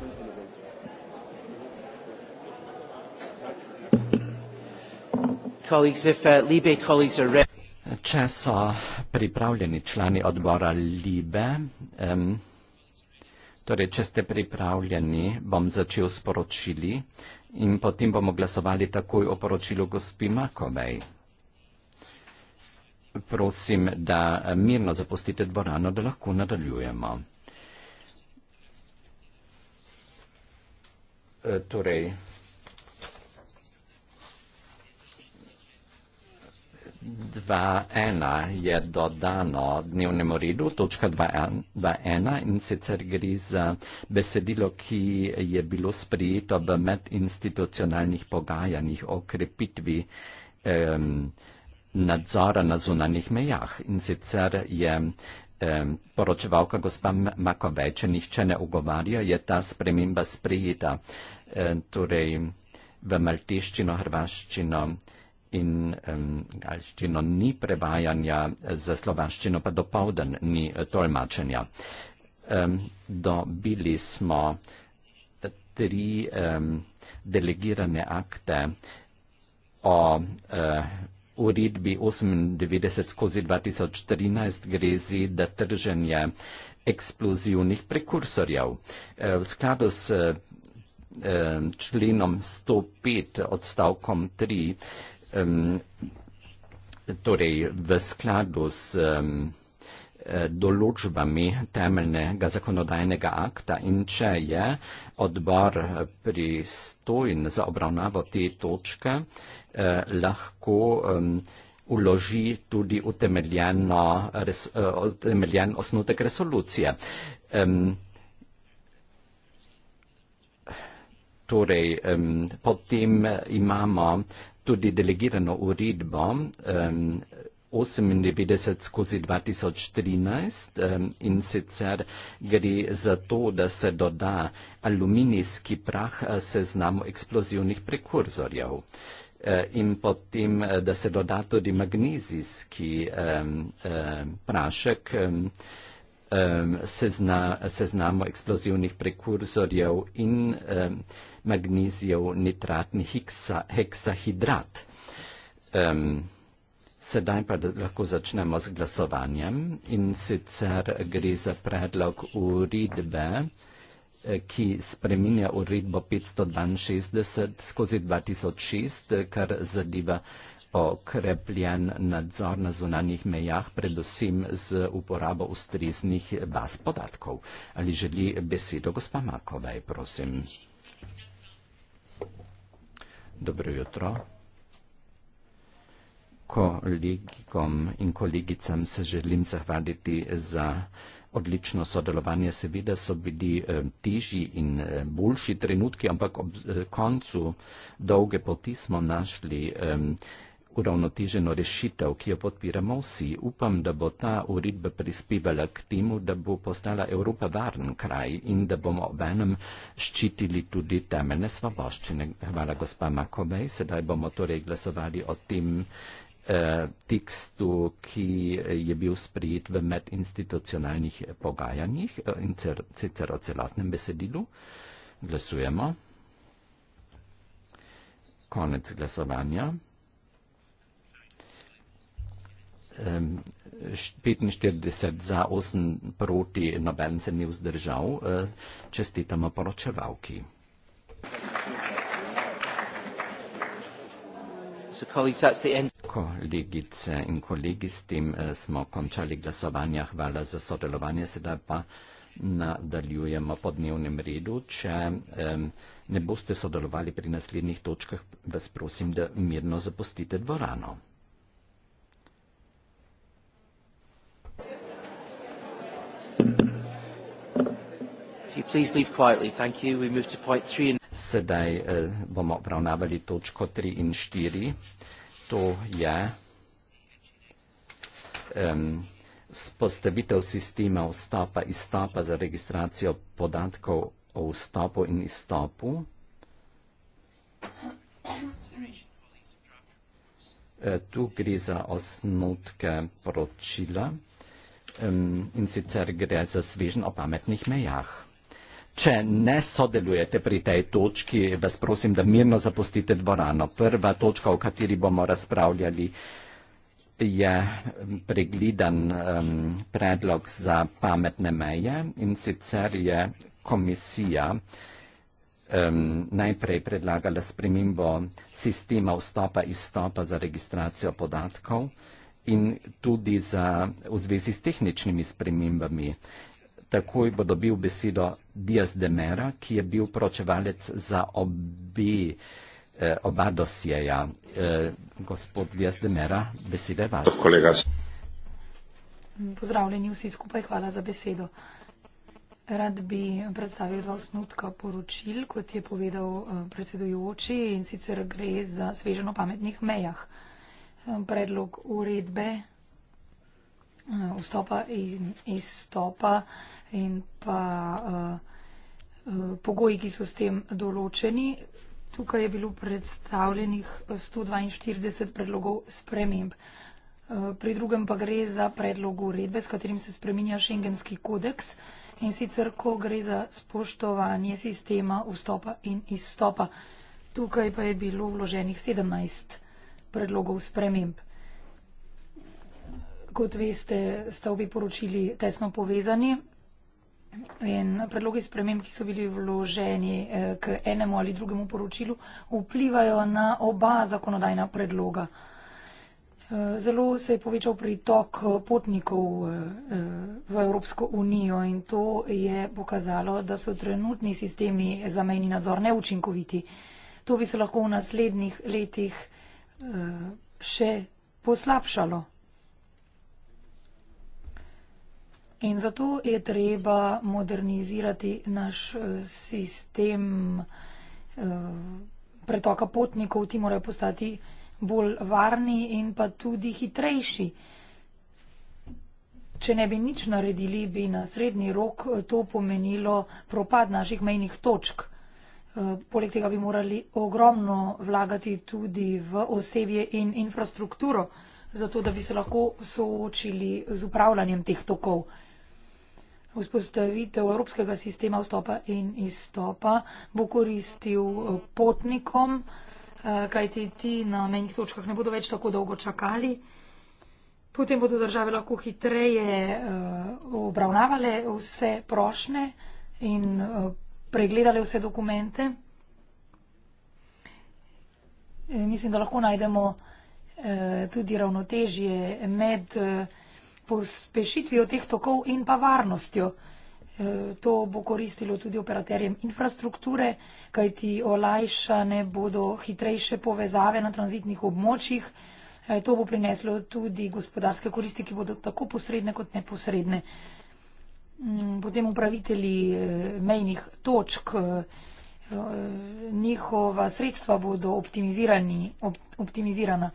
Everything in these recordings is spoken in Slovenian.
reasonable. Colleagues, if uh, Libe colleagues are ready. Če so pripravljeni člani odbora Libe, um, torej če ste pripravljeni, bom začel s poročili in potem bomo glasovali takoj o poročilu gospi Makovej. Prosim, da mirno zapustite dvorano, da lahko nadaljujemo. Eh, torej, dva ena je dodano dnevnemu redu, točka dva ena in sicer gre za besedilo, ki je bilo sprijeto v medinstitucionalnih pogajanjih o krepitvi um, nadzora na zunanih mejah in sicer je poročevalka gospa Makoveče, nihče ne ugovarja, je ta sprememba sprijeta torej v maltiščino, hrvaščino in galščino ni prevajanja, za slovaščino pa dopovden ni e, tolmačenja. Dobili smo e, tri delegirane akte o prijatelju, uredbi 98 skozi 2014 gre zi, da trženje eksplozivnih prekursorjev. Eh, v skladu s eh, členom 105 odstavkom 3, torej v skladu s eh, določbami temeljnega zakonodajnega akta in če je odbor pristojen za obravnavo te točke, eh, lahko eh, uloži tudi utemeljeno, res, eh, utemeljen osnutek resolucije. Eh, torej, eh, potem imamo tudi delegirano uredbo. Eh, 98 skozi 2013 in sicer gre za to, da se doda aluminijski prah eh, seznamu eksplozivnih prekurzorjev. Eh, in potem, eh, da se doda tudi magnezijski um, um, prašek um, um, sezna, seznamo eksplozivnih prekurzorjev in um, magnezijev nitratni hiksa, heksahidrat. Um, sedaj pa lahko začnemo z glasovanjem in sicer gre za predlog uredbe. Eh, ki spreminja uredbo 562 skozi 2006, eh, kar zadeva okrepljen nadzor na zunanjih mejah, predvsem z uporabo ustreznih baz podatkov. Ali želi besedo gospa Makovaj, prosim? Dobro jutro. Kolegom in kolegicam se želim zahvaliti za pozornost odlično sodelovanje, seveda so bili eh, težji in eh, boljši trenutki, ampak ob eh, koncu dolge poti smo našli eh, uravnoteženo rešitev, ki jo podpiramo vsi. Upam, da bo ta uredba prispevala k temu, da bo postala Evropa varen kraj in da bomo ob enem ščitili tudi temeljne svoboščine. Hvala, gospa Makovej. Sedaj bomo torej glasovali o tem. Eh, tekstu, ki je bil sprejet v medinstitucionalnih pogajanjih eh, in sicer o celotnem besedilu. Glasujemo. Konec glasovanja. 45 za 8 proti noben se ni vzdržal. Eh, čestitamo poročevalki. So colleagues, that's the end kolegice in kolegi, s tem eh, smo končali glasovanje. Hvala za sodelovanje. Sedaj pa nadaljujemo po dnevnem redu. Če um, ne boste sodelovali pri naslednjih točkah, vas prosim, da mirno zapustite dvorano. Sedaj eh, bomo obravnavali točko 3 in 4 to je um, spostavitev sistema vstopa in izstopa za registracijo podatkov o vstopu in izstopu. E, tu gre za osnotke poročila um, in sicer gre za svežen o pametnih mejah. Če ne sodelujete pri tej točki, vas prosim, da mirno zapustite dvorano. Prva točka, o kateri bomo razpravljali, je pregledan um, predlog za pametne meje in sicer je komisija um, najprej predlagala spremembo sistema vstopa in izstopa za registracijo podatkov in tudi za, v zvezi s tehničnimi spremembami Takoj bo dobil besedo Diaz de Mera, ki je bil poročevalec za obi, eh, oba dosjeja. Eh, gospod Diaz de Mera, beseda je vaša. Kolega. Pozdravljeni vsi skupaj, hvala za besedo. Rad bi predstavil dva osnutka poročil, kot je povedal eh, predsedujoči in sicer gre za sveženo pametnih mejah. Predlog uredbe vstopa in izstopa in pa eh, eh, pogoji, ki so s tem določeni. Tukaj je bilo predstavljenih 142 predlogov sprememb. Eh, pri drugem pa gre za predlog uredbe, s katerim se spreminja šengenski kodeks in sicer, ko gre za spoštovanje sistema vstopa in izstopa. Tukaj pa je bilo vloženih 17 predlogov sprememb. Kot veste, sta obi poročili tesno povezani in predlogi sprememb, ki so bili vloženi eh, k enemu ali drugemu poročilu, vplivajo na oba zakonodajna predloga. Eh, zelo se je povečal pritok eh, potnikov v Evropsko unijo in to je pokazalo, da so trenutni sistemi za mejni nadzor neučinkoviti. To bi se lahko v naslednjih letih še poslabšalo. In zato je treba modernizirati naš eh, sistem eh, pretoka potnikov, ti morajo postati bolj varni in pa tudi hitrejši. Če ne bi nič naredili, bi na srednji rok eh, to pomenilo propad naših mejnih točk. Poleg tega bi morali ogromno vlagati tudi v osebje in infrastrukturo, zato da bi se lahko soočili z upravljanjem teh tokov vzpostavitev evropskega sistema vstopa in izstopa bo koristil eh, potnikom, eh, kajti ti na menjih točkah ne bodo več tako dolgo čakali. Potem bodo države lahko hitreje eh, obravnavale vse prošne in pregledale vse dokumente. Mislim, da lahko najdemo tudi ravnotežje med pospešitvijo teh tokov in pa varnostjo. E, to bo koristilo tudi operaterjem infrastrukture, kajti olajšane bodo hitrejše povezave na tranzitnih območjih. E, to bo prineslo tudi gospodarske koristi, ki bodo tako posredne kot neposredne. Mm, potem upraviteli e, mejnih točk, njihova sredstva bodo optimizirana.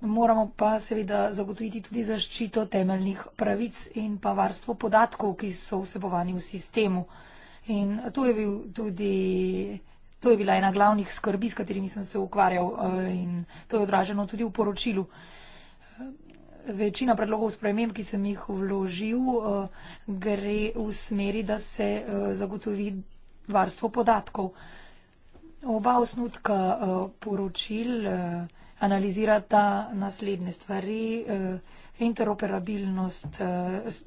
Moramo pa seveda zagotoviti tudi zaščito temeljnih pravic in pa varstvo podatkov, ki so vsebovani v sistemu. In to je, bil tudi, to je bila ena glavnih skrbi, s katerimi sem se ukvarjal eh, in to je odraženo tudi v poročilu. Večina predlogov sprememb, ki sem jih vložil, eh, gre v smeri, da se eh, zagotovi varstvo podatkov. Oba osnutka poročil analizirata naslednje stvari, eh, interoperabilnost eh, s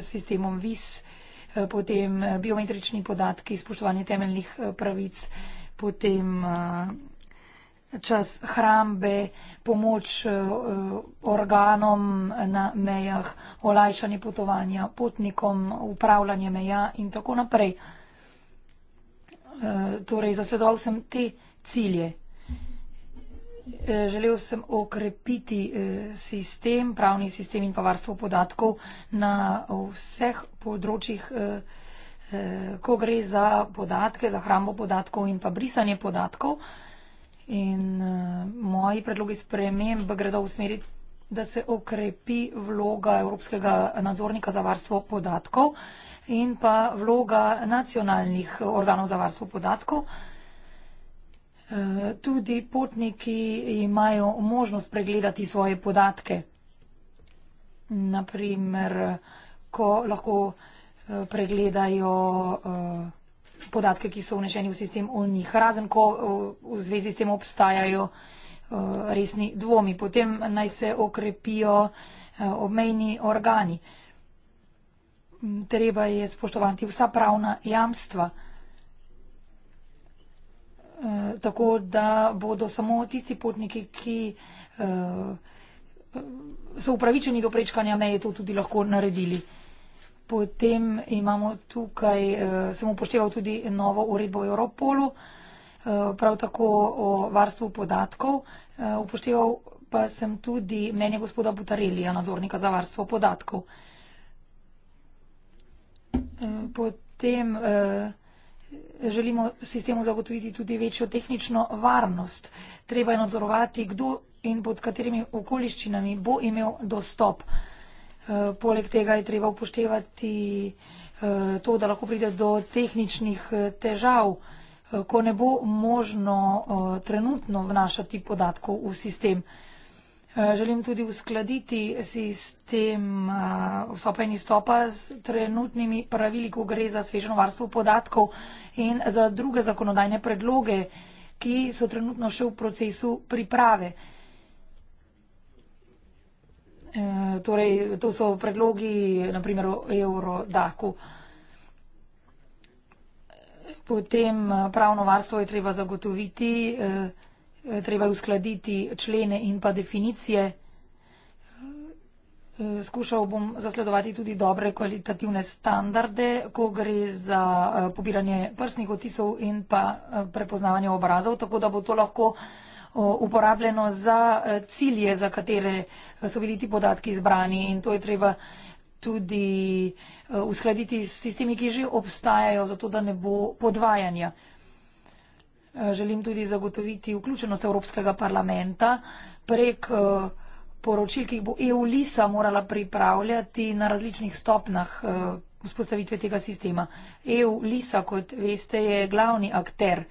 sistemom VIS, eh, potem biometrični podatki, spoštovanje temeljnih pravic, potem čas hrambe, pomoč organom na mejah, olajšanje potovanja potnikom, upravljanje meja in tako naprej. Torej, zasledoval sem te cilje. Eh, želel sem okrepiti eh, sistem, pravni sistem in pa varstvo podatkov na vseh področjih, eh, ko gre za podatke, za hrambo podatkov in pa brisanje podatkov. In moji predlogi sprememb gredo v smeri, da se okrepi vloga Evropskega nadzornika za varstvo podatkov in pa vloga nacionalnih organov za varstvo podatkov. Eh, tudi potniki imajo možnost pregledati svoje podatke. Naprimer, ko lahko eh, pregledajo eh, podatke, ki so vnešeni v sistem o njih, razen ko v zvezi s tem obstajajo resni dvomi. Potem naj se okrepijo obmejni organi. Treba je spoštovati vsa pravna jamstva. Eh, tako da bodo samo tisti potniki, ki eh, so upravičeni do prečkanja meje, to tudi lahko naredili. Potem imamo tukaj, eh, sem upošteval tudi novo uredbo o Europolu, prav tako o varstvu podatkov. Upošteval pa sem tudi mnenje gospoda Butarelija, nadzornika za varstvo podatkov. Potem eh, želimo sistemu zagotoviti tudi večjo tehnično varnost. Treba je nadzorovati, kdo in pod katerimi okoliščinami bo imel dostop. Eh, poleg tega je treba upoštevati eh, to, da lahko pride do tehničnih eh, težav, ko ne bo možno trenutno vnašati podatkov v sistem. Eh, želim tudi uskladiti sistem eh, vstopen izstopa z trenutnimi pravili, ko gre za svežno varstvo podatkov in za druge zakonodajne predloge, ki so trenutno še v procesu priprave. Eh, torej, to so predlogi, naprimer, Eurodaku. Potem pravno varstvo je treba zagotoviti, Eh, treba uskladiti člene in pa definicije. Eh, skušal bom zasledovati tudi dobre kvalitativne standarde, ko gre za eh, pobiranje prstnih otisov in pa prepoznavanje obrazov, tako da bo to lahko uporabljeno za cilje, za katere so bili ti podatki izbrani in to je treba tudi uskladiti s sistemi, ki že obstajajo, zato da ne bo podvajanja. Eh, želim tudi zagotoviti vključenost Evropskega parlamenta prek eh, poročil, ki jih bo EU-LISA morala pripravljati na različnih stopnah eh, vzpostavitve tega sistema. EU-LISA, kot veste, je glavni akter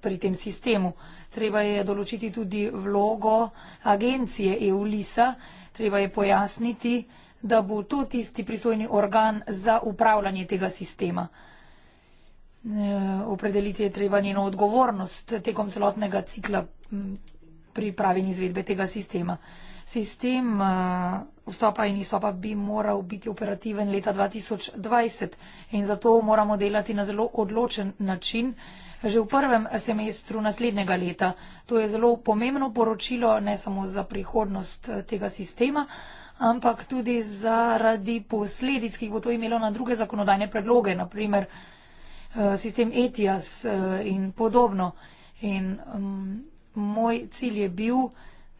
pri tem sistemu. Treba je določiti tudi vlogo agencije EU-LISA, treba je pojasniti, da bo to tisti pristojni organ za upravljanje tega sistema. Eh, opredeliti je treba njeno odgovornost tekom celotnega cikla mm, priprave in izvedbe tega sistema. Sistem eh, vstopa in izstopa bi moral biti operativen leta 2020 in zato moramo delati na zelo odločen način že v prvem semestru naslednjega leta. To je zelo pomembno poročilo ne samo za prihodnost eh, tega sistema, ampak tudi zaradi posledic, ki bo to imelo na druge zakonodajne predloge, naprimer Eh, sistem ETIAS eh, in podobno. In mm, moj cilj je bil,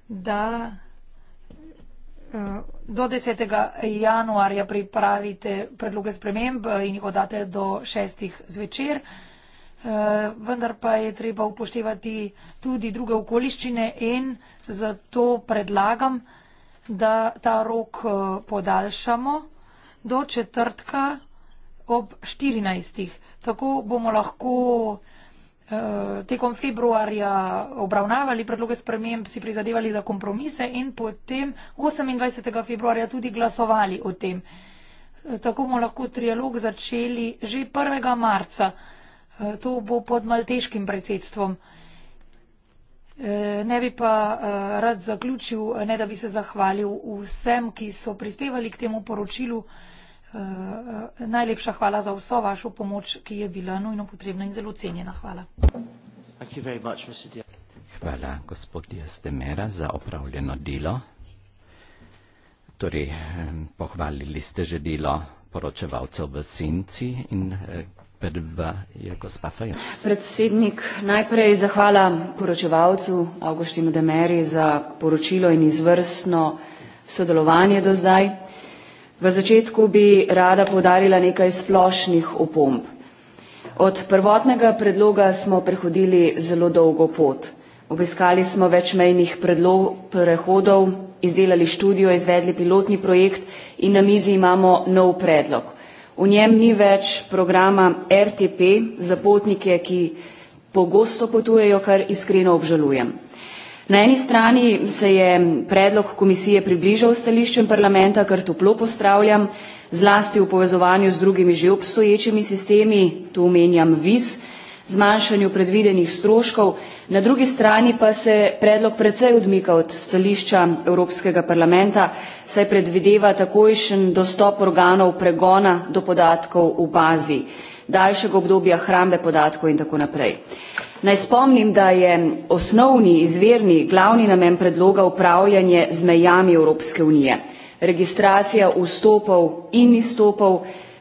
da eh, do 10. januarja pripravite predloge sprememb in jih odate do 6. zvečer. Vendar pa je treba upoštevati tudi druge okoliščine in zato predlagam, da ta rok podaljšamo do četrtka ob 14. Tako bomo lahko eh, tekom februarja obravnavali predloge sprememb, si prizadevali za kompromise in potem 28. februarja tudi glasovali o tem. Eh, tako bomo lahko trialog začeli že 1. marca. Eh, to bo pod malteškim predsedstvom. Ne bi pa rad zaključil, ne da bi se zahvalil vsem, ki so prispevali k temu poročilu. Eh, eh, najlepša hvala za vso vašo pomoč, ki je bila nujno potrebna in zelo cenjena. Hvala. Hvala, gospod Jastemera, za opravljeno delo. Torej, pohvalili ste že delo poročevalcev v Senci in eh, prva je gospa Fajon. Predsednik, najprej zahvala poročevalcu Augustinu Demeri za poročilo in izvrstno sodelovanje do zdaj. V začetku bi rada povdarila nekaj splošnih opomb. Od prvotnega predloga smo prehodili zelo dolgo pot. Obiskali smo večmejnih prehodov, izdelali študijo, izvedli pilotni projekt in na mizi imamo nov predlog. V njem ni več programa RTP za potnike, ki pogosto potujejo, kar iskreno obžalujem. Na eni strani se je predlog komisije približal stališčem parlamenta, kar toplo pozdravljam, zlasti v povezovanju z drugimi že obstoječimi sistemi, tu omenjam VIS, zmanjšanju predvidenih stroškov, na drugi strani pa se predlog precej odmika od stališča Evropskega parlamenta, saj predvideva takojšen dostop organov pregona do podatkov v bazi, daljšega obdobja hrambe podatkov in tako naprej. Naj spomnim, da je osnovni, izvirni, glavni namen predloga upravljanje z mejami Evropske unije, registracija vstopov in izstopov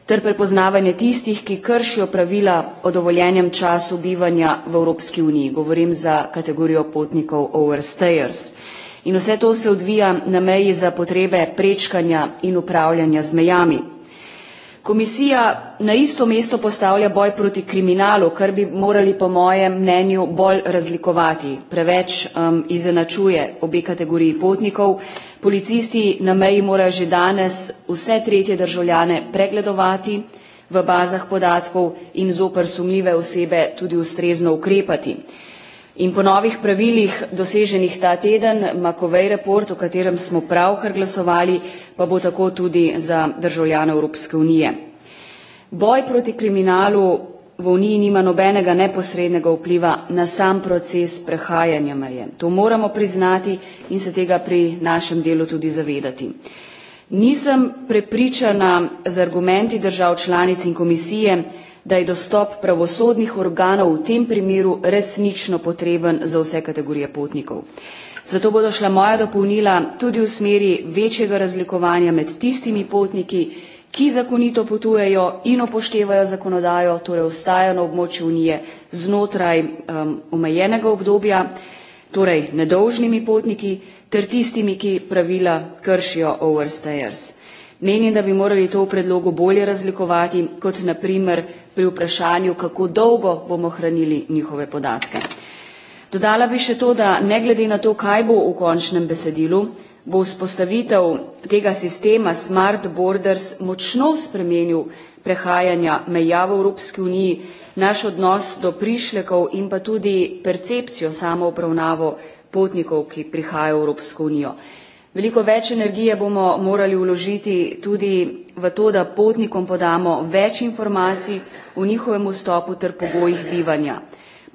ter prepoznavanje tistih, ki kršijo pravila o dovoljenem času bivanja v Evropski uniji. Govorim za kategorijo potnikov overstayers. In vse to se odvija na meji za potrebe prečkanja in upravljanja z mejami. Komisija na isto mesto postavlja boj proti kriminalu, kar bi morali po mojem mnenju bolj razlikovati. Preveč um, izenačuje obe kategoriji potnikov. Policisti na meji morajo že danes vse tretje državljane pregledovati v bazah podatkov in zoper sumljive osebe tudi ustrezno ukrepati. In po novih pravilih, doseženih ta teden, Makovej report, o katerem smo pravkar glasovali, pa bo tako tudi za državljane Evropske unije. Boj proti kriminalu v Uniji nima nobenega neposrednega vpliva na sam proces prehajanja meje. To moramo priznati in se tega pri našem delu tudi zavedati. Nisem prepričana z argumenti držav članic in komisije, da je dostop pravosodnih organov v tem primeru resnično potreben za vse kategorije potnikov. Zato bodo šla moja dopolnila tudi v smeri večjega razlikovanja med tistimi potniki, ki zakonito potujejo in upoštevajo zakonodajo, torej ostajajo na območju unije znotraj um, omejenega obdobja, torej nedolžnimi potniki ter tistimi, ki pravila kršijo overstayers. Menim, da bi morali to v predlogu bolje razlikovati, kot naprimer pri vprašanju, kako dolgo bomo hranili njihove podatke. Dodala bi še to, da ne glede na to, kaj bo v končnem besedilu, bo vzpostavitev tega sistema Smart Borders močno spremenil prehajanja meja v Evropski uniji, naš odnos do prišlekov in pa tudi percepcijo samo upravnavo potnikov, ki prihajajo v Evropsko unijo. Veliko več energije bomo morali uložiti tudi v to, da potnikom podamo več informacij o njihovem vstopu ter pogojih bivanja.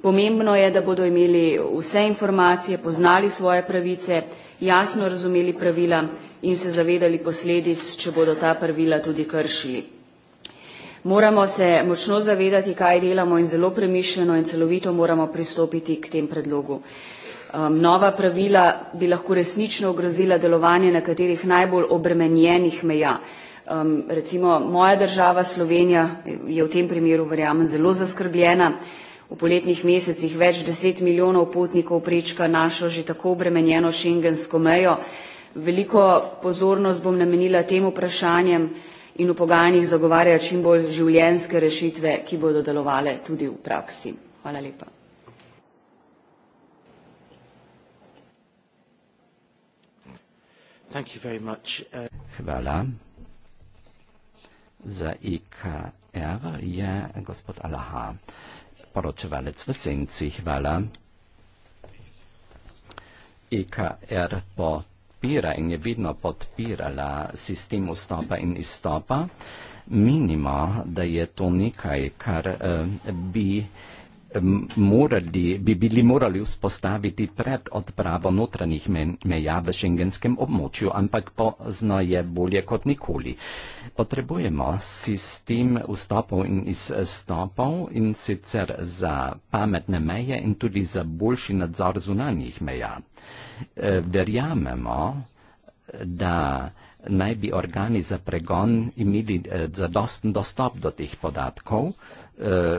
Pomembno je, da bodo imeli vse informacije, poznali svoje pravice, jasno razumeli pravila in se zavedali posledic, če bodo ta pravila tudi kršili. Moramo se močno zavedati, kaj delamo in zelo premišljeno in celovito moramo pristopiti k tem predlogu um, nova pravila bi lahko resnično ogrozila delovanje nekaterih najbolj obremenjenih meja. Um, recimo moja država Slovenija je v tem primeru, verjamem, zelo zaskrbljena. V poletnih mesecih več deset milijonov potnikov prečka našo že tako obremenjeno šengensko mejo. Veliko pozornost bom namenila tem vprašanjem in v pogajanjih zagovarja čim bolj življenske rešitve, ki bodo delovale tudi v praksi. Hvala lepa. Thank you very much. Uh... Hvala. Za IKR je gospod Alaha, poročevalec v Senci. Hvala. IKR podpira in je vedno podpirala sistem vstopa in izstopa. Minimo, da je to nekaj, kar uh, bi morali, bi bili morali vzpostaviti pred odpravo notranjih meja v šengenskem območju, ampak pozno je bolje kot nikoli. Potrebujemo sistem vstopov in izstopov in sicer za pametne meje in tudi za boljši nadzor zunanjih meja. E, verjamemo, da naj bi organi za pregon imeli e, zadosten dostop do teh podatkov, e,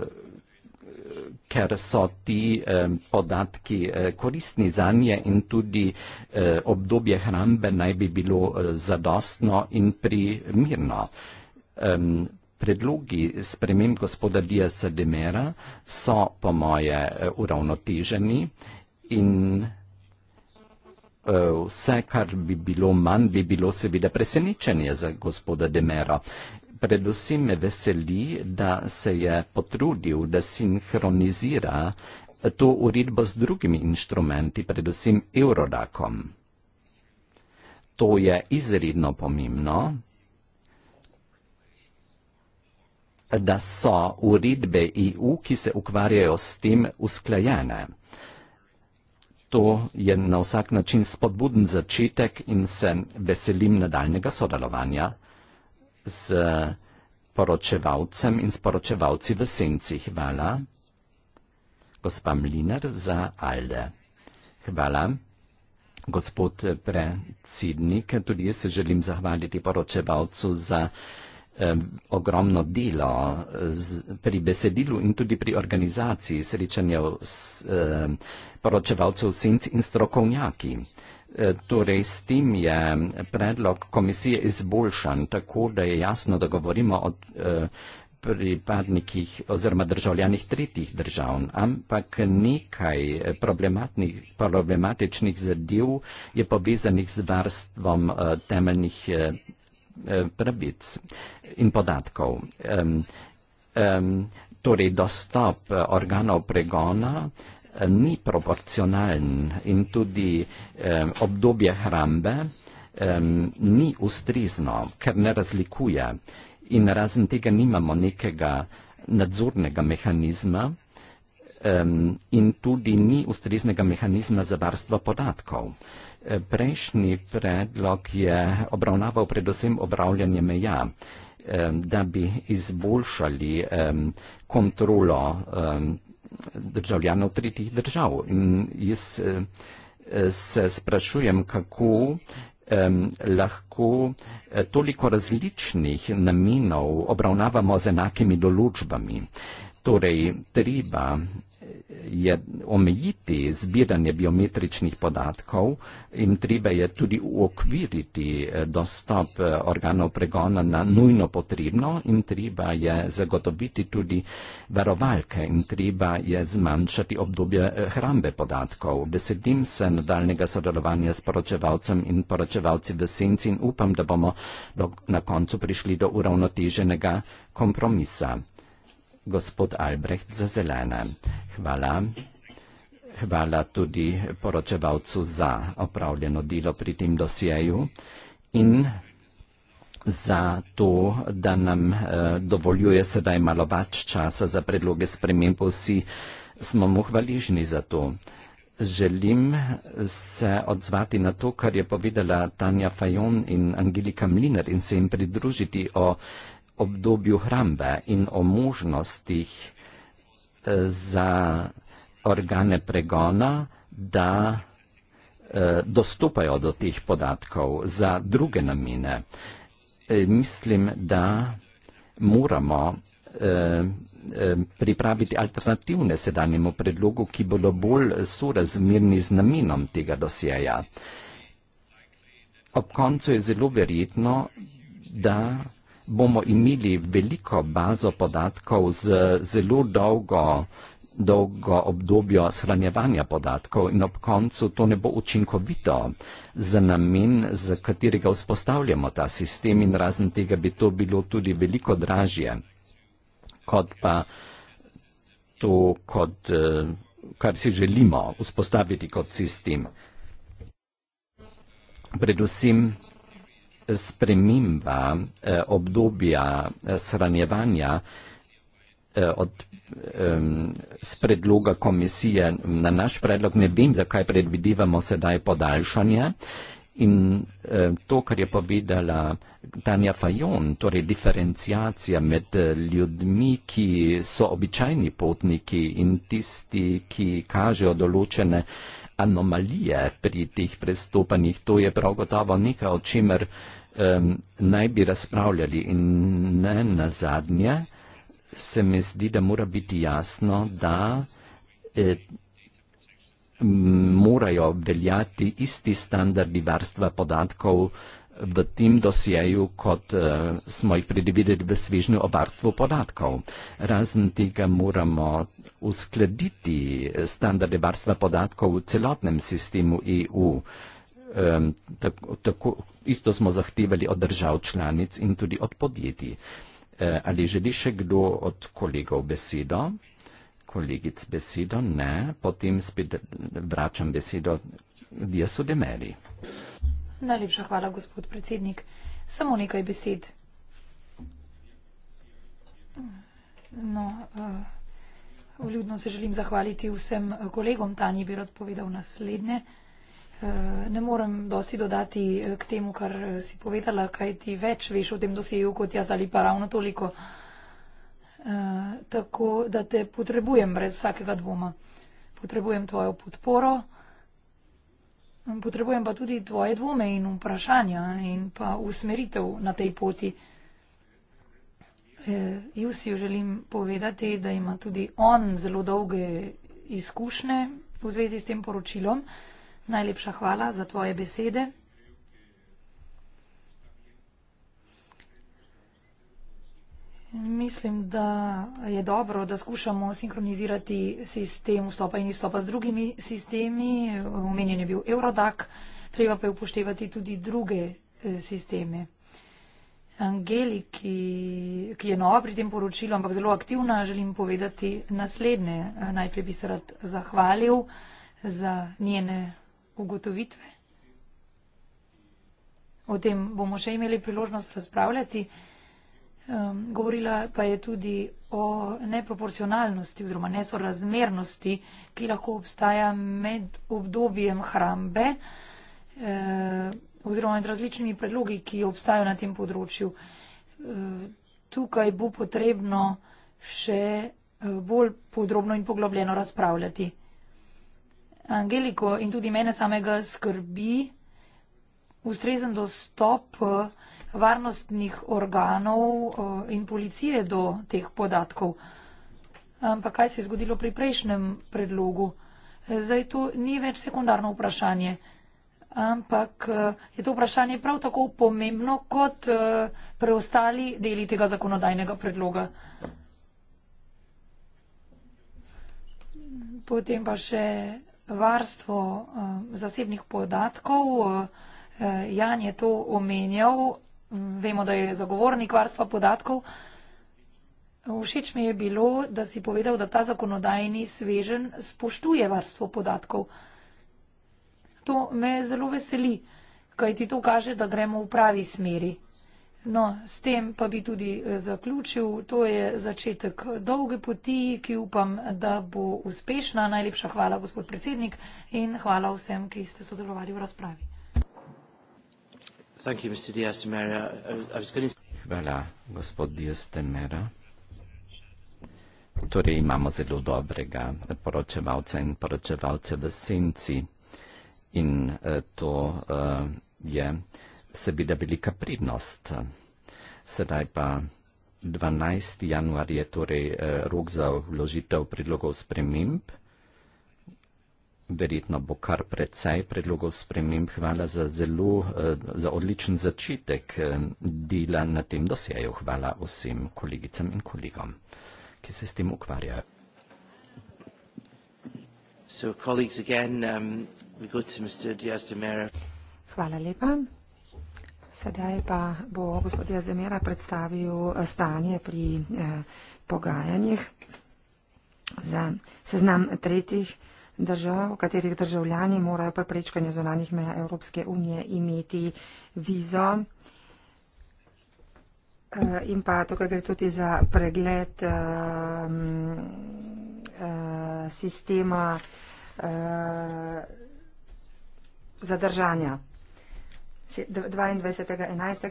ker so ti eh, podatki eh, koristni za nje in tudi eh, obdobje hrambe naj bi bilo eh, zadostno in primirno. Eh, predlogi sprememb gospoda Diasa Demera so po moje eh, uravnoteženi in eh, vse, kar bi bilo manj, bi bilo seveda presenečenje za gospoda Demera predvsem me veseli, da se je potrudil, da sinhronizira to uredbo z drugimi inštrumenti, predvsem Eurodakom. To je izredno pomembno, da so uredbe EU, ki se ukvarjajo s tem, usklajene. To je na vsak način spodbuden začetek in se veselim nadaljnega sodelovanja z poročevalcem in sporočevalci v senci. Hvala, gospa Mlinar, za Alde. Hvala, gospod predsednik. Tudi jaz se želim zahvaliti poročevalcu za ogromno delo pri besedilu in tudi pri organizaciji srečanja poročevalcev senc in strokovnjaki. Eh, torej, s tem je predlog komisije izboljšan, tako da je jasno, da govorimo o eh, pripadnikih oziroma državljanih tretjih držav, ampak nekaj eh, problematičnih zadev je povezanih z varstvom temeljnih pravic in podatkov. Torej, dostop organov pregona ni proporcionalen in tudi eh, obdobje hrambe eh, ni ustrezno, ker ne razlikuje in razen tega nimamo nekega nadzornega mehanizma eh, in tudi ni ustreznega mehanizma za varstvo podatkov. Eh, prejšnji predlog je obravnaval predvsem obravljanje meja da bi izboljšali um, kontrolo um, državljanov tretjih držav. Jaz eh, eh, se sprašujem, kako lahko eh, toliko različnih namenov obravnavamo z enakimi določbami. Torej, treba je omejiti zbiranje biometričnih podatkov in treba je tudi uokviriti eh, dostop eh, organov pregona na nujno potrebno in treba je zagotoviti tudi varovalke in treba je zmanjšati obdobje eh, hrambe podatkov. Veselim se nadaljnega sodelovanja s poročevalcem in poročevalci v senci in upam, da bomo do, na koncu prišli do uravnoteženega kompromisa gospod Albrecht za zelene. Hvala. Hvala tudi poročevalcu za opravljeno delo pri tem dosjeju in za to, da nam uh, dovoljuje sedaj malo več časa za predloge sprememb. Vsi smo mu hvaližni za to. Želim se odzvati na to, kar je povedala Tanja Fajon in Angelika Mliner in se jim pridružiti o uh, obdobju hrambe in o možnostih eh, za organe pregona, da eh, dostopajo do teh podatkov za druge namene. Eh, mislim, da moramo pripraviti alternativne sedanjemu predlogu, ki bodo bolj sorazmerni z namenom tega dosjeja. Ob koncu je zelo verjetno, da bomo bomo imeli veliko bazo podatkov z zelo dolgo, dolgo obdobjo shranjevanja podatkov in ob koncu to ne bo učinkovito za namen, za katerega vzpostavljamo ta sistem in razen tega bi to bilo tudi veliko dražje kot pa to, kot, eh, kar si želimo vzpostaviti kot sistem. Predvsem sprememba eh, obdobja eh, sranjevanja eh, od s predloga komisije na naš predlog, ne vem, zakaj predvidivamo sedaj podaljšanje. In to, kar je povedala Tanja Fajon, torej diferencijacija med ljudmi, ki so običajni potniki in tisti, ki kažejo določene anomalije pri teh prestopanjih, to je prav gotovo nekaj, o čemer uh, um, naj bi razpravljali. In ne na zadnje, se mi zdi, da mora biti jasno, da eh, morajo veljati isti standardi varstva podatkov v tem dosjeju, kot uh, smo jih predvideli v svežnju o varstvu podatkov. Razen tega moramo uskladiti standarde varstva podatkov v celotnem sistemu EU. Uh, um, tako, tako isto smo zahtevali od držav članic in tudi od podjetij. Uh, ali želi še kdo od kolegov besedo? Kolegic besedo? Ne. Potem spet vračam besedo Diasu Demeri. Najlepša hvala, gospod predsednik. Samo nekaj besed. No, uh, vljudno se želim zahvaliti vsem kolegom. Tanji bi rad povedal naslednje. Uh, Eh, ne morem dosti dodati eh, k temu, kar eh, si povedala, kaj ti več veš o tem dosegu kot jaz ali pa ravno toliko. Tako da te potrebujem brez vsakega dvoma. Potrebujem tvojo podporo, mm, potrebujem pa tudi tvoje dvome in vprašanja in pa usmeritev na tej poti. Jusiju želim povedati, da ima tudi on zelo dolge izkušnje v zvezi s tem poročilom. Najlepša hvala za tvoje besede. Mislim, da je dobro, da skušamo sinhronizirati sistem vstopa in izstopa z drugimi sistemi. Omenjen je bil Eurodac, treba pa je upoštevati tudi druge eh, sisteme. Angeli, ki, ki je nova pri tem poročilu, ampak zelo aktivna, želim povedati naslednje. Najprej bi se rad zahvalil za njene ugotovitve. O tem bomo še imeli priložnost razpravljati. Um, govorila pa je tudi o neproporcionalnosti oziroma nesorazmernosti, ki lahko obstaja med obdobjem hrambe eh, oziroma med različnimi predlogi, ki obstajajo na tem področju. Eh, tukaj bo potrebno še e, bolj podrobno in poglobljeno razpravljati. Angeliko in tudi mene samega skrbi ustrezen dostop eh, varnostnih organov eh, in policije do teh podatkov. Ampak kaj se je zgodilo pri prejšnjem predlogu? Eh, zdaj to ni več sekundarno vprašanje, ampak je to vprašanje prav tako pomembno kot preostali deli tega zakonodajnega predloga. Potem pa še varstvo eh, zasebnih podatkov. Eh, Jan je to omenjal, vemo, da je zagovornik varstva podatkov. Všeč mi je bilo, da si povedal, da ta zakonodajni svežen spoštuje varstvo podatkov. To me zelo veseli, kajti to kaže, da gremo v pravi smeri. No, s tem pa bi tudi eh, zaključil. To je začetek dolge poti, ki upam, da bo uspešna. Najlepša hvala, gospod predsednik, in hvala vsem, ki ste sodelovali v razpravi. Hvala, gospod Diastemera. Torej imamo zelo dobrega poročevalca in poročevalce v senci in eh, to uh, je seveda velika prednost. Sedaj pa 12. januar je torej eh, rok za vložitev predlogov sprememb. Verjetno bo kar precej predlogov sprememb. Hvala za zelo, eh, za odličen začetek eh, dela na tem dosjeju. Hvala vsem kolegicam in kolegom, ki se s tem ukvarjajo. So, again, um, Hvala lepa. Sedaj pa bo gospod Jazemera predstavil eh, stanje pri eh, pogajanjih za seznam tretjih držav, katerih državljani morajo pri prečkanju zonanih meja Evropske unije imeti vizo. Eh, in pa tukaj gre tudi za pregled eh, eh, sistema. Eh, zadržanja. 22. 11.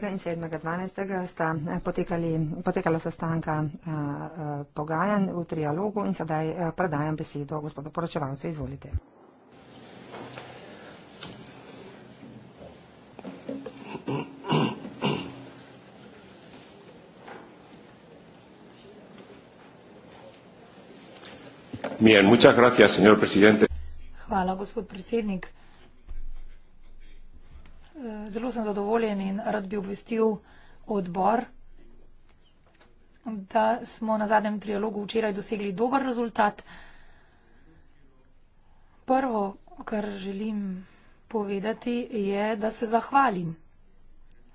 in 7. 12. sta eh, potekali, potekala sestanka eh, eh, pogajan v trialogu in sedaj predajam besedo gospodu poročevalcu. Izvolite. Bien, muchas gracias, señor presidente. Hvala, gospod predsednik zelo sem zadovoljen in rad bi obvestil odbor, da smo na zadnjem trialogu včeraj dosegli dober rezultat. Prvo, kar želim povedati, je, da se zahvalim.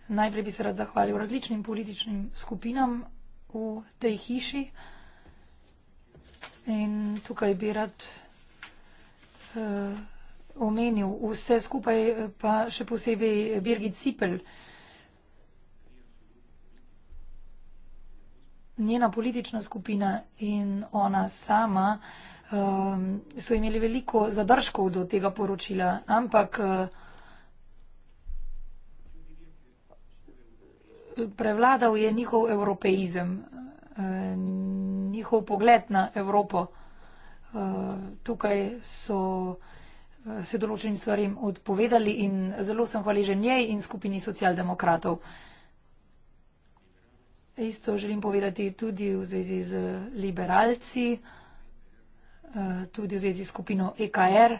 Najprej bi se rad zahvalil različnim političnim skupinam v tej hiši in tukaj bi rad. Uh, omenil, vse skupaj eh, pa še posebej Birgit Sipel. Njena politična skupina in ona sama um, so imeli veliko zadržkov do tega poročila, ampak eh, prevladal je njihov evropeizem, eh, njihov pogled na Evropo. Tukaj so Eh, se določenim stvarim odpovedali in zelo sem hvaležen njej in skupini socialdemokratov. Isto želim povedati tudi v zvezi z liberalci, eh, tudi v zvezi s skupino EKR.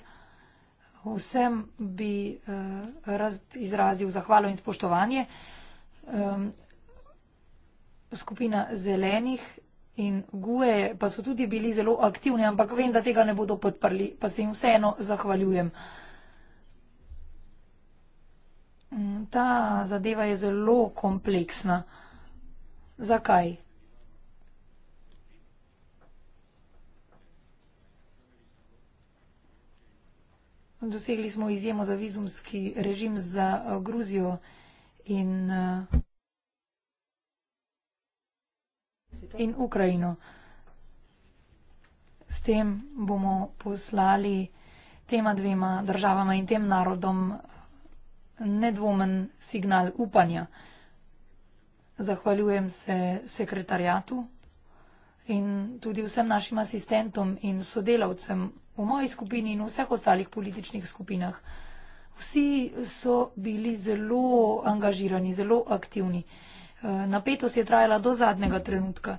Vsem bi eh, izrazil zahvalo in spoštovanje. Skupina zelenih in guje pa so tudi bili zelo aktivni, ampak vem, da tega ne bodo podprli, pa se jim vseeno zahvaljujem. Mm, ta zadeva je zelo kompleksna. Zakaj? Dosegli smo izjemo za vizumski režim za eh, Gruzijo in. Eh, in Ukrajino. S tem bomo poslali tema dvema državama in tem narodom eh, nedvomen signal upanja. Zahvaljujem se sekretarjatu in tudi vsem našim asistentom in sodelavcem v moji skupini in v vseh ostalih političnih skupinah. Vsi so bili zelo angažirani, zelo aktivni napetost je trajala do zadnjega trenutka.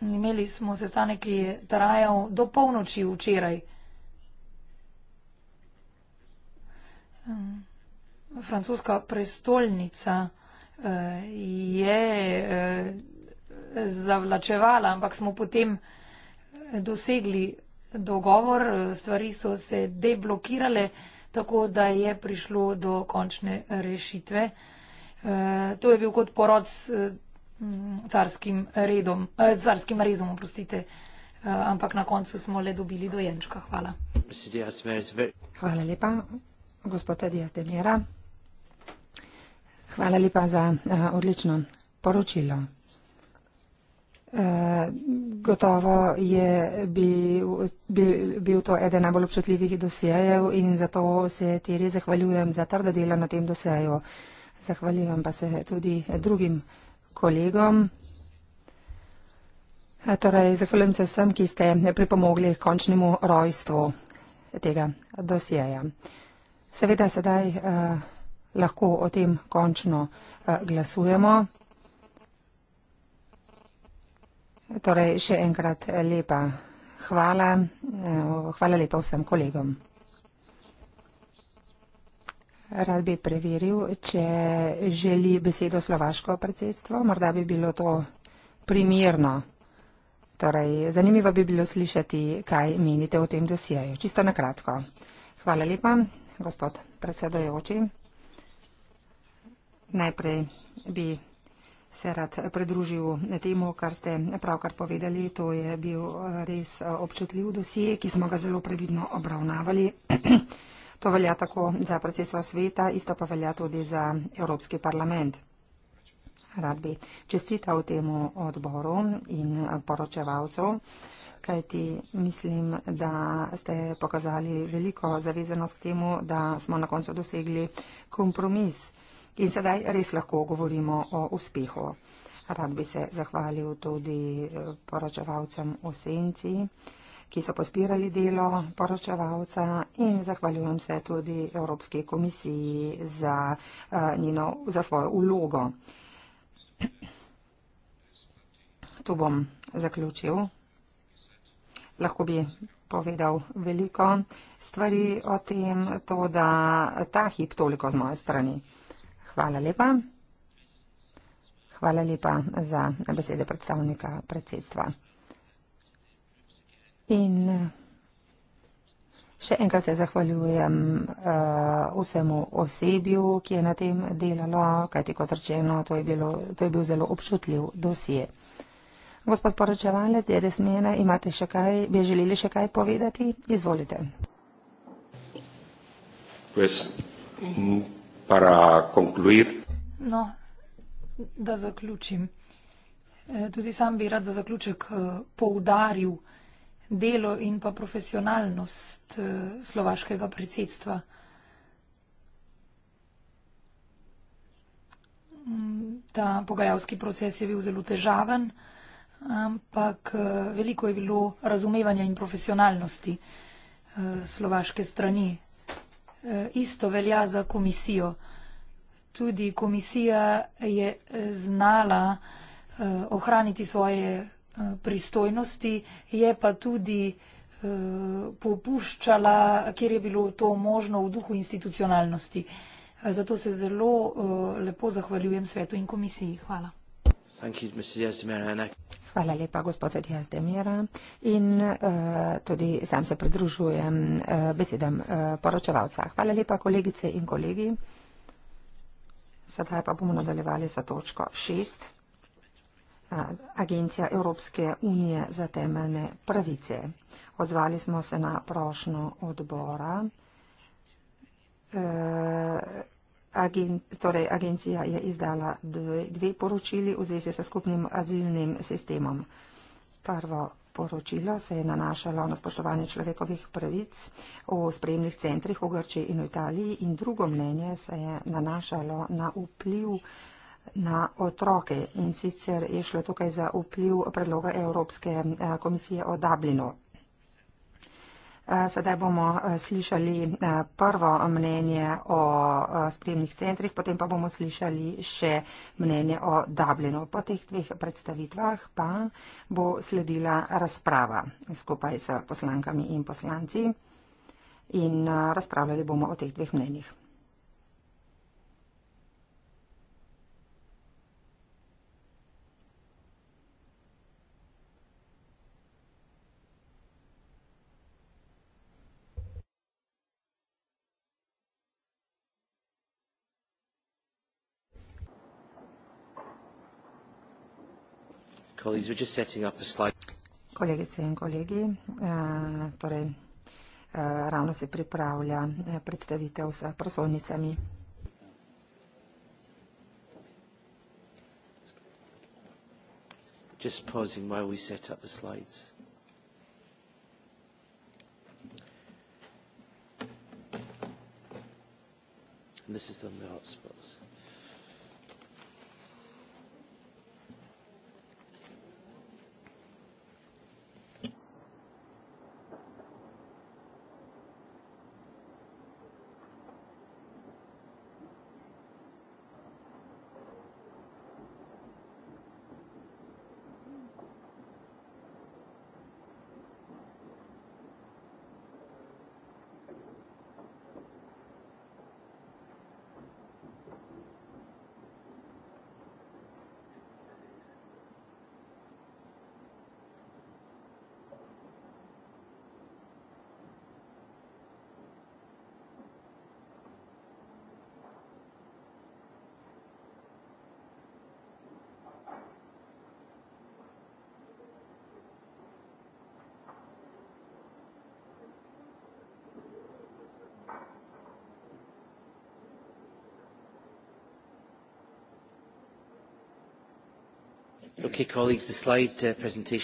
Imeli smo sestanek, ki je trajal do polnoči včeraj. Francoska prestolnica eh, je eh, zavlačevala, ampak smo potem eh, dosegli dogovor, stvari so se deblokirale tako da je prišlo do končne rešitve. E, to je bil kot porod s e, carskim redom, e, carskim rezom, oprostite. Ampak na koncu smo le dobili dojenčka. Hvala. Hvala lepa, gospod Adijas Demira. Hvala lepa za odlično poročilo. Eh, gotovo je bil, bil, bil to eden najbolj občutljivih dosjejev in zato se tiri zahvaljujem za trdo delo na tem dosjeju. Zahvaljujem pa se tudi drugim kolegom. Eh, torej, zahvaljujem se vsem, ki ste pripomogli k končnemu rojstvu tega dosjeja. Seveda sedaj eh, lahko o tem končno eh, glasujemo. Torej, še enkrat eh, lepa hvala. Eh, hvala lepa vsem kolegom. Rad bi preveril, če želi besedo slovaško predsedstvo. Morda bi bilo to primirno. Torej, zanimivo bi bilo slišati, kaj menite o tem dosijaju. Čisto na kratko. Hvala lepa, gospod predsedojoči. Najprej bi se rad pridružil temu, kar ste pravkar povedali. To je bil eh, res eh, občutljiv dosije, ki smo ga zelo previdno obravnavali. to velja tako za predsedstvo sveta, isto pa velja tudi za Evropski parlament. Rad bi čestital temu odboru in eh, poročevalcev, kajti mislim, da ste pokazali veliko zavezenost k temu, da smo na koncu dosegli kompromis. In sedaj res lahko govorimo o uspehu. Rad bi se zahvalil tudi eh, poročevalcem v senci, ki so podpirali delo poročevalca in zahvaljujem se tudi Evropski komisiji za, eh, njino, za svojo ulogo. Tu bom zaključil. Lahko bi povedal veliko stvari o tem, to da ta hip toliko z moje strani. Hvala lepa. Hvala lepa za besede predstavnika predsedstva. In še enkrat se zahvaljujem uh, vsemu osebju, ki je na tem delalo, kajti kot rečeno, to je, bilo, to je bil zelo občutljiv dosje. Gospod poročevalec, je res mene, imate še kaj, bi želeli še kaj povedati? Izvolite. Pues, para concluir. No, da zaključim. E, tudi sam bi rad za zaključek e, poudaril delo in pa profesionalnost e, slovaškega predsedstva. Ta pogajalski proces je bil zelo težaven, ampak veliko je bilo razumevanja in profesionalnosti slovaške strani. Eh, isto velja za komisijo. Tudi komisija je eh, znala eh, ohraniti svoje pristojnosti, je pa tudi popuščala, kjer je bilo to možno v duhu institucionalnosti. Zato se zelo lepo zahvaljujem svetu in komisiji. Hvala. Hvala lepa, gospod Jaz Demira. In uh, tudi sam se pridružujem uh, besedam uh, poročevalca. Hvala lepa, kolegice in kolegi. Sedaj pa bomo nadaljevali za točko šest. Agencija Evropske unije za temeljne pravice. Odzvali smo se na prošno odbora. Uh, agen, torej agencija je izdala dve, dve poročili v zvezi s skupnim azilnim sistemom. Prvo poročilo se je nanašalo na spoštovanje človekovih pravic v spremnih centrih v Grčiji in v Italiji in drugo mnenje se je nanašalo na vpliv na otroke in sicer je šlo tukaj za vpliv predloga Evropske eh, komisije o Dublinu. Eh, sedaj bomo eh, slišali eh, prvo mnenje o spremnih centrih, potem pa bomo slišali še mnenje o Dublinu. Po teh dveh predstavitvah pa bo sledila razprava skupaj s poslankami in poslanci in razpravljali bomo o teh dveh mnenjih. Kolegice in kolegi, eh, torej, eh, ravno se pripravlja eh, predstavitev s prosovnicami. Just pausing while we set up the slides. And this is the hotspots. Uh,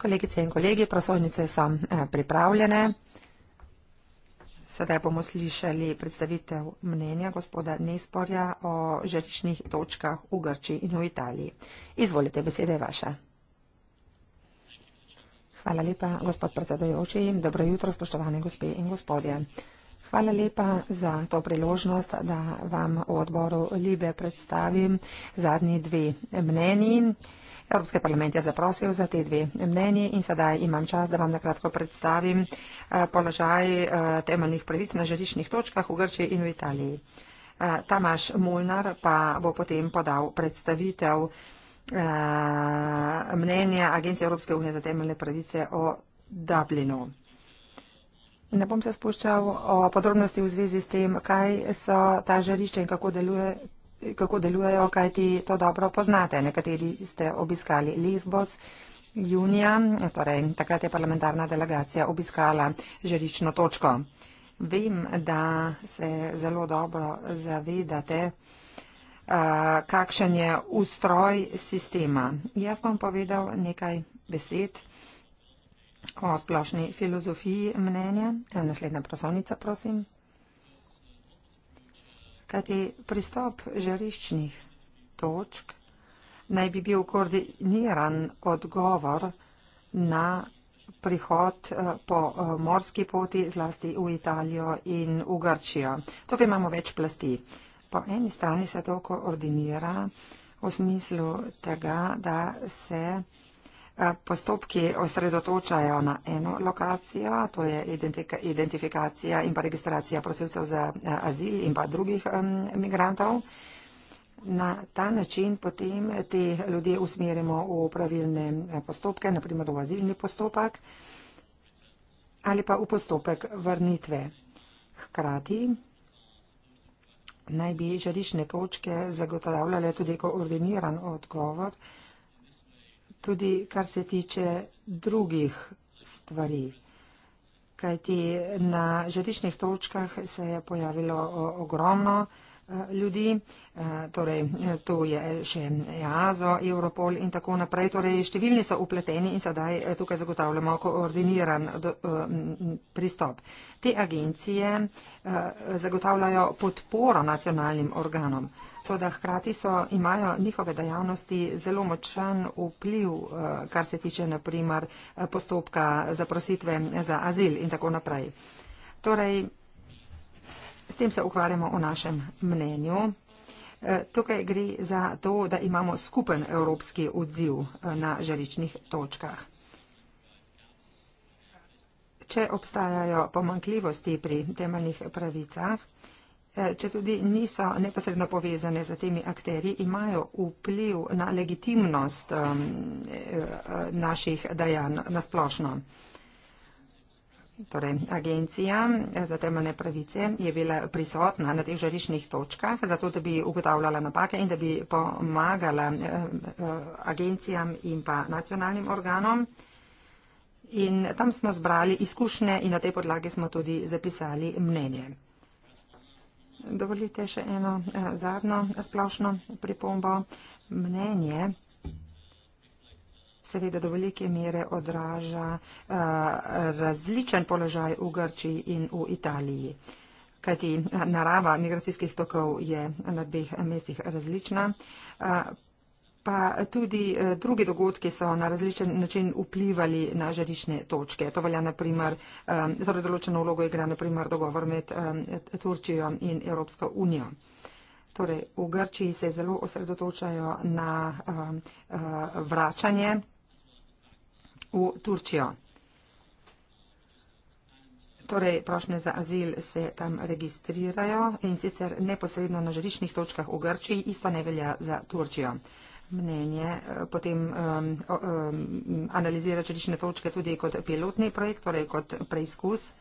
Kolegice in kolegi, prosojnice so eh, pripravljene. Sedaj bomo slišali predstavitev mnenja gospoda Nesporja o žrtičnih točkah v Grčiji in v Italiji. Izvolite, beseda je vaša. Hvala lepa, gospod predsedojoči. Dobro jutro, spoštovane gospe in gospodje. Hvala lepa za to priložnost, da vam v odboru Libe predstavim zadnji dve mnenji. Evropski parlament je zaprosil za te dve mnenji in sedaj imam čas, da vam nakratko predstavim eh, položaj eh, temeljnih pravic na žediščnih točkah v Grčiji in v Italiji. Eh, Tamaš Mulnar pa bo potem podal predstavitev mnenja Agencije Evropske unije za temeljne pravice o Dublinu. Ne bom se spuščal o podrobnosti v zvezi s tem, kaj so ta žarišča in kako deluje kako delujejo, kaj ti to dobro poznate. Nekateri ste obiskali Lizbos junija, torej takrat je parlamentarna delegacija obiskala žerično točko. Vem, da se zelo dobro zavedate, kakšen je ustroj sistema. Jaz bom povedal nekaj besed o splošni filozofiji mnenja. Naslednja prosovnica, prosim kajti pristop žariščnih točk naj bi bil koordiniran odgovor na prihod eh, po eh, morski poti zlasti v Italijo in v Grčijo. Tukaj imamo več plasti. Po eni strani se to koordinira v smislu tega, da se Eh, postopki osredotočajo na eno lokacijo, to je identifikacija in pa registracija prosilcev za eh, azil in pa drugih um, migrantov. Na ta način potem te ljudje usmerimo v pravilne eh, postopke, naprimer v azilni postopek ali pa v postopek vrnitve. Hkrati naj bi žarišne točke zagotavljale tudi koordiniran odgovor tudi kar se tiče drugih stvari. Kajti na žariščnih točkah se je pojavilo ogromno ljudi, eh, torej to je še EASO, Europol in tako naprej. Torej, številni so upleteni in sedaj eh, tukaj zagotavljamo koordiniran do, eh, pristop. Te agencije zagotavljajo podporo nacionalnim organom, to da hkrati so, imajo njihove dejavnosti zelo močan vpliv, kar se tiče naprimer postopka zaprositve za azil in tako naprej. Torej, S tem se ukvarjamo o našem mnenju. E, tukaj gre za to, da imamo skupen evropski odziv e, na žaričnih točkah. Če obstajajo pomankljivosti pri temeljnih pravicah, e, če tudi niso neposredno povezane z temi akteri, imajo vpliv na legitimnost naših dajanj nasplošno. splošno. Torej, agencija za temeljne pravice je bila prisotna na teh žariščnih točkah, zato da bi ugotavljala napake in da bi pomagala eh, eh, agencijam in pa nacionalnim organom. In tam smo zbrali izkušnje in na tej podlagi smo tudi zapisali mnenje. Dovolite še eno eh, zadnjo splošno pripombo. Mnenje seveda do velike mere odraža uh, različen položaj v Grčiji in v Italiji. Kajti eh, narava migracijskih tokov je na dveh mestih različna. Uh, pa tudi eh, drugi dogodki so na različen način vplivali na žarične točke. To velja, naprimer, eh, zelo torej določeno vlogo igra, naprimer, dogovor med eh, Turčijo in Evropsko unijo. Torej, v Grčiji se zelo osredotočajo na eh, eh, vračanje v Turčijo. Torej, prošnje za azil se tam registrirajo in sicer neposredno na žariščnih točkah v Grčiji, isto ne velja za Turčijo. Mnenje eh, potem um, um, analizira žarične točke tudi kot pilotni projekt, torej kot preizkus.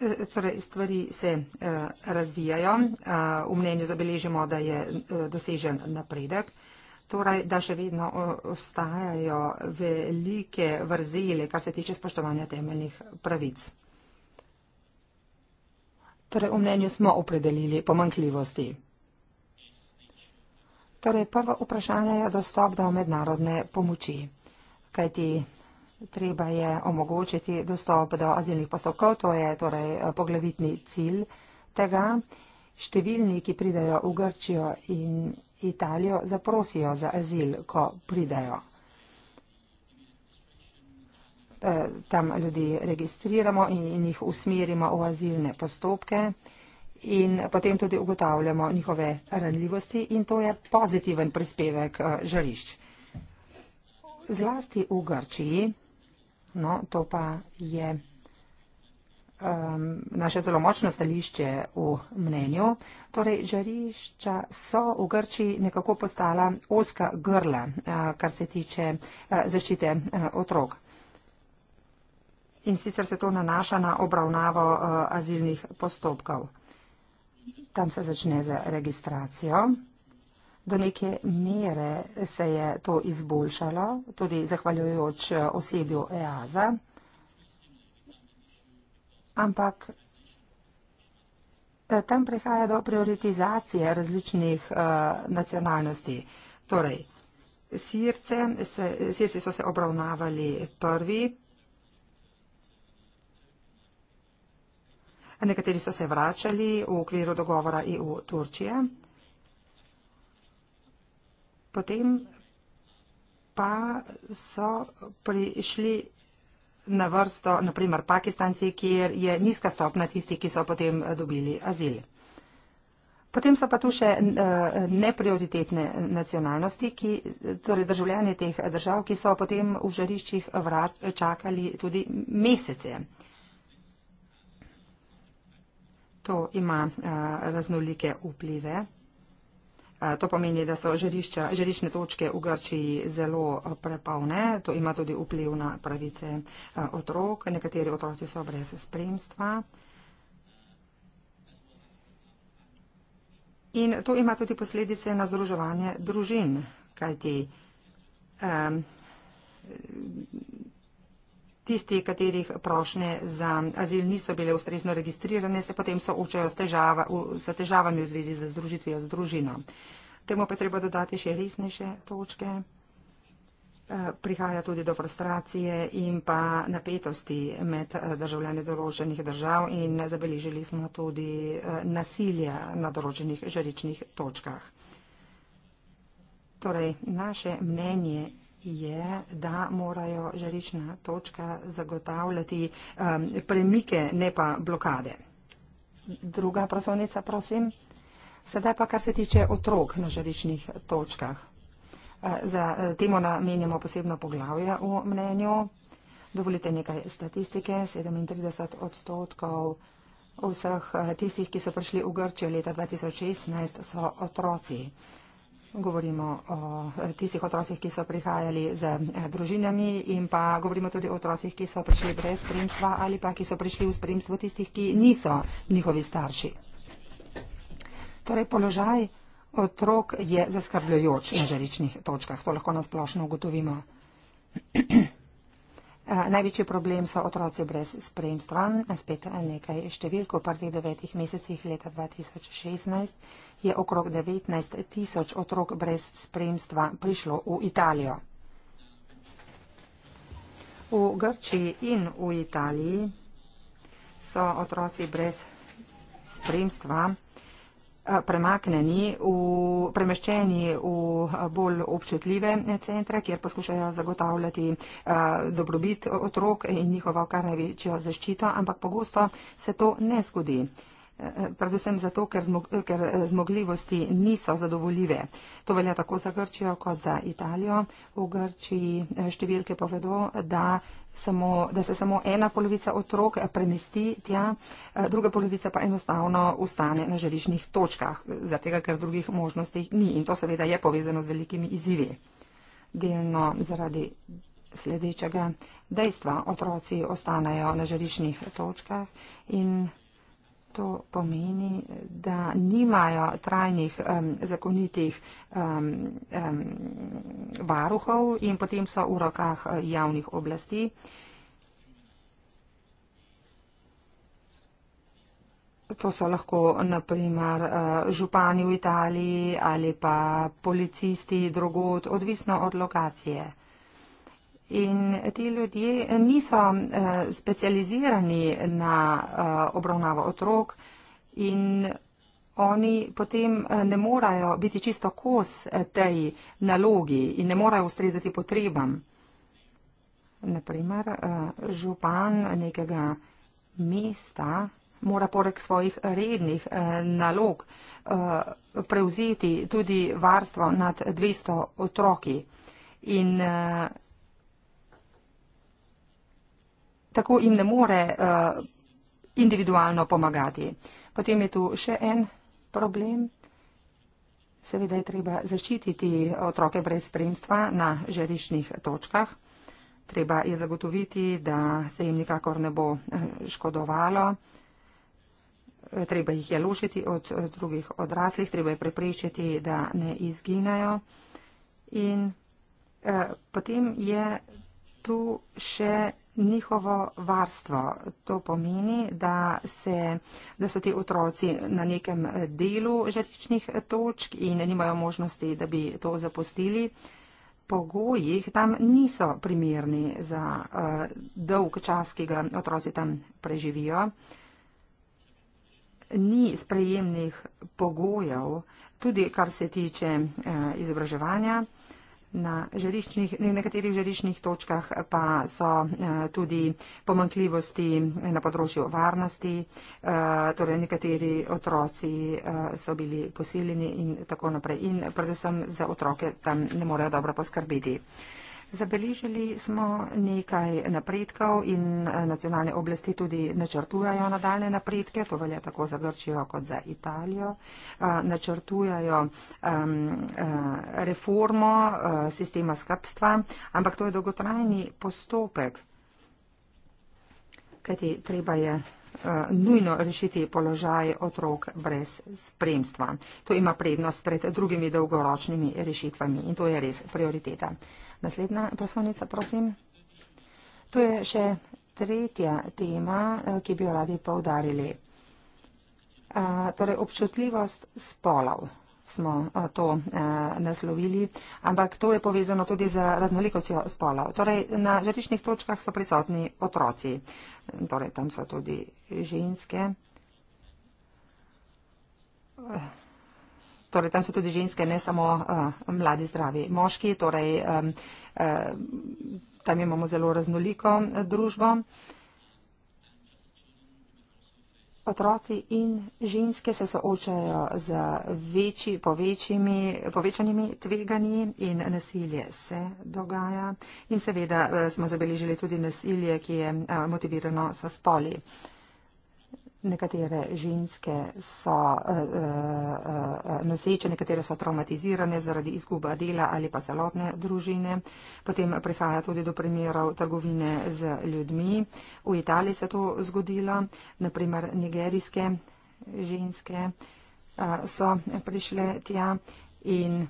Eh, torej, stvari se uh, razvijajo. Uh, v mnenju zabeležimo, da je uh, dosežen napredek. Torej, da še vedno ostajajo velike vrzele, kar se tiče spoštovanja temeljnih pravic. Torej, v mnenju smo opredelili pomankljivosti. Torej, prvo vprašanje je dostop do mednarodne pomoči, kajti treba je omogočiti dostop do azilnih postopkov, to je torej eh, poglavitni cilj tega. Številni, ki pridejo v Grčijo in Italijo zaprosijo za azil, ko pridajo. E, tam ljudi registriramo in jih usmerimo v azilne postopke in potem tudi ugotavljamo njihove ranljivosti in to je pozitiven prispevek e, žarišč. Zlasti v Grčiji, no, to pa je um, naše zelo močno stališče v mnenju. Torej, žarišča so v Grčiji nekako postala oska grla, uh, kar se tiče uh, zaščite uh, otrok. In sicer se to nanaša na obravnavo uh, azilnih postopkov. Tam se začne z registracijo. Do neke mere se je to izboljšalo, tudi zahvaljujoč uh, osebju EASA ampak eh, tam prihaja do prioritizacije različnih uh, nacionalnosti. Torej, sirce, se, sirci so se obravnavali prvi, nekateri so se vračali v okviru dogovora EU Turčije, potem pa so prišli na vrsto, naprimer Pakistanci, kjer je nizka stopna tisti, ki so potem eh, dobili azil. Potem so pa tu še eh, neprioritetne nacionalnosti, ki, torej državljani teh držav, ki so potem v žariščih vrat čakali tudi mesece. To ima eh, raznolike vplive. To pomeni, da so žarišča, žarišne točke v Grčiji zelo eh, prepolne. To ima tudi vpliv na pravice eh, otrok. Nekateri otroci so brez spremstva. In to ima tudi posledice na združevanje družin, kajti um, Tisti, katerih prošnje za azil niso bile ustrezno registrirane, se potem soočajo s, težava, s težavami v zvezi z združitvijo z družino. Temu pa treba dodati še resnejše točke. Eh, prihaja tudi do frustracije in pa napetosti med eh, državljani določenih držav in zabeležili smo tudi eh, nasilje na določenih žaričnih točkah. Torej, naše mnenje je, da morajo žarična točka zagotavljati um, premike, ne pa blokade. Druga prosovnica, prosim. Sedaj pa, kar se tiče otrok na žaričnih točkah. Uh, za uh, temu namenjamo posebno poglavje v mnenju. Dovolite nekaj statistike. 37 odstotkov vseh uh, tistih, ki so prišli v Grčijo leta 2016, so otroci. Govorimo o eh, tistih otrocih, ki so prihajali z eh, družinami in pa govorimo tudi o otrocih, ki so prišli brez spremstva ali pa ki so prišli v spremstvo tistih, ki niso njihovi starši. Torej, položaj otrok je zaskrbljujoč na žaričnih točkah. To lahko nasplošno ugotovimo. Eh, največji problem so otroci brez spremstva. Spet nekaj številk. V prvih devetih mesecih leta 2016 je okrog 19 tisoč otrok brez spremstva prišlo v Italijo. V Grčiji in v Italiji so otroci brez spremstva premakneni v, premeščeni v bolj občutljive centre, kjer poskušajo zagotavljati eh, dobrobit otrok in njihovo kar največjo zaščito, ampak pogosto se to ne zgodi predvsem zato, ker, zmog, ker eh, zmogljivosti niso zadovoljive. To velja tako za Grčijo kot za Italijo. V Grčiji eh, številke povedo, da, samo, da se samo ena polovica otrok eh, premesti tja, druga polovica pa enostavno ustane na želišnih točkah, zato ker drugih možnosti ni. In to seveda je povezano z velikimi izzivi. Delno zaradi sledečega dejstva otroci ostanejo na želišnih točkah in To pomeni, da nimajo trajnih um, zakonitih um, um, varuhov in potem so v rokah eh, javnih oblasti. To so lahko naprimer eh, župani v Italiji ali pa policisti drugod, odvisno od lokacije. In ti ljudje niso uh, specializirani na uh, obravnavo otrok in oni potem eh, ne morajo biti čisto kos tej nalogi in ne morajo ustrezati potrebam. Naprimer, župan nekega mesta mora poleg svojih rednih nalog prevzeti tudi varstvo nad 200 otroki. In tako jim ne more eh, individualno pomagati. Potem je tu še en problem. Seveda je treba zaščititi otroke brez spremstva na žariščnih točkah. Treba je zagotoviti, da se jim nikakor ne bo eh, škodovalo. Eh, treba jih je ločiti od drugih odraslih, treba je preprečiti, da ne izginajo. In eh, potem je tu še njihovo varstvo. To pomeni, da, se, da so ti otroci na nekem delu žrtičnih točk in nimajo možnosti, da bi to zapustili. Pogoji tam niso primerni za uh, dolg čas, ki ga otroci tam preživijo. Ni sprejemnih pogojev, tudi kar se tiče uh, izobraževanja na žariščnih, nekaterih žariščnih točkah pa so eh, tudi pomankljivosti na področju varnosti, eh, torej nekateri otroci eh, so bili posiljeni in tako naprej. In predvsem za otroke tam ne morejo dobro poskrbeti. Zabeležili smo nekaj napredkov in eh, nacionalne oblasti tudi načrtujajo nadaljne napredke, to velja tako za Grčijo kot za Italijo. Eh, načrtujajo eh, reformo sistema skrbstva, ampak to je dolgotrajni postopek, kajti treba je nujno rešiti položaj otrok brez spremstva. To ima prednost pred drugimi dolgoročnimi rešitvami in to je res prioriteta. Naslednja poslovnica, prosim. To je še tretja tema, eh, ki bi jo radi povdarili. Eh, torej, občutljivost spolov smo eh, to naslovili, ampak to je povezano tudi z raznolikostjo spolov. Torej, na žarišnih točkah so prisotni otroci, torej, tam so tudi ženske. Torej, tam so tudi ženske, ne samo uh, mladi zdravi moški. Torej, um, uh, tam imamo zelo raznoliko uh, družbo. Otroci in ženske se soočajo z večji, povečjimi, povečanimi tveganji in nasilje se dogaja. In seveda smo zabeležili tudi nasilje, ki je motivirano s spoli. Uh, Nekatere ženske so eh, eh, eh, noseče, nekatere so traumatizirane zaradi izguba dela ali pa celotne družine. Potem prihaja tudi do primerov trgovine z ljudmi. V Italiji se je to zgodilo, naprimer nigerijske ženske so prišle tja in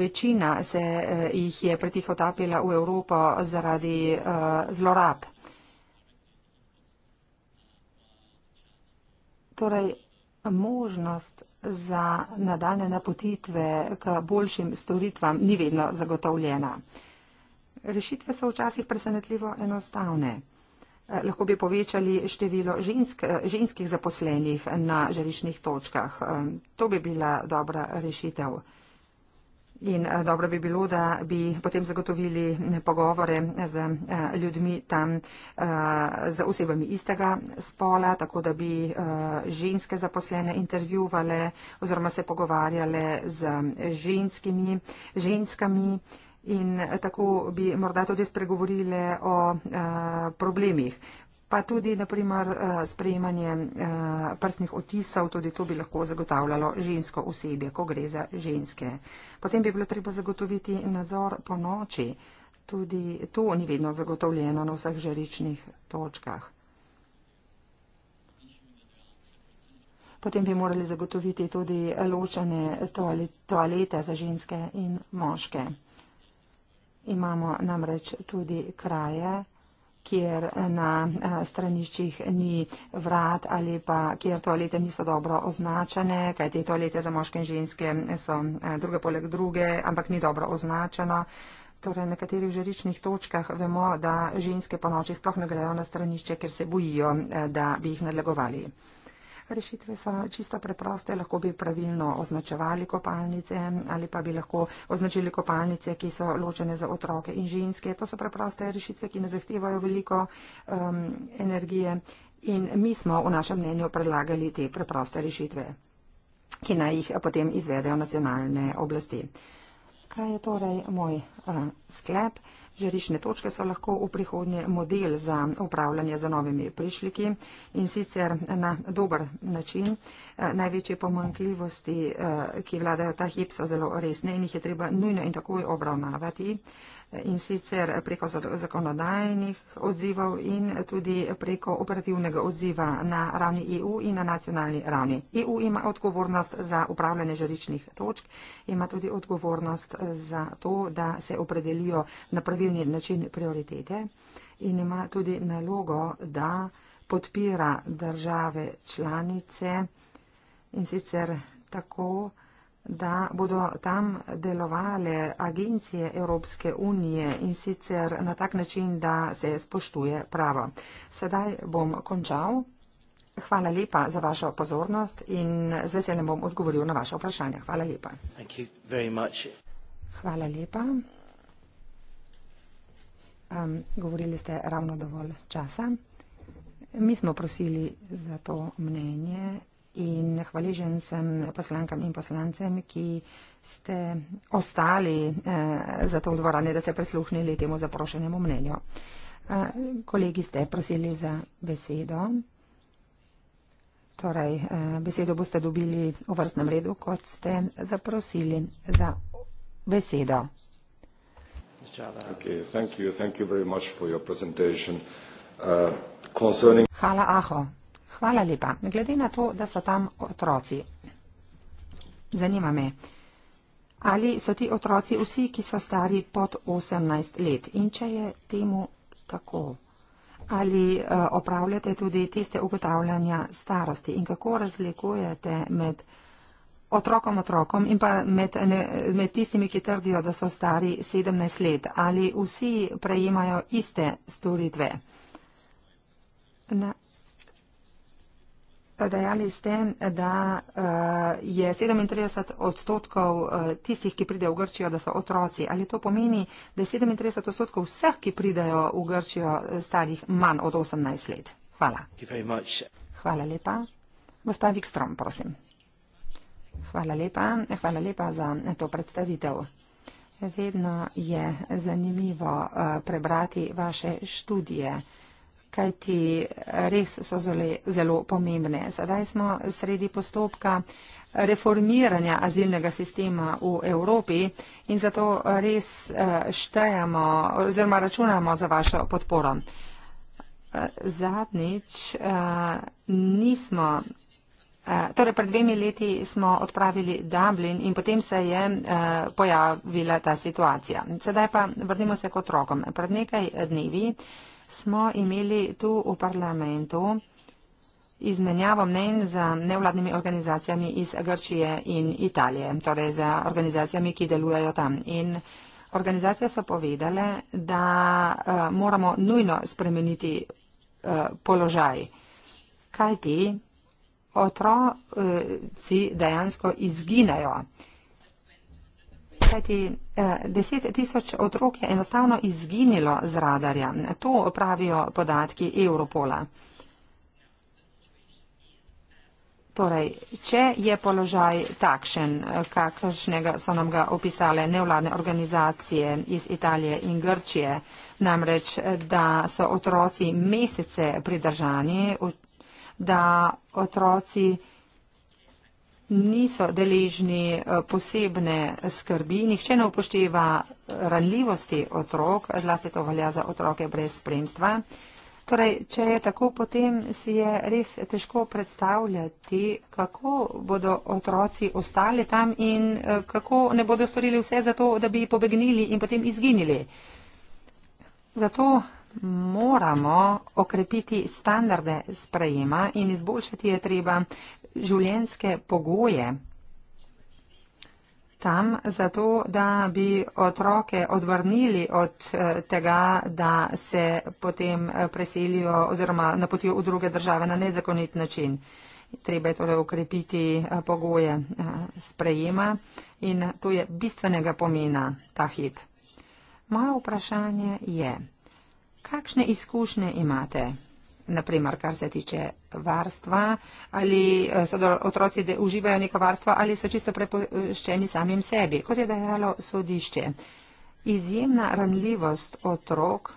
večina se jih je pretiho tapila v Evropo zaradi zlorab. torej možnost za nadaljne napotitve k boljšim storitvam ni vedno zagotovljena. Rešitve so včasih presenetljivo enostavne. Eh, lahko bi povečali število žensk, eh, ženskih zaposlenih na želišnih točkah. Eh, to bi bila dobra rešitev in eh, dobro bi bilo, da bi potem zagotovili eh, pogovore z eh, ljudmi tam, z osebami istega spola, tako da bi ženske zaposlene intervjuvale oziroma se pogovarjale z ženskimi, ženskami. In tako bi morda tudi spregovorile o a, problemih, pa tudi naprimer eh, sprejemanje eh, prstnih otisov, tudi to bi lahko zagotavljalo žensko osebje, ko gre za ženske. Potem bi bilo treba zagotoviti nadzor po noči, tudi to ni vedno zagotovljeno na vseh žaričnih točkah. Potem bi morali zagotoviti tudi ločene toalete za ženske in moške. Imamo namreč tudi kraje, kjer na eh, straniščih ni vrat ali pa kjer toalete niso dobro označene, kajti toalete za moške in ženske so eh, druge poleg druge, ampak ni dobro označeno. Torej, na nekaterih žaričnih točkah vemo, da ženske po noči sploh ne gledajo na stranišče, ker se bojijo, eh, da bi jih nadlegovali. Rešitve so čisto preproste, lahko bi pravilno označevali kopalnice ali pa bi lahko označili kopalnice, ki so ločene za otroke in ženske. To so preproste rešitve, ki ne zahtevajo veliko um, energije in mi smo v našem mnenju predlagali te preproste rešitve, ki naj jih potem izvedejo nacionalne oblasti. Kaj je torej moj uh, sklep? Žarišne točke so lahko v prihodnje model za upravljanje z novimi prišliki in sicer na dober način. Eh, največje pomankljivosti, eh, ki vladajo ta hip, so zelo resne in jih je treba nujno in takoj obravnavati eh, in sicer preko zakonodajnih odzivov in tudi preko operativnega odziva na ravni EU in na nacionalni ravni. EU ima odgovornost za upravljanje žaričnih točk, ima tudi odgovornost za to, da se opredelijo na prvi pravilni način prioritete in ima tudi nalogo, da podpira države članice in sicer tako, da bodo tam delovale agencije Evropske unije in sicer na tak način, da se spoštuje pravo. Sedaj bom končal. Hvala lepa za vašo pozornost in z veseljem bom odgovoril na vaše vprašanje. Hvala lepa. Hvala lepa. Um, govorili ste ravno dovolj časa. Mi smo prosili za to mnenje in hvaležen sem poslankam in poslancem, ki ste ostali eh, za to dvorane, da ste prisluhnili temu zaprošenemu mnenju. Eh, kolegi ste prosili za besedo. Torej, eh, besedo boste dobili v vrstnem redu, kot ste zaprosili za besedo. Uh, Hvala, Aho. Hvala lepa. Glede na to, da so tam otroci, zanima me, ali so ti otroci vsi, ki so stari pod 18 let in če je temu tako, ali eh, opravljate tudi tiste ugotavljanja starosti in kako razlikujete med otroci, otrokom, otrokom in pa med, ne, med tistimi, ki trdijo, da so stari 17 let, ali vsi prejemajo iste storitve. Dajali ste, da uh, je 37 odstotkov uh, tistih, ki pridejo v Grčijo, da so otroci. Ali to pomeni, da je 37 odstotkov vseh, ki pridejo v Grčijo, eh, starih manj od 18 let? Hvala. Hvala lepa. Gospa Vikstrom, prosim. Hvala lepa. Hvala lepa za to predstavitev. Vedno je zanimivo eh, prebrati vaše študije, kaj ti res so zelo, zelo pomembne. Sedaj smo sredi postopka reformiranja azilnega sistema v Evropi in zato res eh, štejemo oziroma računamo za vašo podporo. Eh, zadnjič nismo Eh, torej, pred dvemi leti smo odpravili Dublin in potem se je eh, pojavila ta situacija. Sedaj pa vrnimo se k otrokom. Pred nekaj dnevi smo imeli tu v parlamentu izmenjavo mnen za nevladnimi organizacijami iz Grčije in Italije, torej za organizacijami, ki delujejo tam. In organizacije so povedale, da eh, moramo nujno spremeniti položaj. Kaj ti? otroci dejansko izginejo. Kajti eh, deset tisoč otrok je enostavno izginilo z radarja. To pravijo podatki Europola. Torej, če je položaj takšen, eh, kakršnega so nam ga opisale nevladne organizacije iz Italije in Grčije, namreč, eh, da so otroci mesece pridržani, da otroci niso deležni eh, posebne skrbi, nihče ne upošteva ranljivosti otrok, zlasti to velja za otroke brez spremstva. Torej, če je tako, potem si je res težko predstavljati, kako bodo otroci ostali tam in eh, kako ne bodo storili vse za to, da bi pobegnili in potem izginili. Zato moramo okrepiti standarde sprejema in izboljšati je treba življenske pogoje tam, zato da bi otroke odvrnili od eh, tega, da se potem eh, preselijo oziroma napotijo v druge države na nezakonit način. Treba je torej okrepiti eh, pogoje sprejema in to je bistvenega pomena ta hip. Moje vprašanje je, Kakšne izkušnje imate, naprimer, kar se tiče varstva, ali eh, so otroci, da uživajo neko varstvo, ali so čisto prepoščeni samim sebi, kot je dejalo sodišče. Izjemna ranljivost otrok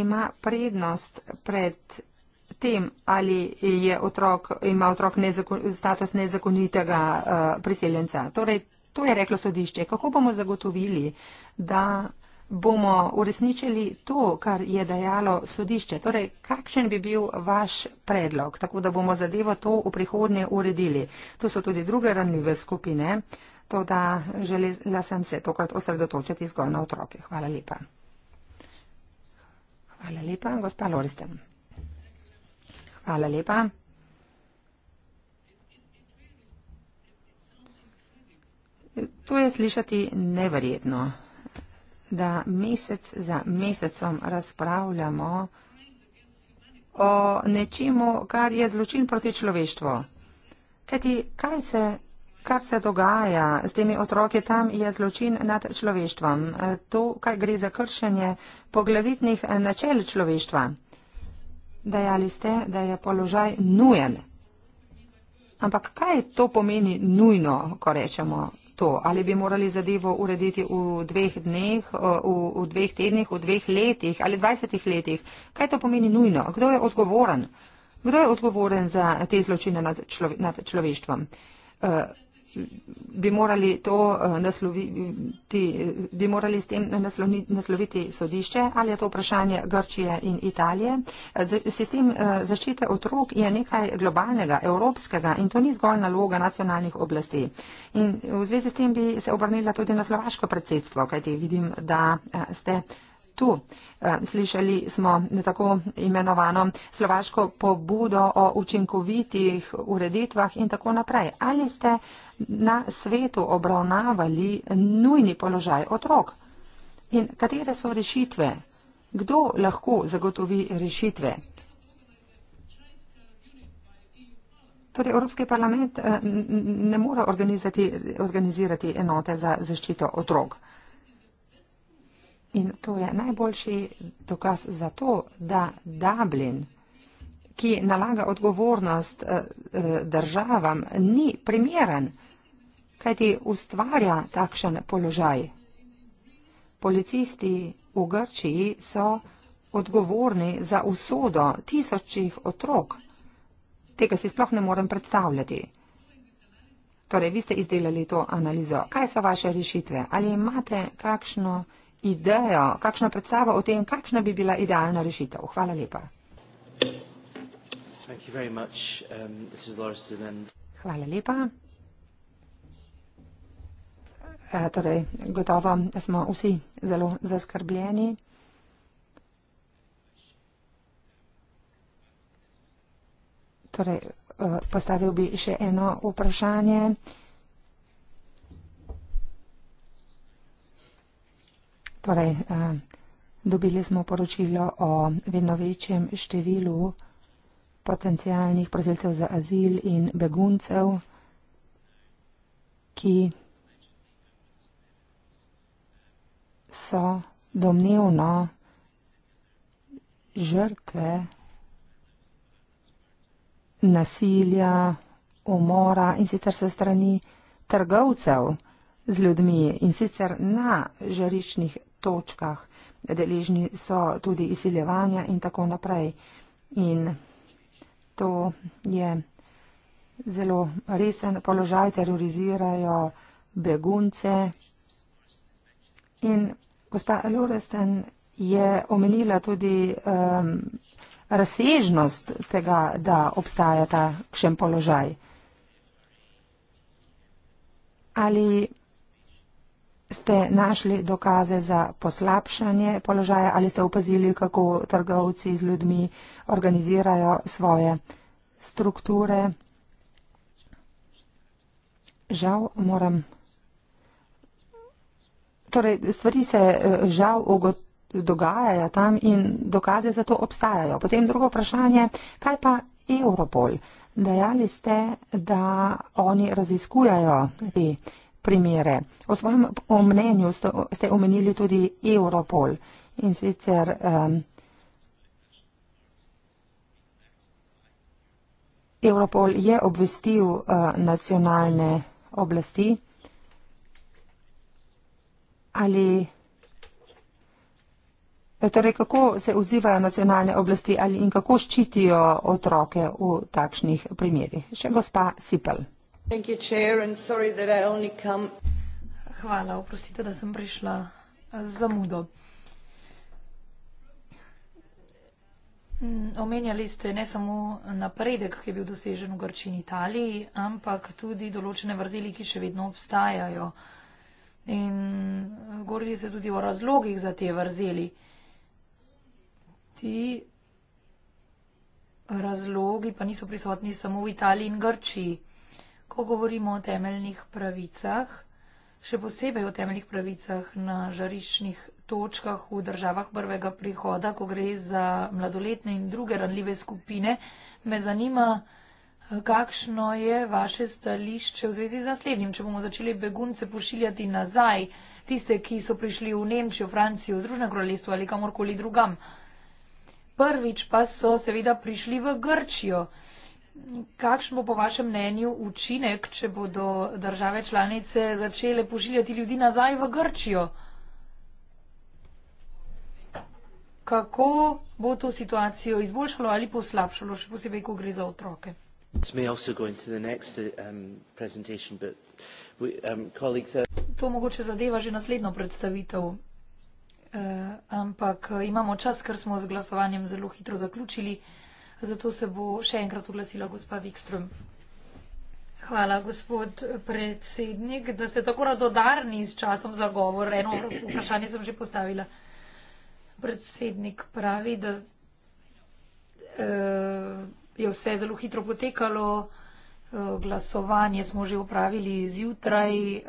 ima prednost pred tem, ali je otrok, ima otrok nezakon, status nezakonitega uh, priseljenca. Torej, to je reklo sodišče. Kako bomo zagotovili, da bomo uresničili to, kar je dejalo sodišče. Torej, kakšen bi bil vaš predlog, tako da bomo zadevo to v prihodnje uredili? To so tudi druge ranljive skupine, to da želela sem se tokrat osredotočiti zgolj na otroke. Hvala lepa. Hvala lepa, gospa Loristen. Hvala lepa. To je slišati neverjetno da mesec za mesecom razpravljamo o nečemu, kar je zločin proti človeštvu. Kajti, kaj se, kar se dogaja s temi otroki tam, je zločin nad človeštvom. E, to, kaj gre za kršenje poglavitnih načel človeštva. Dajali ste, da je položaj nujen. Ampak kaj to pomeni nujno, ko rečemo to? Ali bi morali zadevo urediti v dveh dneh, eh, v, v dveh tednih, v dveh letih ali dvajsetih letih? Kaj to pomeni nujno? Kdo je odgovoren? Kdo je odgovoren za te zločine nad, človi, nad človeštvom? Uh, bi morali, to, eh, naslovi, bi morali s tem naslovni, nasloviti sodišče, ali je to vprašanje Grčije in Italije. Sistem eh, zaščite otrok je nekaj globalnega, evropskega in to ni zgolj naloga nacionalnih oblasti. In v zvezi s tem bi se obrnila tudi na slovaško predsedstvo, kajti vidim, da eh, ste. Tu slišali smo tako imenovano slovaško pobudo o učinkovitih ureditvah in tako naprej. Ali ste na svetu obravnavali nujni položaj otrok. In katere so rešitve? Kdo lahko zagotovi rešitve? Torej, Evropski parlament eh, ne more organizirati enote za zaščito otrok. In to je najboljši dokaz za to, da Dublin, ki nalaga odgovornost eh, eh, državam, ni primeren kajti ustvarja takšen položaj. Policisti v Grčiji so odgovorni za usodo tisočih otrok. Tega si sploh ne morem predstavljati. Torej, vi ste izdelali to analizo. Kaj so vaše rešitve? Ali imate kakšno idejo, kakšno predstavo o tem, kakšna bi bila idealna rešitev? Hvala lepa. Um, Hvala lepa. Eh, torej, gotovo smo vsi zelo zaskrbljeni. Torej, eh, postavil bi še eno vprašanje. Torej, eh, dobili smo poročilo o vedno večjem številu potencijalnih prosilcev za azil in beguncev, ki so domnevno žrtve nasilja, umora in sicer se strani trgovcev z ljudmi in sicer na žariščnih točkah. Deležni so tudi izsiljevanja in tako naprej. In to je zelo resen položaj, terorizirajo begunce, In gospa Loresten je omenila tudi um, razsežnost tega, da obstaja ta kšen položaj. Ali ste našli dokaze za poslabšanje položaja ali ste opazili, kako trgovci z ljudmi organizirajo svoje strukture? Žal moram torej, stvari se eh, žal ugotovijo dogajajo tam in dokaze za to obstajajo. Potem drugo vprašanje, kaj pa Europol? Dajali ste, da oni raziskujajo te primere. O svojem mnenju ste omenili tudi Europol in sicer um, Europol je obvestil uh, nacionalne oblasti ali eh, torej, kako se odzivajo nacionalne oblasti ali in kako ščitijo otroke v takšnih primerjih. Še gospa Sipel. Hvala, oprostite, da sem prišla z zamudo. Mm, omenjali ste ne samo napredek, ki je bil dosežen v Grčiji in Italiji, ampak tudi določene vrzeli, ki še vedno obstajajo. In govorili ste tudi o razlogih za te vrzeli. Ti razlogi pa niso prisotni samo v Italiji in Grčiji. Ko govorimo o temeljnih pravicah, še posebej o temeljnih pravicah na žariščnih točkah v državah prvega prihoda, ko gre za mladoletne in druge ranljive skupine, me zanima, Kakšno je vaše stališče v zvezi z naslednjim, če bomo začeli begunce pošiljati nazaj, tiste, ki so prišli v Nemčijo, Francijo, Združeno kraljestvo ali kamorkoli drugam? Prvič pa so seveda prišli v Grčijo. Kakšen bo po vašem mnenju učinek, če bodo države članice začele pošiljati ljudi nazaj v Grčijo? Kako bo to situacijo izboljšalo ali poslabšalo, še posebej, ko gre za otroke? this may also go into the next uh, um, presentation, but we, um, colleagues. Are... Uh, to mogoče zadeva že naslednjo predstavitev. Uh, ampak eh, imamo čas, ker smo z glasovanjem zelo hitro zaključili. Zato se bo še enkrat oglasila gospa Wikström. Hvala, gospod predsednik, da ste tako radodarni s časom za govor. Eno vprašanje sem že postavila. Predsednik pravi, da. Uh, je vse zelo hitro potekalo, eh, glasovanje smo že upravili zjutraj, eh,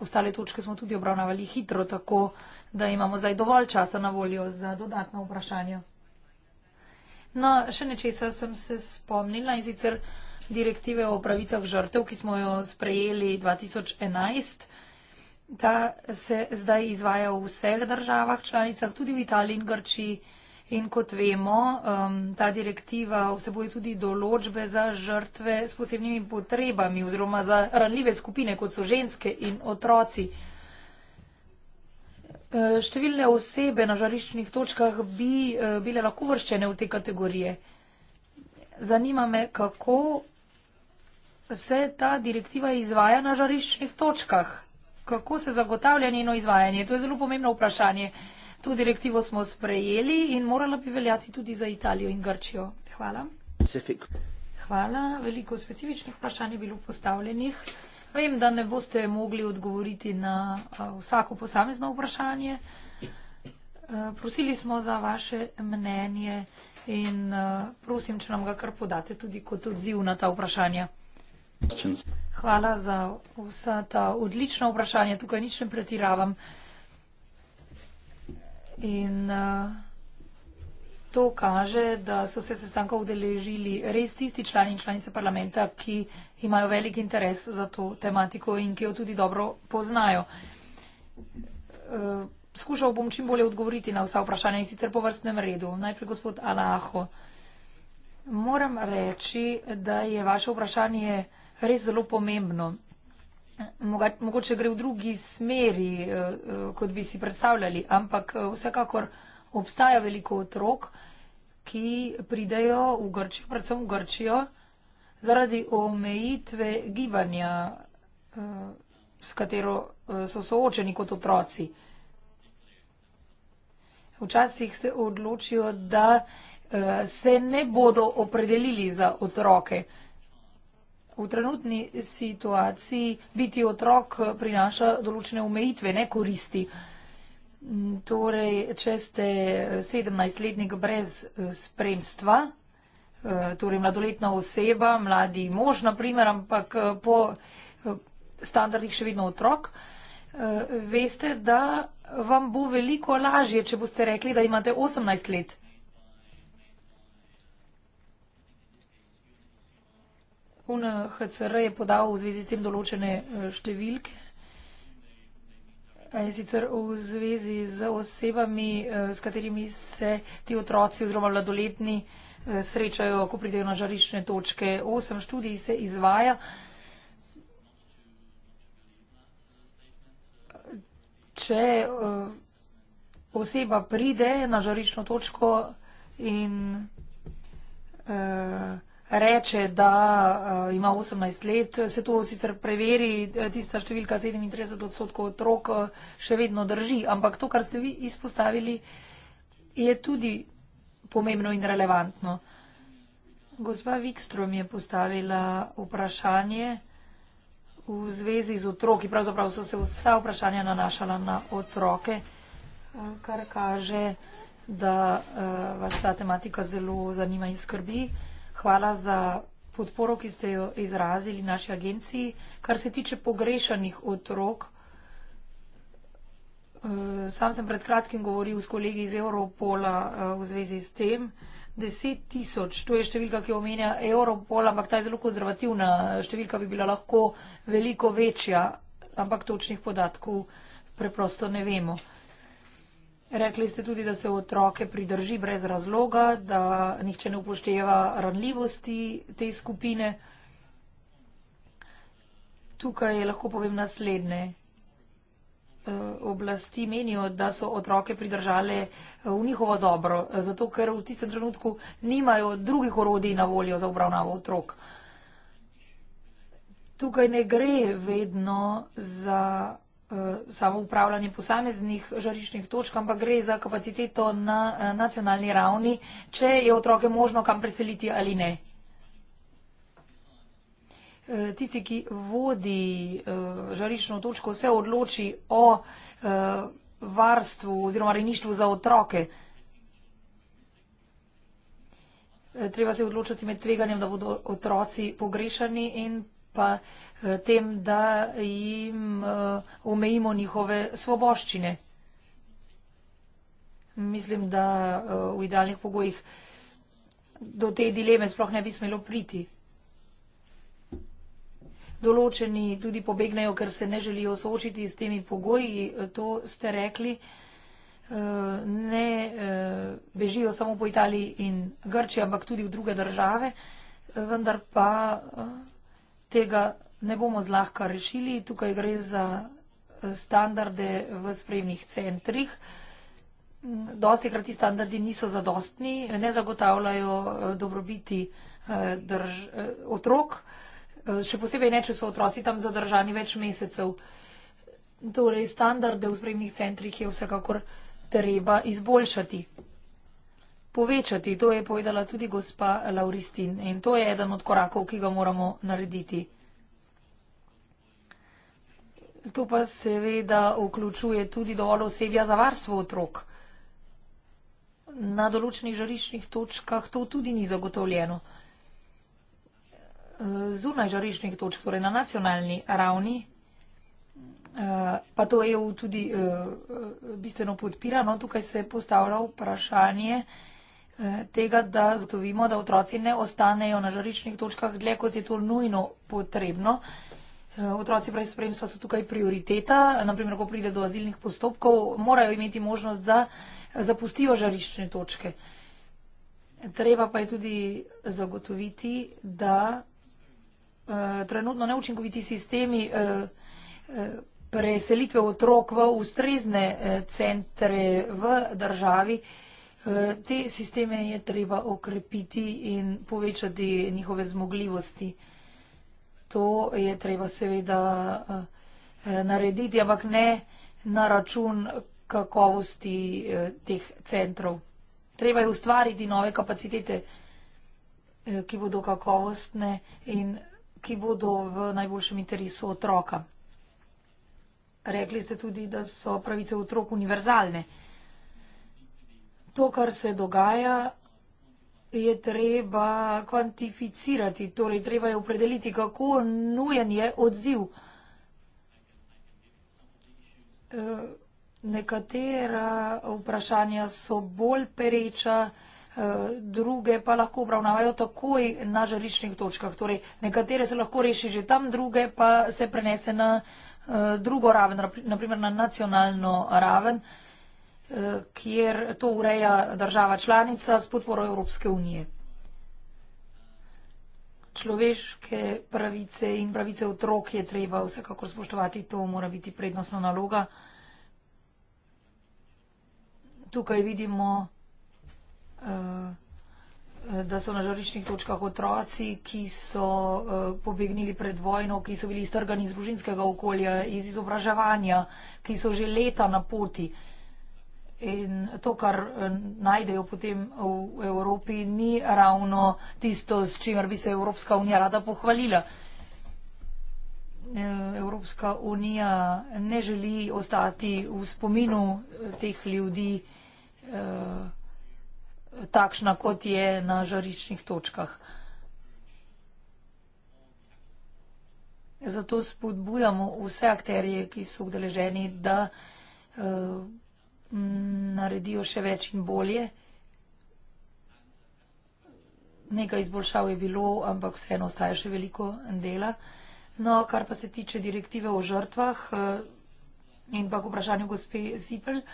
ostale točke smo tudi obravnavali hitro, tako da imamo zdaj dovolj časa na voljo za dodatno vprašanje. No, še nečesa sem se spomnila in sicer direktive o pravicah žrtev, ki smo jo sprejeli 2011. Ta se zdaj izvaja v vseh državah članicah, tudi v Italiji in Grčiji. In kot vemo, um, ta direktiva vseboj tudi določbe za žrtve s posebnimi potrebami oziroma za ranljive skupine, kot so ženske in otroci. E, številne osebe na žariščnih točkah bi e, bile lahko vrščene v te kategorije. Zanima me, kako se ta direktiva izvaja na žariščnih točkah. Kako se zagotavlja njeno izvajanje? To je zelo pomembno vprašanje. To direktivo smo sprejeli in morala bi veljati tudi za Italijo in Grčijo. Hvala. Pacific. Hvala. Veliko specifičnih vprašanj je bilo postavljenih. Vem, da ne boste mogli odgovoriti na vsako posamezno vprašanje. Prosili smo za vaše mnenje in prosim, če nam ga kar podate tudi kot odziv na ta vprašanja. Hvala za vsa ta odlična vprašanja. Tukaj nič ne pretiravam. In uh, to kaže, da so se sestankov udeležili res tisti člani in članice parlamenta, ki imajo velik interes za to tematiko in ki jo tudi dobro poznajo. Uh, skušal bom čim bolje odgovoriti na vsa vprašanja in sicer po vrstnem redu. Najprej gospod Alaho. Moram reči, da je vaše vprašanje res zelo pomembno mogoče gre v drugi smeri, eh, eh, kot bi si predstavljali, ampak eh, vsekakor obstaja veliko otrok, ki pridejo v Grčijo, predvsem v Grčijo, zaradi omejitve gibanja, s katero so soočeni kot otroci. Včasih se odločijo, da se ne bodo opredelili za otroke. V trenutni situaciji biti otrok prinaša določene omejitve, ne koristi. Mm, torej, če ste 17-letnik brez eh, spremstva, eh, torej mladoletna oseba, mladi mož, na primer, ampak eh, po standardih še vedno otrok, veste, da vam bo veliko lažje, če boste rekli, da imate 18 let. UNHCR je podal v zvezi s tem določene eh, številke. In sicer v zvezi z osebami, eh, s katerimi se ti otroci oziroma mladoletni eh, srečajo, ko pridejo na žarišne točke. Osem študij se izvaja. Če oseba pride na žarišno točko in uh, reče, da uh, ima 18 let, se to sicer preveri, eh, tista številka 37 odstotkov otrok eh, še vedno drži, ampak to, kar ste vi izpostavili, je tudi pomembno in relevantno. Gospa Vikstrom je postavila vprašanje v zvezi z otroki, pravzaprav so se vsa vprašanja nanašala na otroke, kar kaže, da uh, vas ta tematika zelo zanima in skrbi. Uh, hvala za podporo, ki ste jo izrazili naši agenciji. Kar se tiče pogrešanih otrok, eh, sam sem pred kratkim govoril s kolegi iz Europola eh, v zvezi s tem. 10 tisoč, to je številka, ki omenja Europol, ampak ta je zelo konzervativna. Številka bi bila lahko veliko večja, ampak točnih podatkov preprosto ne vemo. Rekli ste tudi, da se otroke pridrži brez razloga, da nihče ne upošteva ranljivosti te skupine. Tukaj lahko povem naslednje. Eh, oblasti menijo, da so otroke pridržale eh, v njihovo dobro, eh, zato ker v tistem trenutku nimajo drugih orodij na voljo za obravnavo otrok. Tukaj ne gre vedno za Eh, samo upravljanje posameznih žariščnih točk, ampak gre za kapaciteto na eh, nacionalni ravni, če je otroke možno kam preseliti ali ne. Eh, tisti, ki vodi žariščno točko, se odloči o varstvu oziroma rejništvu za otroke. Treba se odločiti med tveganjem, da bodo otroci pogrešani in pa vsega, Eh, tem, da jim eh, omejimo njihove svoboščine. Mislim, da eh, v idealnih pogojih do te dileme sploh ne bi smelo priti. Določeni tudi pobegnejo, ker se ne želijo soočiti s temi pogoji, to ste rekli. Ne bežijo samo po Italiji in Grčiji, ampak tudi v druge države, vendar pa tega ne bomo zlahka rešili. Tukaj gre za eh, standarde v spremnih centrih. Dosti krati standardi niso zadostni, ne zagotavljajo eh, dobrobiti eh, drž, otrok, še posebej ne, če so otroci tam zadržani več mesecev. Torej, standarde v spremnih centrih je vsekakor treba izboljšati, povečati. To je povedala tudi gospa Lauristin in to je eden od korakov, ki ga moramo narediti. To pa seveda vključuje tudi dovolj osebja za varstvo otrok. Na določenih žariščnih točkah to tudi ni zagotovljeno. Eh, zunaj žariščnih točk, torej na nacionalni ravni, eh, pa to EU tudi eh, bistveno podpira, no tukaj se je postavljalo vprašanje tega, da zatovimo, da otroci ne ostanejo na žariščnih točkah dlje, kot je to nujno potrebno. Eh, otroci brez spremstva so tukaj prioriteta, naprimer, ko pride do azilnih postopkov, morajo imeti možnost, da zapustijo žariščne točke. Treba pa je tudi zagotoviti, da uh, trenutno neučinkoviti sistemi uh, uh, preselitve otrok v ustrezne uh, centre v državi, uh, te sisteme je treba okrepiti in povečati njihove zmogljivosti. Uh, to je treba seveda eh, narediti, ampak ne na račun kakovosti eh, teh centrov. Treba je ustvariti nove kapacitete, eh, ki bodo kakovostne in ki bodo v najboljšem interesu otroka. Rekli ste tudi, da so pravice otrok univerzalne. To, kar se dogaja je treba kvantificirati, torej treba je opredeliti, kako nujen je odziv. E, nekatera vprašanja so bolj pereča, e, druge pa lahko obravnavajo takoj na žariščnih točkah. Torej, nekatere se lahko reši že tam, druge pa se prenese na e, drugo raven, naprimer na nacionalno raven kjer to ureja država članica s podporo Evropske unije. Človeške pravice in pravice otrok je treba vsekakor spoštovati, to mora biti prednostna naloga. Tukaj vidimo, eh, da so na žariščnih točkah otroci, ki so eh, pobegnili pred vojno, ki so bili strgani iz družinskega okolja, iz izobraževanja, ki so že leta na poti. In to, kar eh, najdejo potem v Evropi, ni ravno tisto, s čimer bi se Evropska unija rada pohvalila. Eh, Evropska unija ne želi ostati v spominu eh, teh ljudi takšna, kot je na žariščnih točkah. Zato spodbujamo vse akterje, ki so vdeleženi, da naredijo še več in bolje. Nekaj izboljšav je bilo, ampak vseeno ostaja še veliko dela. No, kar pa se tiče direktive o žrtvah eh, in pa k vprašanju gospe Zipel, eh,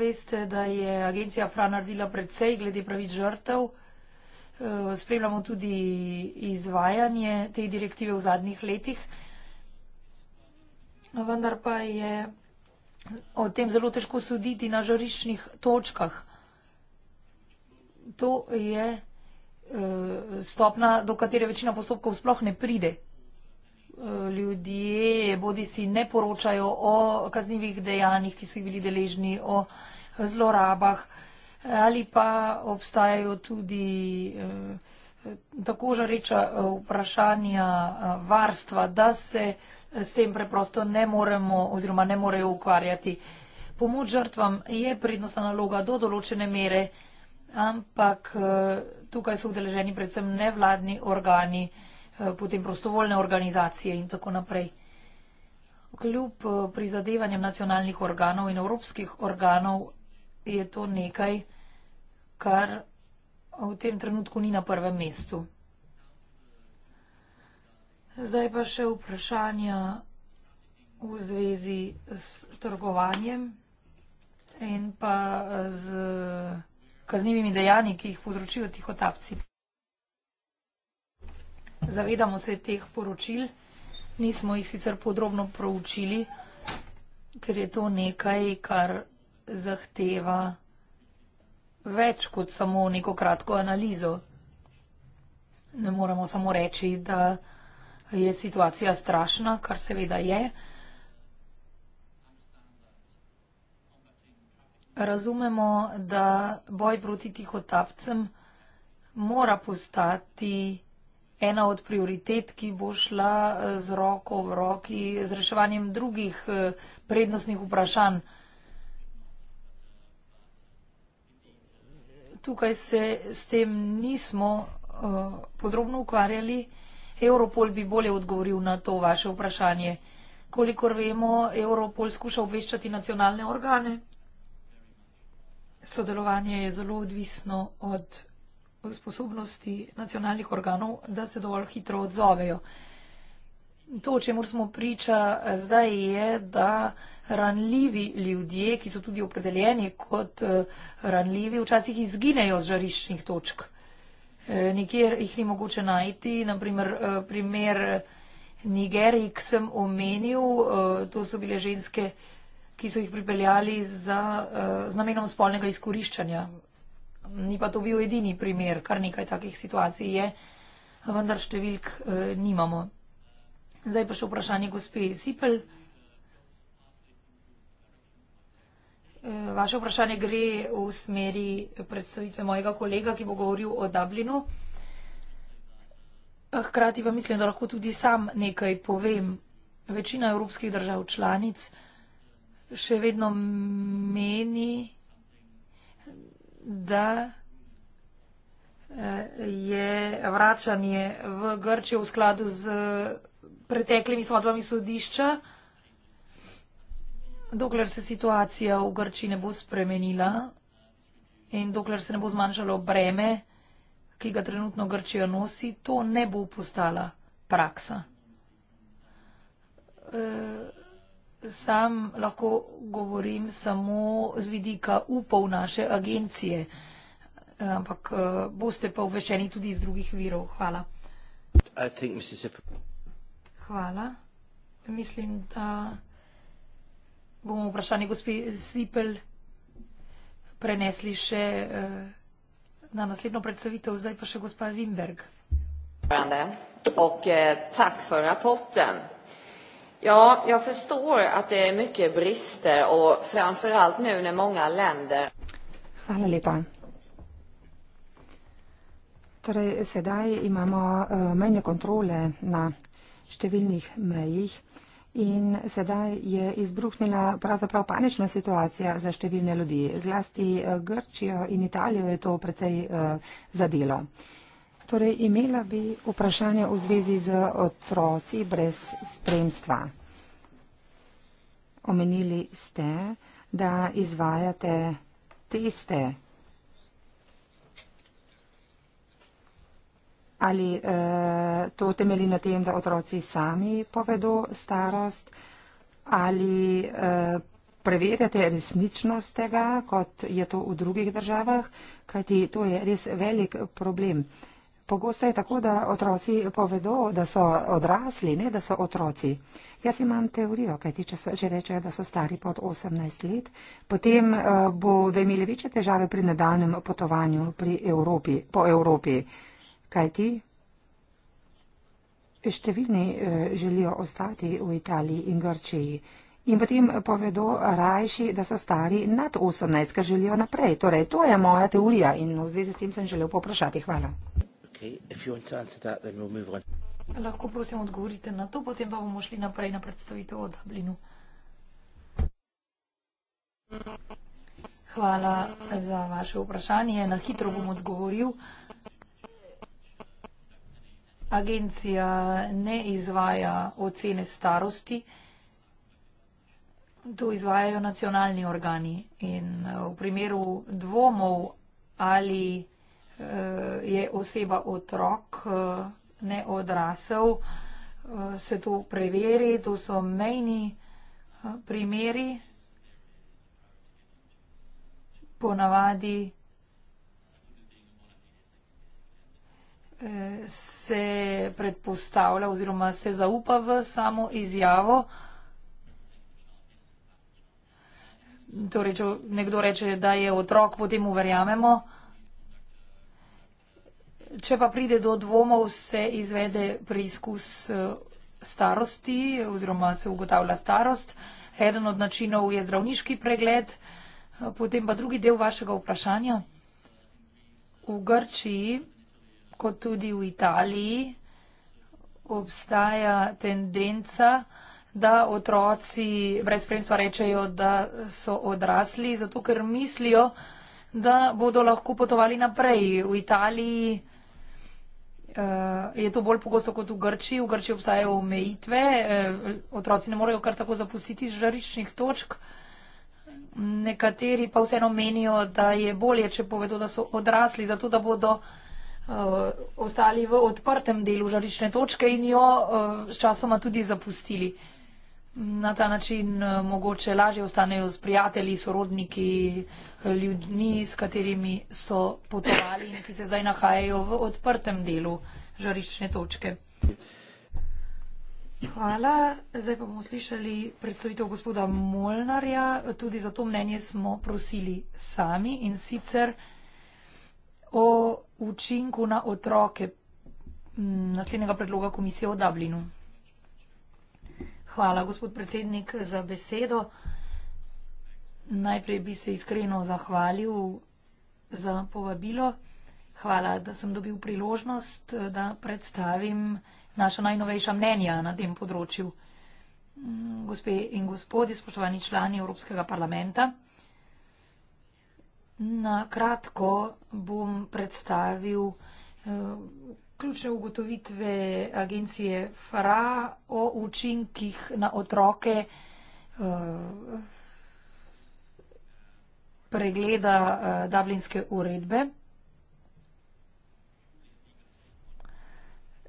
veste, da je agencija FRA naredila predvsej glede pravic žrtev. Eh, spremljamo tudi izvajanje te direktive v zadnjih letih. Vendar pa je o tem zelo težko suditi na žariščnih točkah. To je eh, stopna, do katere večina postopkov sploh ne pride. Eh, ljudje bodi si ne poročajo o kaznjivih dejanjih, ki so jih bili deležni, o zlorabah eh, ali pa obstajajo tudi tako žareča vprašanja varstva, da se s tem preprosto ne moremo oziroma ne morejo ukvarjati. Pomoč žrtvam je prednostna naloga do določene mere, ampak eh, tukaj so udeleženi predvsem nevladni organi, eh, potem prostovoljne organizacije in tako naprej. Kljub eh, prizadevanjem nacionalnih organov in evropskih organov je to nekaj, kar v tem trenutku ni na prvem mestu. Zdaj pa še vprašanja v zvezi s trgovanjem in pa z kaznjivimi dejanji, ki jih povzročijo tihotapci. Zavedamo se teh poročil, nismo jih sicer podrobno proučili, ker je to nekaj, kar zahteva več kot samo neko kratko analizo. Ne moramo samo reči, da je situacija strašna, kar seveda je. Razumemo, da boj proti tihotapcem mora postati ena od prioritet, ki bo šla eh, z roko v roki z reševanjem drugih eh, prednostnih vprašanj. Tukaj se s tem nismo uh, podrobno ukvarjali. Europol bi bolje odgovoril na to vaše vprašanje. Kolikor vemo, Europol skuša obveščati nacionalne organe. Sodelovanje je zelo odvisno od sposobnosti nacionalnih organov, da se dovolj hitro odzovejo. To, o čemur smo priča zdaj, je, da ranljivi ljudje, ki so tudi opredeljeni kot eh, ranljivi, včasih izginejo z žariščnih točk. Eh, nikjer jih ni mogoče najti. Naprimer, primer eh, eh, Nigeriji, ki sem omenil, to so bile ženske, ki so jih pripeljali za, z namenom spolnega izkoriščanja. Ni pa to bil edini primer, kar nekaj takih situacij je, vendar številk nimamo. Zdaj pa še vprašanje gospe Sipel. Eh, vaše vprašanje gre v smeri predstavitve mojega kolega, ki bo govoril o Dublinu. Eh, hkrati pa mislim, da lahko tudi sam nekaj povem. Večina evropskih držav članic še vedno meni, da eh, je vračanje v Grčijo v skladu z pretekljimi sodbami sodišča dokler se situacija v Grči ne bo spremenila in dokler se ne bo zmanjšalo breme, ki ga trenutno Grčija nosi, to ne bo postala praksa. E, sam lahko govorim samo z vidika upov naše agencije, e, ampak e, boste pa obveščeni tudi iz drugih virov. Hvala. Hvala. Mislim, da bomo vprašanje gospe Sipel prenesli še eh, na naslednjo predstavitev, zdaj pa še gospa Wimberg. Och eh, tack för rapporten. Ja, jag förstår att det är mycket brister och framförallt nu när många länder... Hvala lepa. Torej, sedaj imamo uh, mejne kontrole na številnih mejih. Uh, In sedaj je izbruhnila pravzaprav panična situacija za številne ljudi. Zlasti eh, Grčijo in Italijo je to precej uh, zadelo. Torej, imela bi vprašanje v zvezi z otroci brez spremstva. Omenili ste, da izvajate teste ali e, to temeli na tem, da otroci sami povedo starost, ali e, preverjate resničnost tega, kot je to v drugih državah, kajti to je res velik problem. Pogosto je tako, da otroci povedo, da so odrasli, ne da so otroci. Jaz imam teorijo, kajti če, so, če rečejo, da so stari pod 18 let, potem uh, bodo imeli večje težave pri nadaljem potovanju pri Evropi, po Evropi. Uh, kajti številni eh, želijo ostati v Italiji in Grčiji. In potem povedo rajši, da so stari nad 18, ker želijo naprej. Torej, to je moja teorija in v zvezi s tem sem želel poprašati. Hvala. Okay, Lahko prosim odgovorite na to, potem pa bomo šli naprej na predstavitev o Dublinu. Hvala za vaše vprašanje. Na hitro bom odgovoril agencija ne izvaja ocene starosti, to izvajajo nacionalni organi in eh, v primeru dvomov ali eh, je oseba otrok, eh, ne odrasel, se to preveri, to so mejni primeri, ponavadi, se predpostavlja oziroma se zaupa v samo izjavo. Torej, če nekdo reče, da je otrok, potem uverjamemo. Če pa pride do dvomov, se izvede preizkus eh, starosti oziroma se ugotavlja starost. Eden od načinov je zdravniški pregled, eh, potem pa drugi del vašega vprašanja. V Grčiji kot tudi v Italiji obstaja tendenca, da otroci brez spremstva rečejo, da so odrasli, zato ker mislijo, da bodo lahko potovali naprej. V Italiji eh, je to bolj pogosto kot v Grčiji. V Grčiji obstajajo omejitve, eh, otroci ne morejo kar tako zapustiti žariščnih točk. Nekateri pa vseeno menijo, da je bolje, če povedo, da so odrasli, zato da bodo uh, ostali v odprtem delu žarične točke in jo uh, sčasoma tudi zapustili. Na ta način uh, mogoče lažje ostanejo s prijatelji, sorodniki, ljudmi, s katerimi so potovali in ki se zdaj nahajajo v odprtem delu žarične točke. Hvala. Zdaj pa bomo slišali predstavitev gospoda Molnarja. Tudi za to mnenje smo prosili sami in sicer o učinku na otroke naslednjega predloga komisije o Dublinu. Hvala, gospod predsednik, za besedo. Najprej bi se iskreno zahvalil za povabilo. Hvala, da sem dobil priložnost, da predstavim naša najnovejša mnenja na tem področju. Gospe in gospodje, spoštovani člani Evropskega parlamenta. Na kratko bom predstavil eh, ključne ugotovitve agencije FRA o učinkih na otroke eh, pregleda eh, Dublinske uredbe.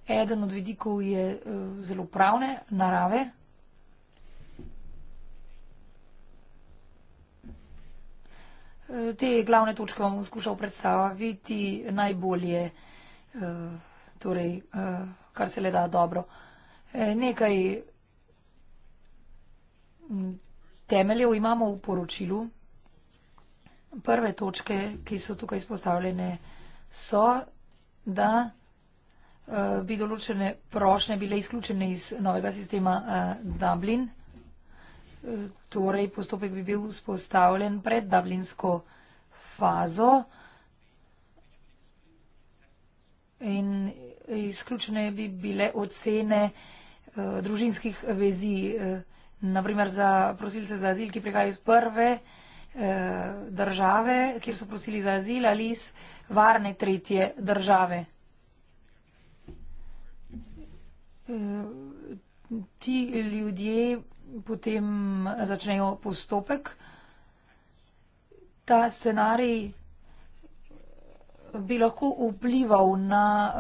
Eden od vidikov je zelo pravne narave. te glavne točke vam bom skušal predstaviti najbolje, eh, torej, eh, kar se le da dobro. Eh, nekaj mm, temeljev imamo v poročilu. Prve točke, ki so tukaj izpostavljene, so, da bi določene prošnje bile izključene iz novega sistema Dublin torej postopek bi bil vzpostavljen pred dublinsko fazo in izključene bi bile ocene eh, družinskih vezi, eh, naprimer za prosilce za azil, ki prihajajo iz prve eh, države, kjer so prosili za azil ali iz varne tretje države. Ti ljudje potem začnejo postopek. Ta scenarij bi lahko vplival na uh,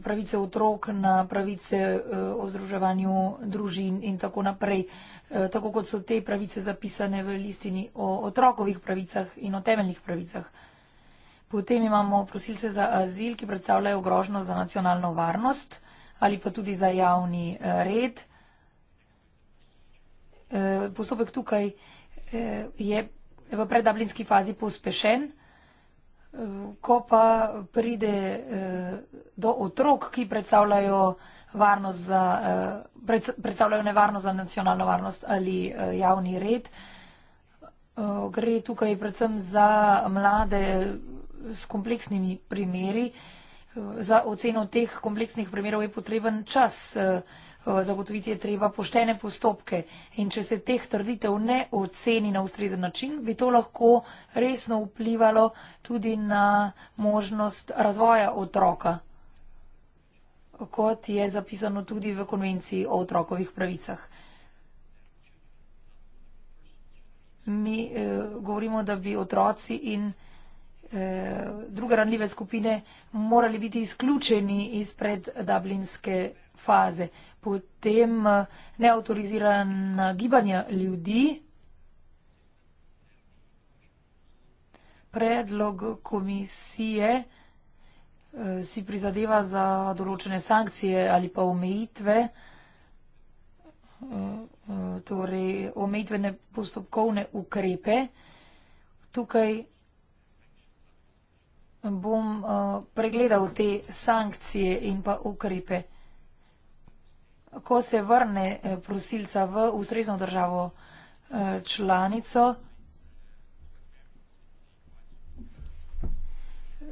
pravice otrok, na pravice uh, o združevanju družin in tako naprej, uh, tako kot so te pravice zapisane v listini o otrokovih pravicah in o temeljnih pravicah. Potem imamo prosilce za azil, ki predstavljajo grožno za nacionalno varnost ali pa tudi za javni uh, red. Uh, Eh, postopek tukaj eh, je v predablinski fazi pospešen. Eh, ko pa pride do otrok, ki predstavljajo, za, predstavljajo nevarnost za nacionalno varnost ali javni red, gre tukaj predvsem za mlade s kompleksnimi primeri. Za oceno teh kompleksnih primerov je potreben čas. Eh, zagotoviti je treba poštene postopke in če se teh trditev ne oceni na ustrezen način, bi to lahko resno vplivalo tudi na možnost razvoja otroka, kot je zapisano tudi v konvenciji o otrokovih pravicah. Mi eh, govorimo, da bi otroci in eh, druge ranljive skupine morali biti izključeni izpred dublinske faze potem eh, neautorizirana gibanja ljudi. Predlog komisije eh, si prizadeva za določene sankcije ali pa omejitve, eh, torej omejitvene postopkovne ukrepe. Tukaj bom pregledal te sankcije in pa ukrepe ko se vrne eh, prosilca v ustrezno državo eh, članico,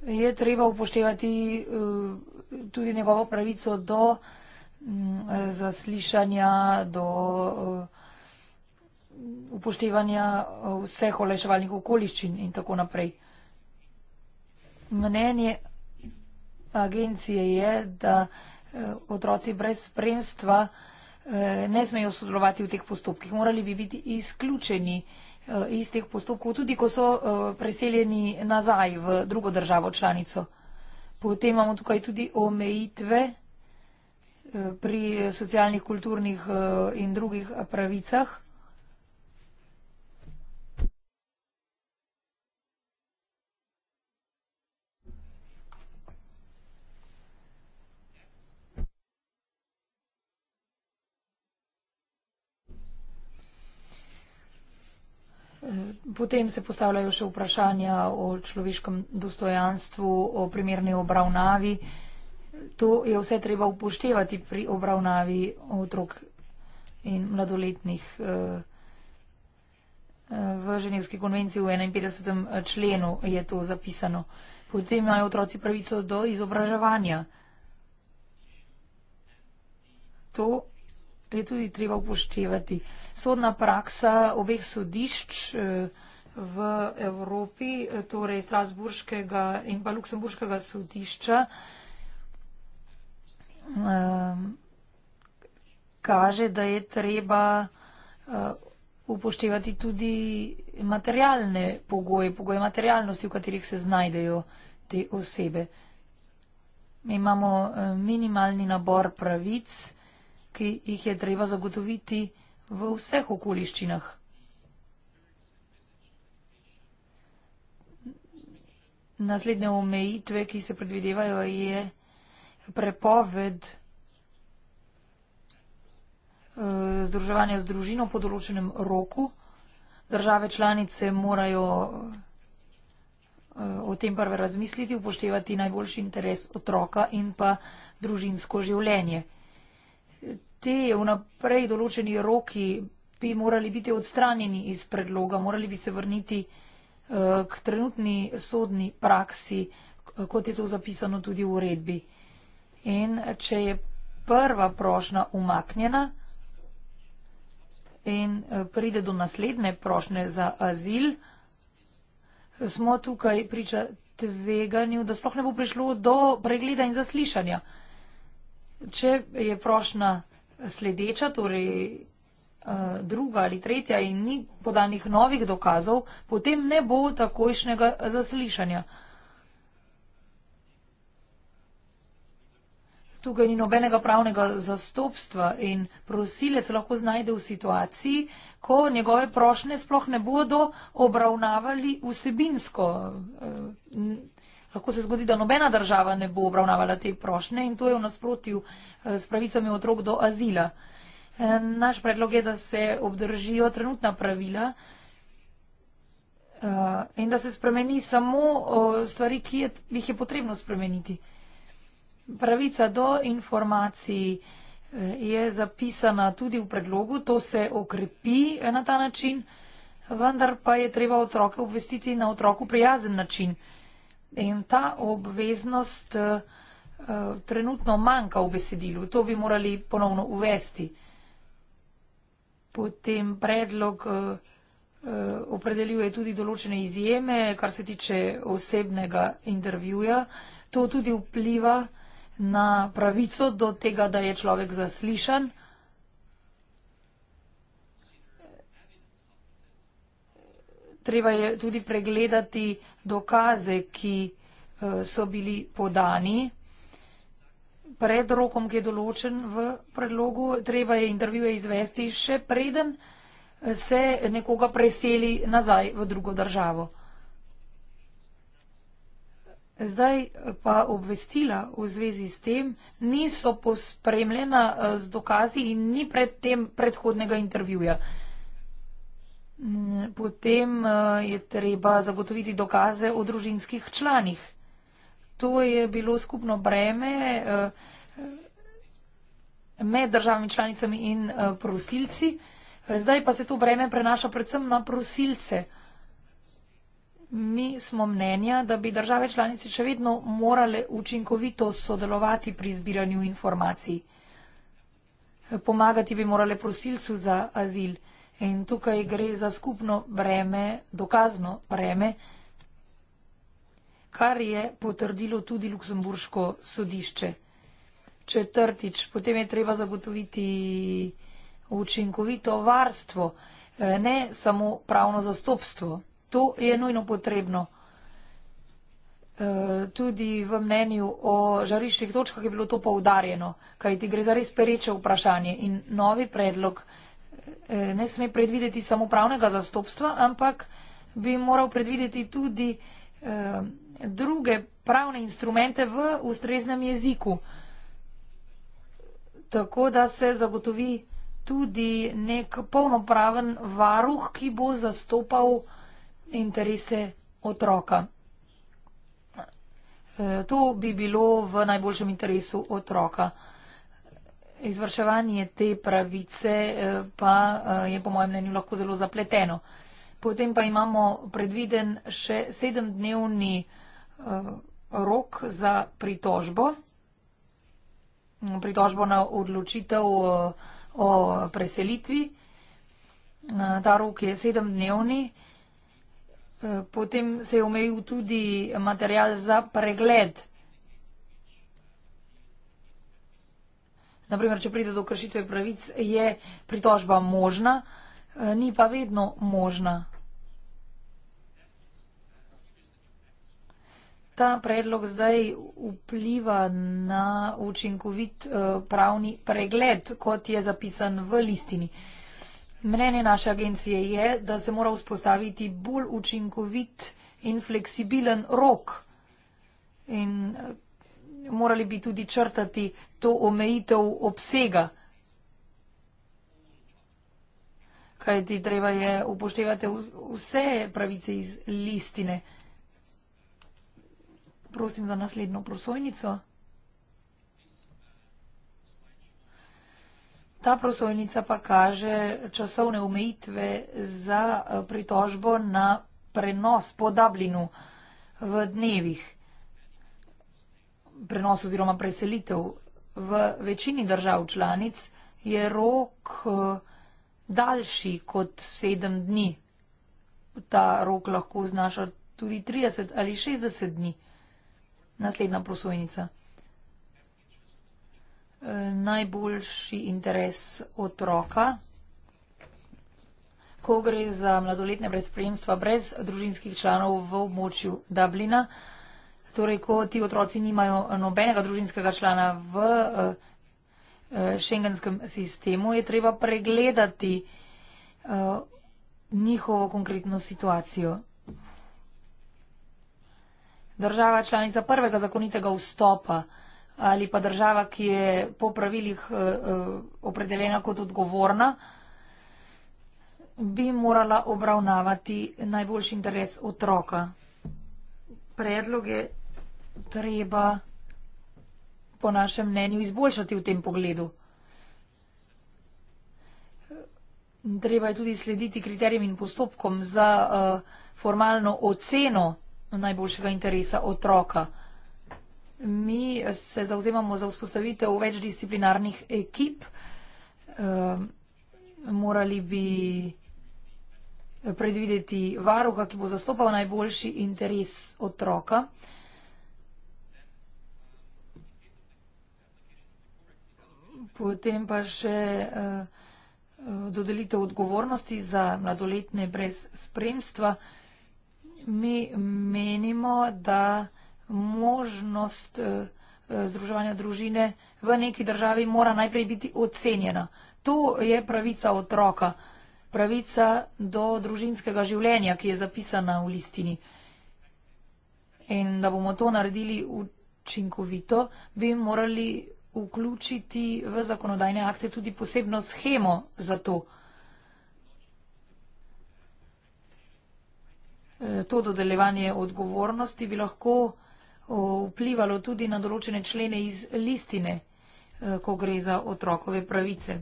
je treba upoštevati eh, tudi njegovo pravico do mm, zaslišanja, do upoštevanja vseh olajševalnih okoliščin in tako naprej. Mnenje agencije je, da Eh, otroci brez spremstva eh, ne smejo sodelovati v teh postopkih. Morali bi biti izključeni eh, iz teh postopkov, tudi ko so preseljeni nazaj v drugo državo članico. Potem imamo tukaj tudi omejitve pri socialnih, kulturnih in drugih pravicah. Potem se postavljajo še vprašanja o človeškem dostojanstvu, o primerni obravnavi. To je vse treba upoštevati pri obravnavi otrok in mladoletnih eh, eh, v Ženevski konvenciji v 51. Eh, členu je to zapisano. Potem imajo otroci pravico do izobraževanja. To je tudi treba upoštevati. Sodna praksa obeh sodišč eh, v Evropi, eh, torej Strasburškega in pa Luksemburškega sodišča, eh, kaže, da je treba upoštevati tudi materialne pogoje, pogoje materialnosti, v katerih se znajdejo te osebe. Mi imamo minimalni nabor pravic, ki jih je treba zagotoviti v vseh okoliščinah. Naslednje omejitve, ki se predvidevajo, je prepoved eh, združevanja z družino po določenem roku. Države članice morajo eh, o tem prve razmisliti, upoštevati najboljši interes otroka in pa družinsko življenje ti vnaprej določeni roki bi morali biti odstranjeni iz predloga, morali bi se vrniti eh, k trenutni sodni praksi, kot je to zapisano tudi v uredbi. In če je prva prošnja umaknjena in eh, pride do naslednje prošnje za azil, smo tukaj priča tveganju, da sploh ne bo prišlo do pregleda in zaslišanja. Če je prošnja umaknjena, sledeča, torej eh, druga ali tretja in ni podanih novih dokazov, potem ne bo takojšnjega zaslišanja. Tukaj ni nobenega pravnega zastopstva in prosilec lahko znajde v situaciji, ko njegove prošnje sploh ne bodo obravnavali vsebinsko. Eh, lahko se zgodi, da nobena država ne bo obravnavala te prošnje in to je v nasprotju eh, s pravicami otrok do azila. Eh, naš predlog je, da se obdržijo trenutna pravila eh, in da se spremeni samo stvari, ki jih je potrebno spremeniti. Pravica do informacij je zapisana tudi v predlogu, to se okrepi na ta način, vendar pa je treba otroke obvestiti na otroku prijazen način. In ta obveznost eh, eh, trenutno manjka v besedilu. To bi morali ponovno uvesti. Potem predlog eh, opredeljuje tudi določene izjeme, kar se tiče osebnega intervjuja. To tudi vpliva na pravico do tega, da je človek zaslišan. treba je tudi pregledati dokaze, ki eh, so bili podani pred rokom, ki je določen v predlogu. Treba je intervjuje izvesti še preden eh, se nekoga preseli nazaj v drugo državo. Zdaj eh, pa obvestila v zvezi s tem niso pospremljena z dokazi in ni pred tem predhodnega intervjuja. Potem eh, je treba zagotoviti dokaze o družinskih članih. To je bilo skupno breme eh, med državami članicami in eh, prosilci. Zdaj pa se to breme prenaša predvsem na prosilce. Mi smo mnenja, da bi države članice še vedno morale učinkovito sodelovati pri zbiranju informacij. Pomagati bi morale prosilcu za azil. In tukaj gre za skupno breme, dokazno breme, kar je potrdilo tudi Luksemburško sodišče. Četrtič, potem je treba zagotoviti učinkovito varstvo, eh, ne samo pravno zastopstvo. To je nujno potrebno. Eh, tudi v mnenju o žariščih točkah je bilo to poudarjeno, kajti gre za res pereče vprašanje in novi predlog Eh, ne sme predvideti samo pravnega zastopstva, ampak bi moral predvideti tudi eh, druge pravne instrumente v ustreznem jeziku. Tako da se zagotovi tudi nek polnopraven varuh, ki bo zastopal interese otroka. Eh, to bi bilo v najboljšem interesu otroka. Izvrševanje te pravice eh, pa eh, je po mojem mnenju lahko zelo zapleteno. Potem pa imamo predviden še sedemdnevni eh, rok za pritožbo, mm, pritožbo na odločitev o preselitvi. Ta rok je sedemdnevni. Potem se je omejil tudi material za pregled pritožbo. naprimer, če pride do kršitve pravic, je pritožba možna, eh, ni pa vedno možna. Ta predlog zdaj vpliva na učinkovit eh, pravni pregled, kot je zapisan v listini. Mnenje naše agencije je, da se mora vzpostaviti bolj učinkovit in fleksibilen rok. In eh, morali bi tudi črtati to omejitev obsega. Kaj ti treba je upoštevati vse pravice iz listine. Prosim za naslednjo prosojnico. Ta prosojnica pa kaže časovne omejitve za pritožbo na prenos po Dublinu v dnevih prenos oziroma preselitev v večini držav članic je rok eh, daljši kot sedem dni. Ta rok lahko znaša tudi 30 ali 60 dni. Naslednja prosojnica. Eh, najboljši interes otroka, ko gre za mladoletne brez spremstva, brez družinskih članov v območju Dublina, Torej, ko ti otroci nimajo eh, nobenega družinskega člana v eh, eh, šengenskem sistemu, je treba pregledati njihovo konkretno situacijo. Država članica prvega zakonitega vstopa ali pa država, ki je po pravilih uh, opredeljena kot odgovorna, bi morala obravnavati najboljši interes otroka. Predlog je treba, po našem mnenju, izboljšati v tem pogledu. Treba je tudi slediti kriterijem in postopkom za uh, formalno oceno najboljšega interesa otroka. Mi se zauzemamo za vzpostavitev večdisciplinarnih ekip. Uh, morali bi predvideti varuha, ki bo zastopal najboljši interes otroka. Uh, Potem pa še eh, eh, dodelitev odgovornosti za mladoletne brez spremstva. Mi menimo, da možnost eh, združevanja družine v neki državi mora najprej biti ocenjena. To je pravica otroka, pravica do družinskega življenja, ki je zapisana v listini. In da bomo to naredili učinkovito, bi morali vključiti v zakonodajne akte tudi posebno schemo za to. E, to dodeljevanje odgovornosti bi lahko vplivalo tudi na določene člene iz listine, e, ko gre za otrokove pravice.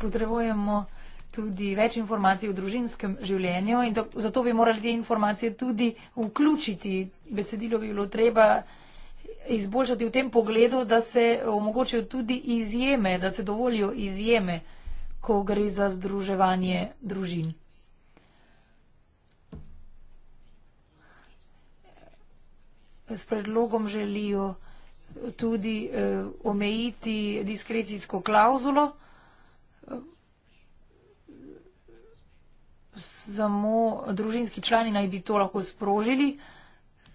Potrebujemo tudi več informacij o družinskem življenju in to, zato bi morali te informacije tudi vključiti. Besedilo bi bilo treba izboljšati v tem pogledu, da se omogočijo tudi izjeme, da se dovolijo izjeme, ko gre za združevanje družin. S predlogom želijo tudi eh, omejiti diskrecijsko klauzulo. Eh, samo družinski člani naj bi to lahko sprožili.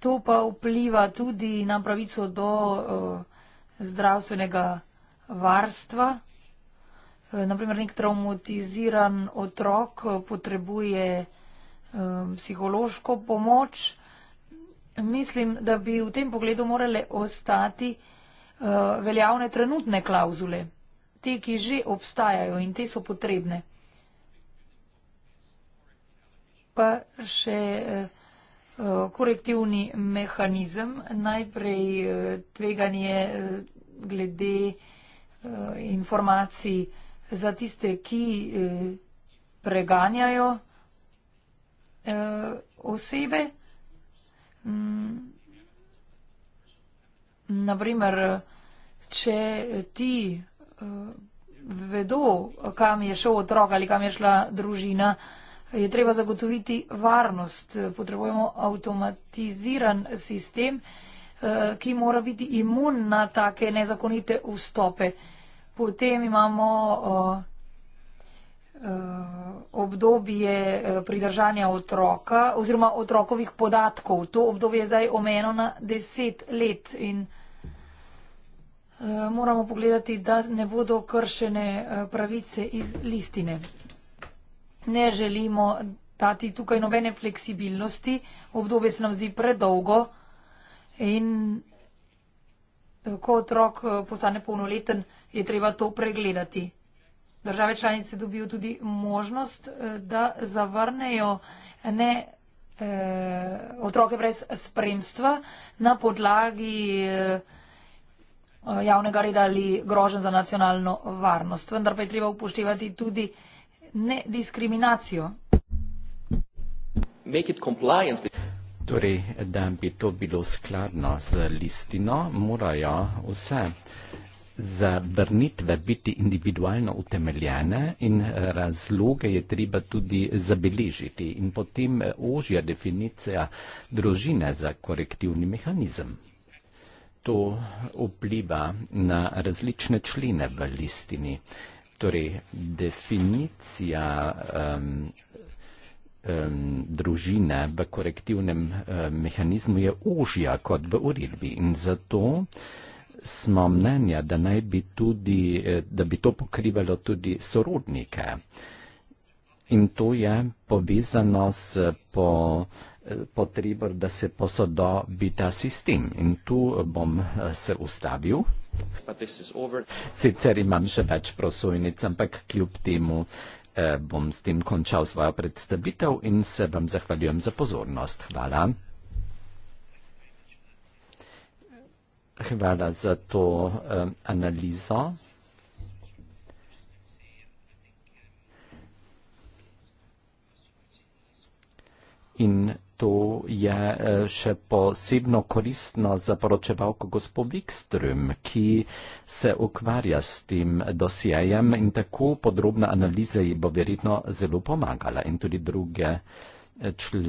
To pa vpliva tudi na pravico do uh, zdravstvenega varstva. E, eh, naprimer, nek traumatiziran otrok eh, potrebuje um, psihološko pomoč. Mislim, da bi v tem pogledu morale ostati uh, veljavne trenutne klauzule, te, ki že obstajajo in te so potrebne pa še eh, eh, korektivni mehanizem. Najprej eh, tveganje glede informacij za tiste, ki preganjajo osebe. Mm, Naprimer, če ti vedo, kam je šel otrok ali kam je šla družina, je treba zagotoviti varnost. Potrebujemo avtomatiziran sistem, eh, ki mora biti imun na take nezakonite vstope. Potem imamo eh, eh, obdobje pridržanja otroka oziroma otrokovih podatkov. To obdobje je zdaj omejeno na deset let in moramo pogledati, da ne bodo kršene pravice iz listine ne želimo dati tukaj nobene fleksibilnosti, obdobje se nam zdi predolgo in eh, ko otrok eh, postane polnoleten, je treba to pregledati. Države članice dobijo tudi možnost, eh, da zavrnejo ne otroke brez spremstva na podlagi javnega reda ali grožen za nacionalno varnost. Vendar pa je treba upoštevati tudi nekaj, nediskriminacijo. Torej, da bi to bilo skladno z listino, morajo vse zavrnitve biti individualno utemeljene in razloge je treba tudi zabeležiti in potem eh, ožja definicija družine za korektivni mehanizem. To vpliva na različne člene v listini. Torej, definicija um, um, družine v korektivnem um, mehanizmu je užja kot v uredbi in zato smo mnenja, da naj bi tudi, e, da bi to pokrivalo tudi sorodnike. In to je povezano s po, e, potrebo, da se posodobi ta sistem. In tu bom e, se ustavil. Sicer imam še več prosojnic, ampak kljub temu eh, bom s tem končal svojo predstavitev in se vam zahvaljujem za pozornost. Hvala. Hvala za to eh, analizo. In tu je e, še posebno koristno za poročevalko gospod Bikström, ki se ukvarja s tem dosjejem in tako podrobna analiza ji bo verjetno zelo pomagala in tudi druge. E, čl,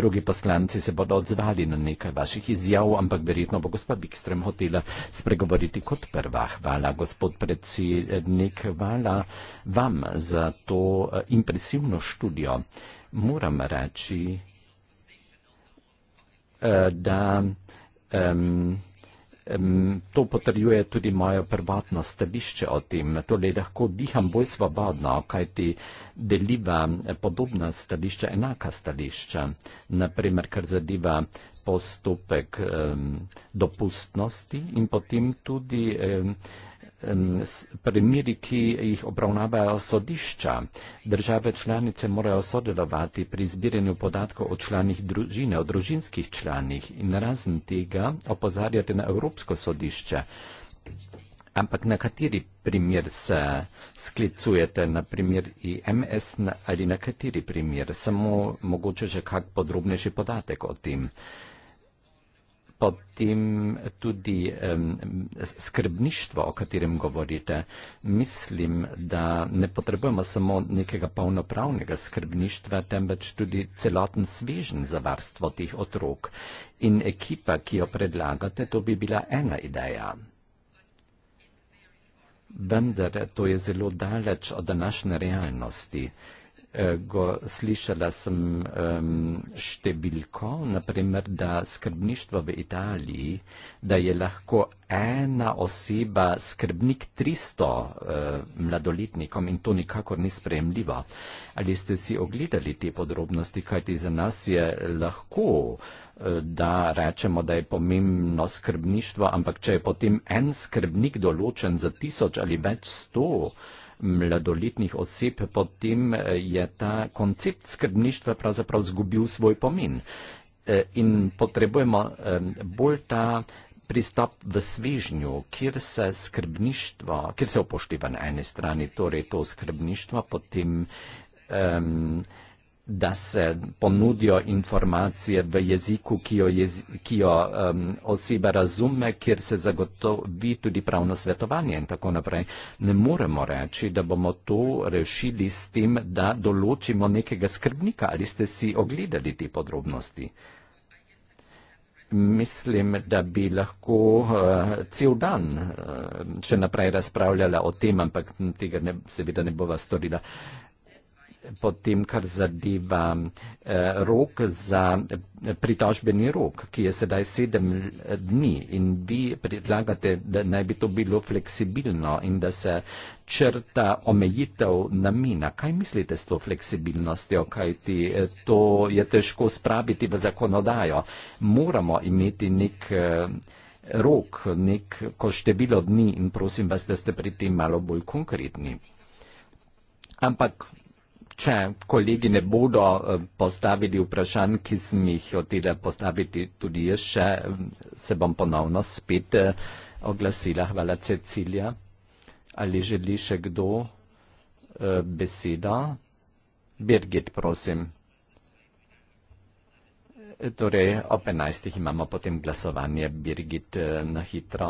drugi poslanci se bodo odzvali na nekaj vaših izjav, ampak verjetno bo gospa Bikström hotela spregovoriti kot prva. Hvala, gospod predsednik, hvala vam za to e, impresivno študijo. Moram reči, Eh, da um, um, to potrjuje tudi moje prvotno stališče o tem. Torej lahko diham bolj svobodno, kaj ti deliva podobna stališča, enaka stališča, naprimer, kar zadeva postopek um, dopustnosti in potem tudi um, primeriki jih obravnavajo sodišča. Države članice morajo sodelovati pri zbiranju podatkov o članih družine, o družinskih članih in razen tega opozarjati na Evropsko sodišče. Ampak na kateri primer se sklicujete, na primer IMS ali na kateri primer? Samo mogoče že kak podrobnejši podatek o tem potem tudi um, skrbništvo, o katerem govorite. Mislim, da ne potrebujemo samo nekega polnopravnega skrbništva, temveč tudi celoten svežen za varstvo teh otrok. In ekipa, ki jo predlagate, to bi bila ena ideja. Vendar to je zelo daleč od današnje realnosti. Eh, go slišala sem um, številko, naprimer, da skrbništvo v Italiji, da je lahko ena oseba skrbnik 300 uh, eh, mladoletnikom in to nikakor ni sprejemljivo. Ali ste si ogledali te podrobnosti, kajti za nas je lahko, uh, da rečemo, da je pomembno skrbništvo, ampak če je potem en skrbnik določen za tisoč ali več sto, mladoletnih oseb, potem eh, je ta koncept skrbništva pravzaprav izgubil svoj pomen. Eh, in potrebujemo bolj ta pristop v svežnju, kjer se skrbništvo, kjer se upošteva na eni strani torej to skrbništvo, potem um, da se ponudijo informacije v jeziku, ki jo, jezi, ki jo um, oseba razume, kjer se zagotovi tudi pravno svetovanje in tako naprej. Ne moremo reči, da bomo to rešili s tem, da določimo nekega skrbnika. Ali ste si ogledali te podrobnosti? Mislim, da bi lahko uh, cel dan uh, še naprej razpravljala o tem, ampak tega ne, seveda ne bova storila. Uh, potem, kar zadeva eh, rok za eh, pritožbeni rok, ki je sedaj sedem eh, dni in vi predlagate, da naj bi to bilo fleksibilno in da se črta omejitev namina. Kaj mislite s to fleksibilnostjo, kajti eh, to je težko spraviti v zakonodajo? Moramo imeti nek rok, neko število dni in prosim vas, da ste pri tem malo bolj konkretni. Ampak če kolegi ne bodo eh, postavili vprašanj, ki sem jih hotela postaviti tudi jaz, še, eh, se bom ponovno spet eh, oglasila. Hvala, Cecilija. Ali želi še kdo besedo? Birgit, prosim. Torej, o 15. imamo potem glasovanje. Birgit, na hitro.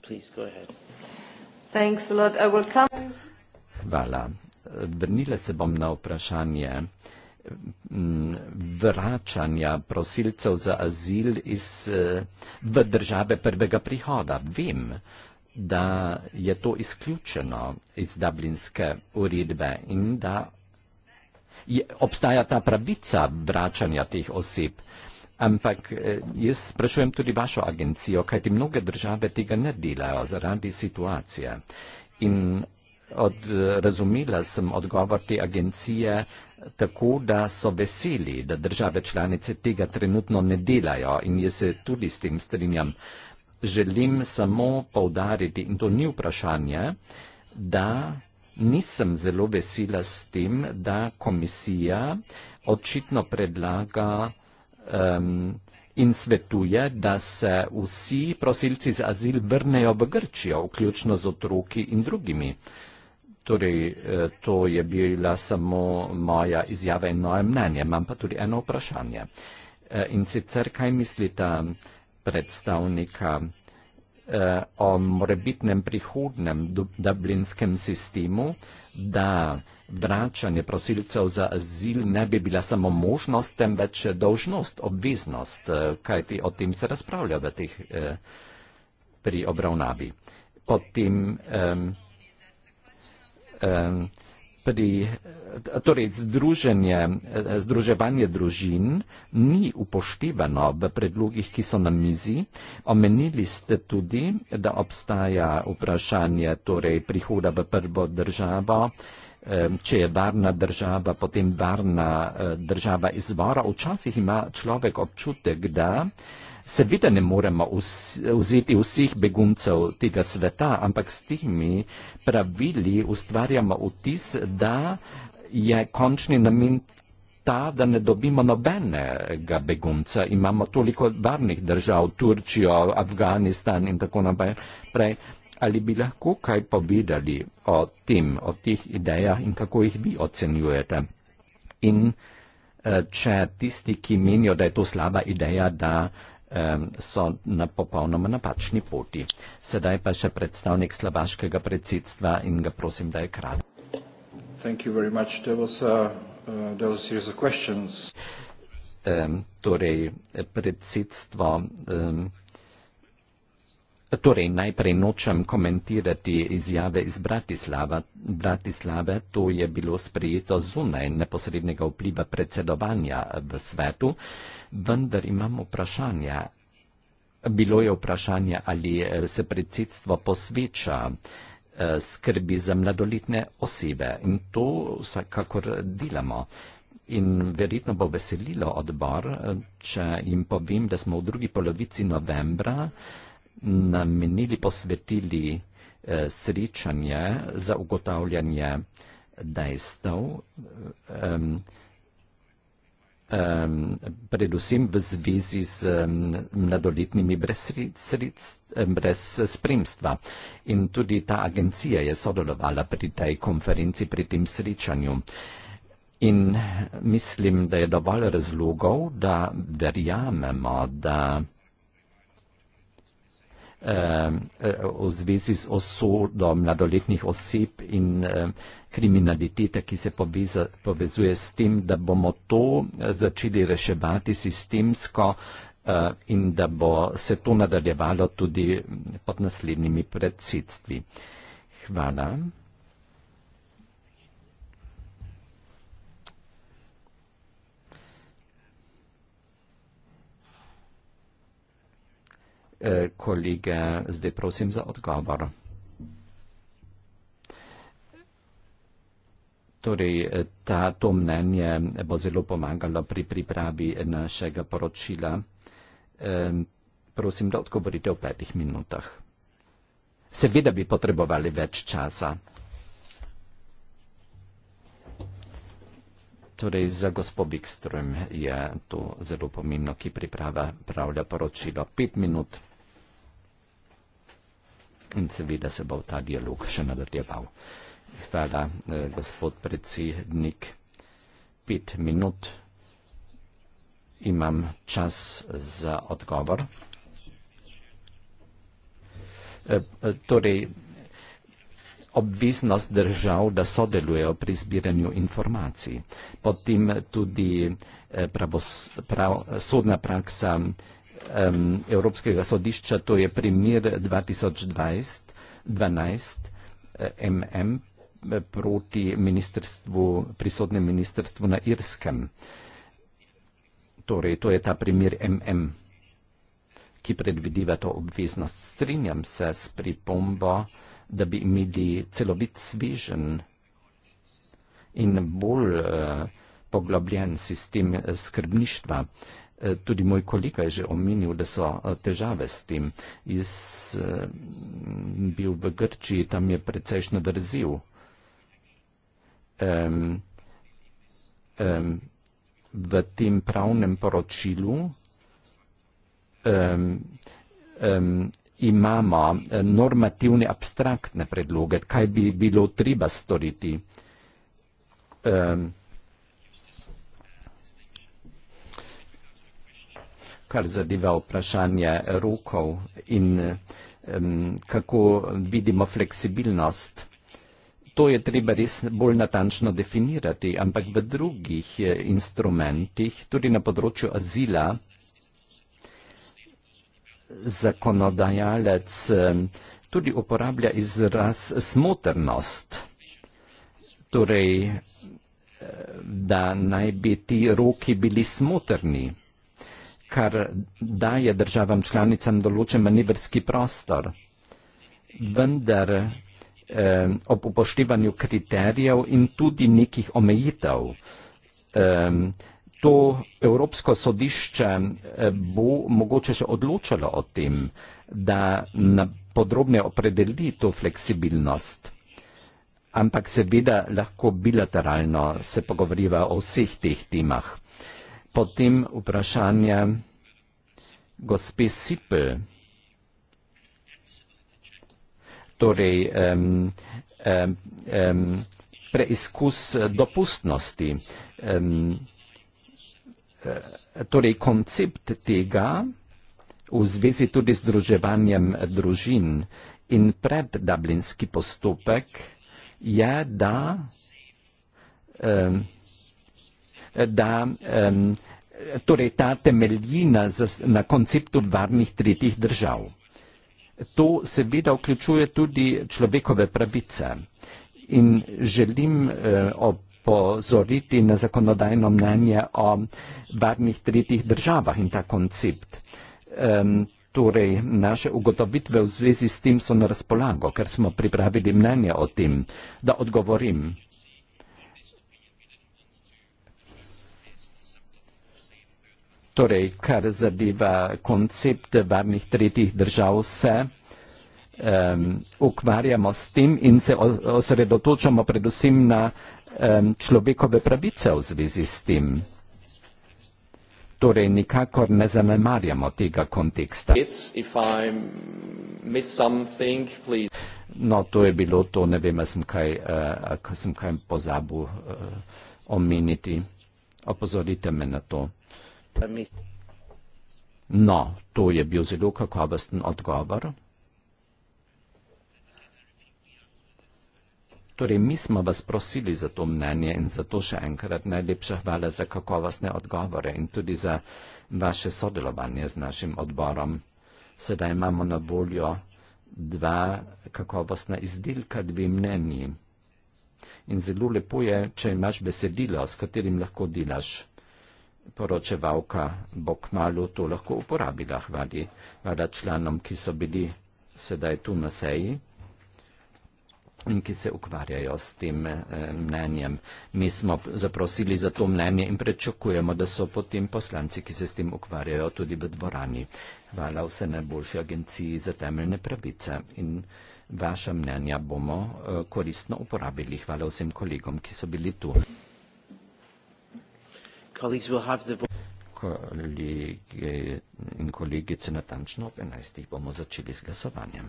Prosim, go ahead. Thanks a lot. I will come. Hvala. Vrnila se bom na vprašanje mm, vračanja prosilcev za azil iz, eh, v države prvega prihoda. Vem, da je to izključeno iz dublinske uredbe in da je, obstaja ta pravica vračanja teh oseb. Ampak eh, jaz sprašujem tudi vašo agencijo, kajti mnoge države tega ne delajo zaradi situacije. In od, razumela sem odgovor te agencije tako, da so veseli, da države članice tega trenutno ne delajo in jaz se tudi s tem strinjam. Želim samo povdariti, in to ni vprašanje, da nisem zelo vesela s tem, da komisija očitno predlaga um, in svetuje, da se vsi prosilci za azil vrnejo v Grčijo, vključno z otroki in drugimi. Uh, Torej, eh, to je bila samo moja izjava in moje mnenje. Imam pa tudi eno vprašanje. Eh, in sicer, kaj mislita predstavnika eh, o morebitnem prihodnem dublinskem sistemu, da vračanje prosilcev za azil ne bi bila samo možnost, temveč dolžnost, obveznost, kajti o tem se razpravlja v teh pri obravnavi. Potem, eh, pri, torej združenje, eh, združevanje družin ni upoštevano v predlogih, ki so na mizi. Omenili ste tudi, da obstaja vprašanje torej, prihoda v prvo državo, če je varna država, potem varna eh, država izvora. Včasih ima človek občutek, da Seveda ne moremo vzeti vseh beguncev tega sveta, ampak s temi pravili ustvarjamo vtis, da je končni namen ta, da ne dobimo nobenega begunca. Imamo toliko varnih držav, Turčijo, Afganistan in tako naprej. Ali bi lahko kaj povedali o tem, o teh idejah in kako jih vi ocenjujete? In eh, če tisti, ki menijo, da je to slaba ideja, da so na popolnoma napačni poti. Sedaj pa še predstavnik slovaškega predsedstva in ga prosim, da je krat. Uh, uh, torej, predsedstvo, torej, najprej nočem komentirati izjave iz Bratislava. Bratislave, to je bilo sprejeto zunaj neposrednega vpliva predsedovanja v svetu vendar imam vprašanja. Bilo je vprašanje, ali eh, se predsedstvo posveča eh, skrbi za mladoletne osebe in to vsakakor delamo. In verjetno bo veselilo odbor, eh, če jim povem, da smo v drugi polovici novembra namenili posvetili srečanje za ugotavljanje dejstev. Um, um, predvsem v zvezi z um, mladoletnimi brez, sredst, brez spremstva. In tudi ta agencija je sodelovala pri tej konferenci, pri tem srečanju. In mislim, da je dovolj razlogov, da verjamemo, da Ehm, eh, v zvezi z osodo mladoletnih oseb in eh, kriminalitete, ki se poveza, povezuje s tem, da bomo to eh, začeli reševati sistemsko in da bo se to nadaljevalo tudi pod naslednjimi predsedstvi. Hvala. Eh, kolege, zdaj prosim za odgovor. Torej, eh, ta, to mnenje bo zelo pomagalo pri pripravi našega poročila. E, prosim, da odgovorite v petih minutah. Seveda bi potrebovali več časa. Torej, za gospod Bikström je to zelo pomembno, ki pripravlja poročilo. Pet minut in seveda se bo ta dialog še nadaljeval. Hvala, eh, gospod predsednik. Pet minut imam čas za odgovor. Eh, eh, torej, obveznost držav, da sodelujejo pri zbiranju informacij, potem tudi eh, pravos, prav, sodna praksa um, Evropskega sodišča, to je primir 2020-12 MM proti ministrstvu, prisotnem ministrstvu na Irskem. Torej, to je ta primir MM, ki predvidiva to obveznost. Strinjam se s pripombo, da bi imeli celovit svežen in bolj uh, poglobljen sistem eh, skrbništva. Uh, Eh, tudi moj kolega je že omenil, da so eh, težave s tem. Jaz eh, bil v Grčiji, tam je precejšno vrzel. Um, um, v tem pravnem poročilu um, um, imamo normativne abstraktne predloge, kaj bi bilo treba storiti. Um, kar zadeva vprašanje rokov in um, kako vidimo fleksibilnost. To je treba res bolj natančno definirati, ampak v drugih eh, instrumentih, tudi na področju azila, zakonodajalec tudi uporablja izraz smotrnost. Torej, eh, da naj bi ti roki bili smotrni kar daje državam članicam določen manevrski prostor. Vendar eh, ob upoštevanju kriterijev in tudi nekih omejitev. Eh, to Evropsko sodišče eh, bo mogoče še odločalo o tem, da podrobne opredeli to fleksibilnost. Ampak seveda lahko bilateralno se pogovoriva o vseh teh temah potem vprašanje gospe Sipel. Torej, um, um, um, preizkus dopustnosti. Um, torej, koncept tega v zvezi tudi z druževanjem družin in pred dublinski postopek je, da um, da um, torej ta temelji na, na konceptu varnih tretjih držav. To seveda vključuje tudi človekove pravice in želim uh, opozoriti na zakonodajno mnenje o varnih tretjih državah in ta koncept. Um, torej, naše ugotovitve v zvezi s tem so na razpolago, ker smo pripravili mnenje o tem, da odgovorim. torej, kar zadeva koncept varnih tretjih držav, se um, ukvarjamo s tem in se osredotočamo predvsem na um, človekove pravice v zvezi s tem. Torej, nikakor ne zanemarjamo tega konteksta. No, to je bilo to, ne vem, sem kaj, uh, sem kaj pozabil uh, omeniti. Opozorite me na to. No, to je bil zelo kakovosten odgovor. Torej, mi smo vas prosili za to mnenje in zato še enkrat najlepša hvala za kakovostne odgovore in tudi za vaše sodelovanje z našim odborom. Sedaj imamo na voljo dva kakovostna izdelka, dve mnenji. In zelo lepo je, če imaš besedilo, s katerim lahko delaš poročevalka bo k malu to lahko uporabila. Hvala, hvala članom, ki so bili sedaj tu na seji in ki se ukvarjajo s tem eh, mnenjem. Mi smo zaprosili za to mnenje in prečakujemo, da so potem poslanci, ki se s tem ukvarjajo, tudi v dvorani. Hvala vse najboljši agenciji za temeljne pravice in vaša mnenja bomo eh, koristno uporabili. Hvala vsem kolegom, ki so bili tu colleagues will have the Kolege in kolegice, natančno ob 11. bomo začeli z glasovanjem.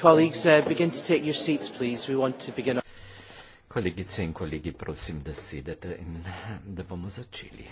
Colleagues, uh, begin to take your seats, please. We want to begin. Kolegice in kolegi, prosim, da sedete in da bomo začeli.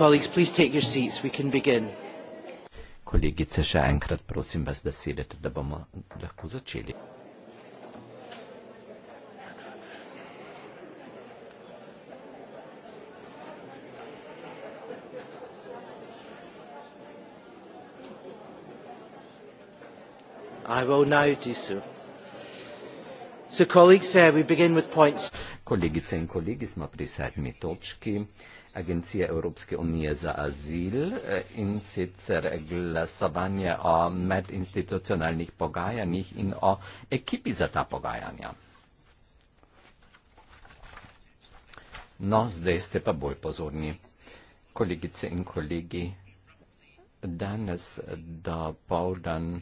Colleagues, please take your seats. We can begin. Kolegice, še enkrat prosim vas, da sedete, da bomo lahko začeli. I will now do so. So colleagues, uh, we begin with points. Kolegice in kolegi smo pri sedmi točki. Agencija Evropske unije za azil eh, in sicer glasovanje o medinstitucionalnih pogajanjih in o ekipi za ta pogajanja. No, zdaj ste pa bolj pozorni. Kolegice in kolegi, danes do povdan.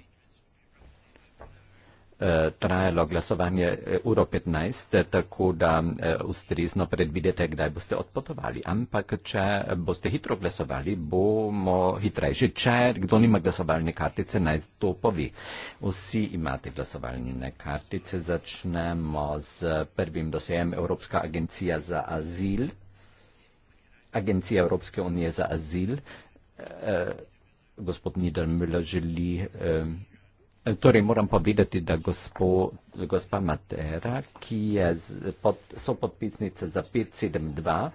Eh, trajalo glasovanje eh, uro 15, eh, tako da ustrezno predvidete, kdaj boste odpotovali. Ampak, če boste hitro glasovali, bomo hitrejši. Če kdo nima glasovalne kartice, naj to povi. Vsi imate glasovalne kartice. Začnemo z prvim dosejem Evropska agencija za azil. Agencija Evropske unije za azil. Gospod Nidermüller želi. Torej, moram povedati, da gospo, gospa Matera, ki je pod, so podpisnice za 572,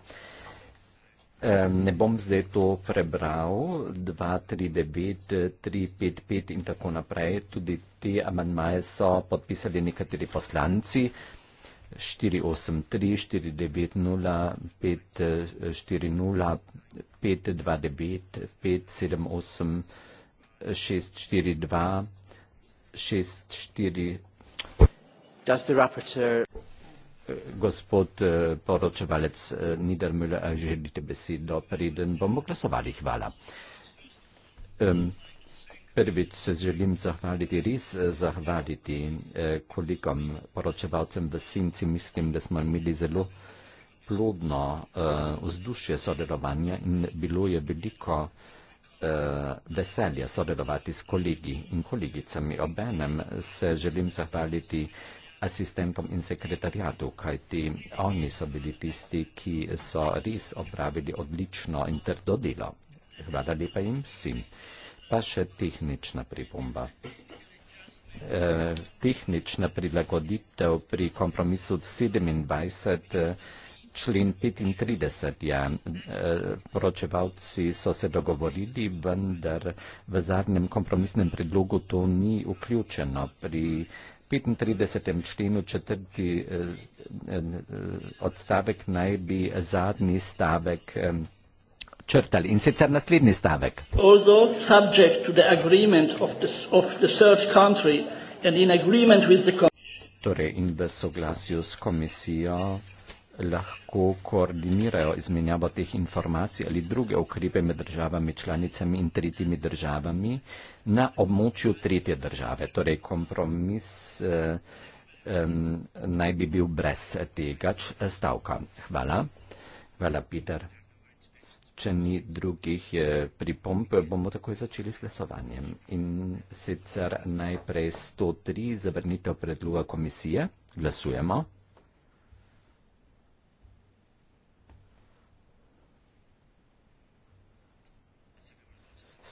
ne bom zdaj to prebral, 239, 355 in tako naprej, tudi te amandmaje so podpisali nekateri poslanci. 483, 490, 540, 529, 664. Gospod poročevalec Niedermüller, želite besedo, preden bomo glasovali? Hvala. Prvič se želim zahvaliti, res zahvaliti kolikom poročevalcem v Sinci. Mislim, da smo imeli zelo plodno vzdušje sodelovanja in bilo je veliko uh, veselje sodelovati s kolegi in kolegicami. Obenem se želim zahvaliti asistentom in sekretarjatu, kajti oni so bili tisti, ki so res opravili odlično in trdo delo. Hvala lepa jim vsem. Pa še tehnična pripomba. Eh, tehnična prilagoditev pri kompromisu 27. Eh, člen 35. Ja. Eh, poročevalci so se dogovorili, vendar v zadnjem kompromisnem predlogu to ni vključeno. Pri 35. členu četrti eh, eh, odstavek naj bi zadnji stavek črtali in sicer naslednji stavek. Torej in v soglasju s komisijo lahko koordinirajo izmenjavo teh informacij ali druge ukrepe med državami članicami in tretjimi državami na območju tretje države. Torej kompromis eh, eh, naj bi bil brez tega stavka. Hvala. Hvala, Peter. Če ni drugih eh, pripomp, bomo takoj začeli s glasovanjem. In sicer najprej 103 zavrnitev predloga komisije. Glasujemo.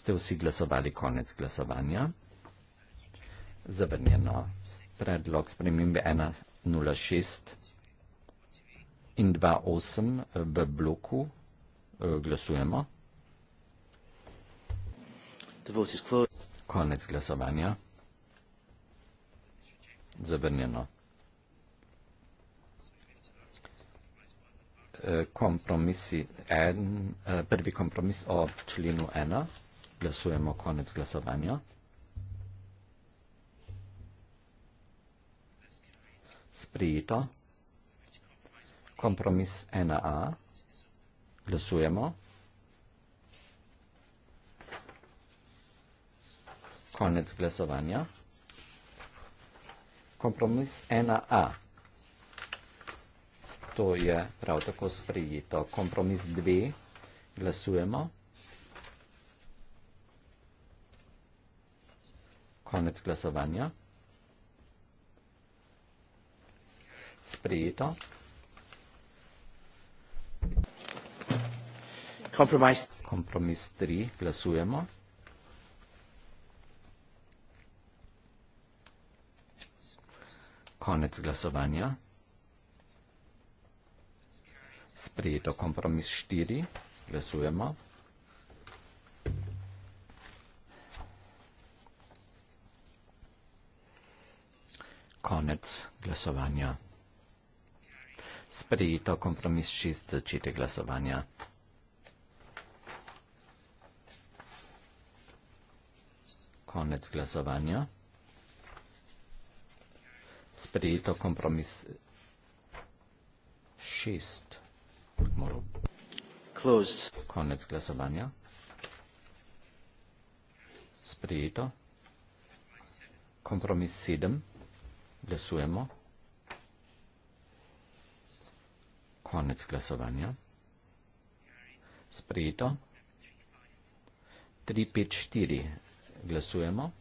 ste vsi glasovali konec glasovanja. Zavrnjeno predlog spremembe 1.06 in 2.8 v bloku eh, glasujemo. Konec glasovanja. Zavrnjeno. Eh, Kompromisi en, eh, prvi kompromis o členu 1 głosujemy o koniec głosowania. Sprito. Kompromis NAA. Głosujemy. Koniec głosowania. Kompromis NAA. To jest prawo tako sprito. Kompromis 2. Głosujemy. Konec glasovanja. Sprejeto. Kompromis. Kompromis 3. Glasujemo. Konec glasovanja. Sprejeto. Kompromis 4. Glasujemo. konec glasovanja. Sprejeto kompromis šest začete glasovanja. Konec glasovanja. Sprejeto kompromis šest. Closed. Konec glasovanja. Sprejeto. Kompromis sedem. Glasujemo. Konec glasovanja. Sprejeto. 354. Glasujemo.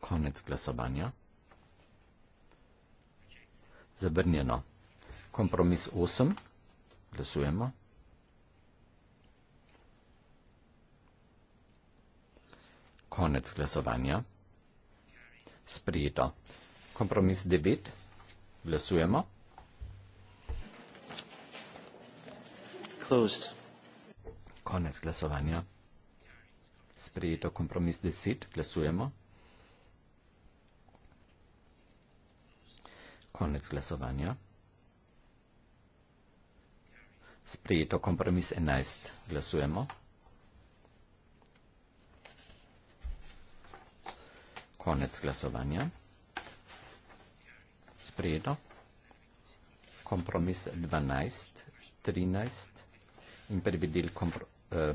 Konec glasovanja. Zabrnjeno. Kompromis 8. Glasujemo. konec glasovanja. Sprejeto. Kompromis 9. Glasujemo. Closed. Konec glasovanja. Sprejeto. Kompromis 10. Glasujemo. Konec glasovanja. Sprejeto. Kompromis 11. Glasujemo. Glasujemo. Konec glasovanja. Sprejeto. Kompromis 12, 13 in prvi del eh,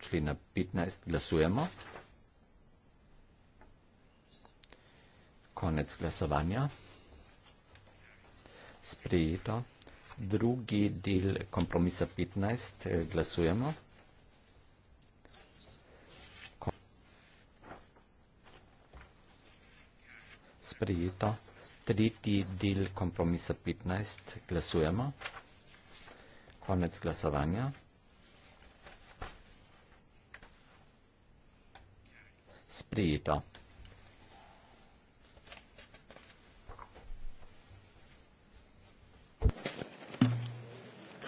člena 15 glasujemo. Konec glasovanja. Sprejeto. Drugi del kompromisa 15 glasujemo. sprejeto. Tretji del kompromisa 15. Glasujemo. Konec glasovanja. Sprejeto.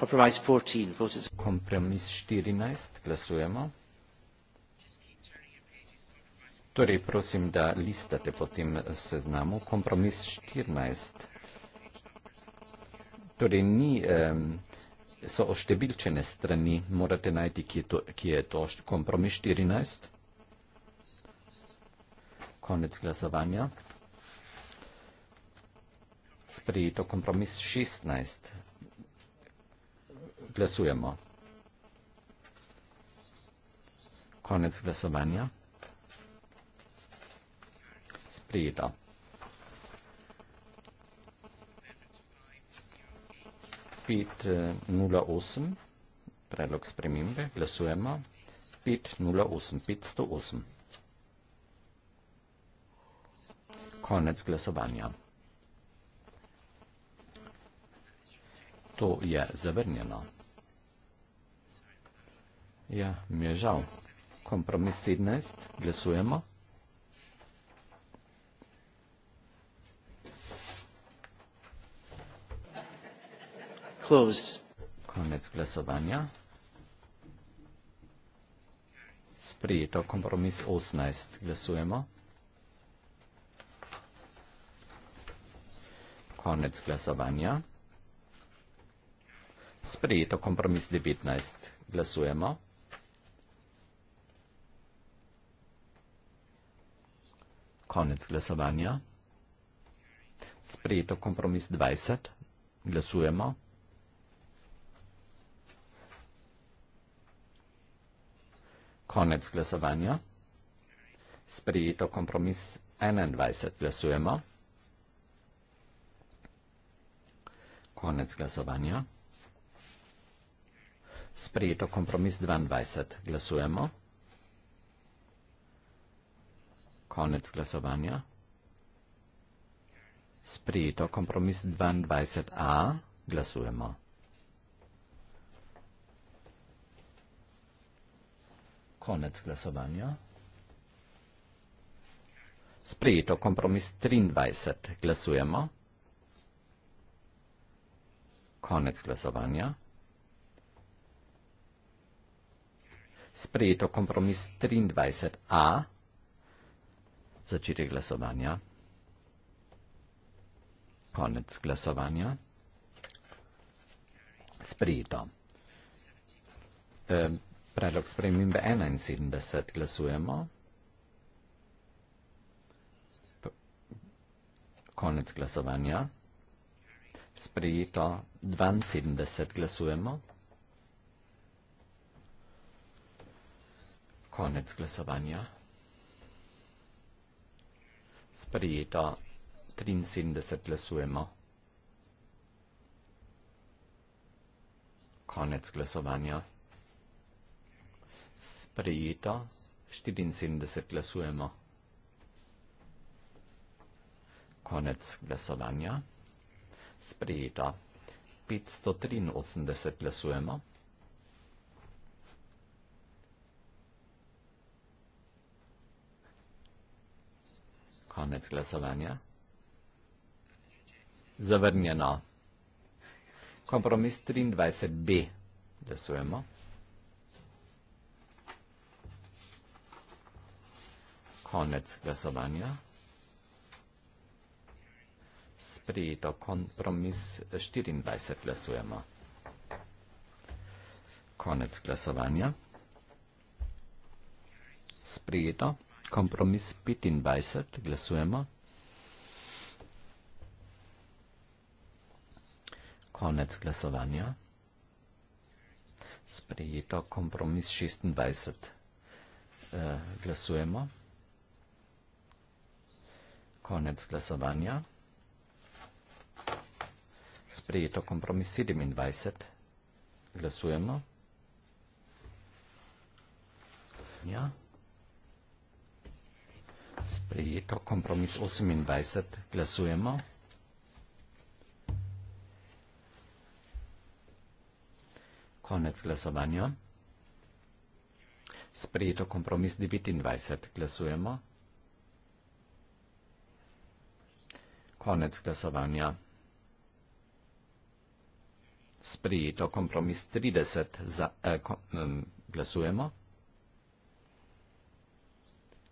Kompromis 14. Glasujemo. Torej, prosim, da listate potem seznamu kompromis 14. Torej, ni, so oštevilčene strani, morate najti, ki je to, ki je to kompromis 14. Konec glasovanja. Sprejeto kompromis 16. Glasujemo. Konec glasovanja partita. Pit 08, predlog spremembe, glasujemo. Pit 08, pit 108. Konec glasovanja. To je zavrnjeno. Ja, mi je žal. Kompromis 17, glasujemo. closed. Koniec glasovanja. Sprijeto kompromis 18. Glasujemo. Konec glasovanja. Sprijeto kompromis 19. Glasujemo. Konec glasovanja. Sprijeto kompromis 20. Glasujemo. Glasujemo. Konec glasovanja. Sprijeto kompromis 21. Glasujemo. Konec glasovanja. Sprijeto kompromis 22. Glasujemo. Konec glasovanja. Sprijeto kompromis 22a. Glasujemo. konec glasovanja. Sprejeto kompromis 23. Glasujemo. Konec glasovanja. Sprejeto kompromis 23a. Začetek glasovanja. Konec glasovanja. Sprejeto. Predlog spremembe 71 glasujemo. Konec glasovanja. Sprejeto 72 glasujemo. Konec glasovanja. Sprejeto 73 glasujemo. Konec glasovanja sprejeta, 74 glasujemo. Konec glasovanja. Sprejeta, 583 glasujemo. Konec glasovanja. Zavrnjeno. Kompromis 23b. Glasujemo. konec glasovanja. Sprejeto kompromis 24 glasujemo. Konec glasovanja. Sprejeto kompromis 25 glasujemo. Konec glasovanja. Sprejeto kompromis 26 eh, glasujemo. Uh, glasujemo. Konec glasovanja. Sprejeto kompromis 27. Glasujemo. Ja. Sprejeto kompromis 28. Glasujemo. Konec glasovanja. Sprejeto kompromis 29. Glasujemo. Konec glasovanja. Sprijeto kompromis 30 za, eh, kom, eh, glasujemo.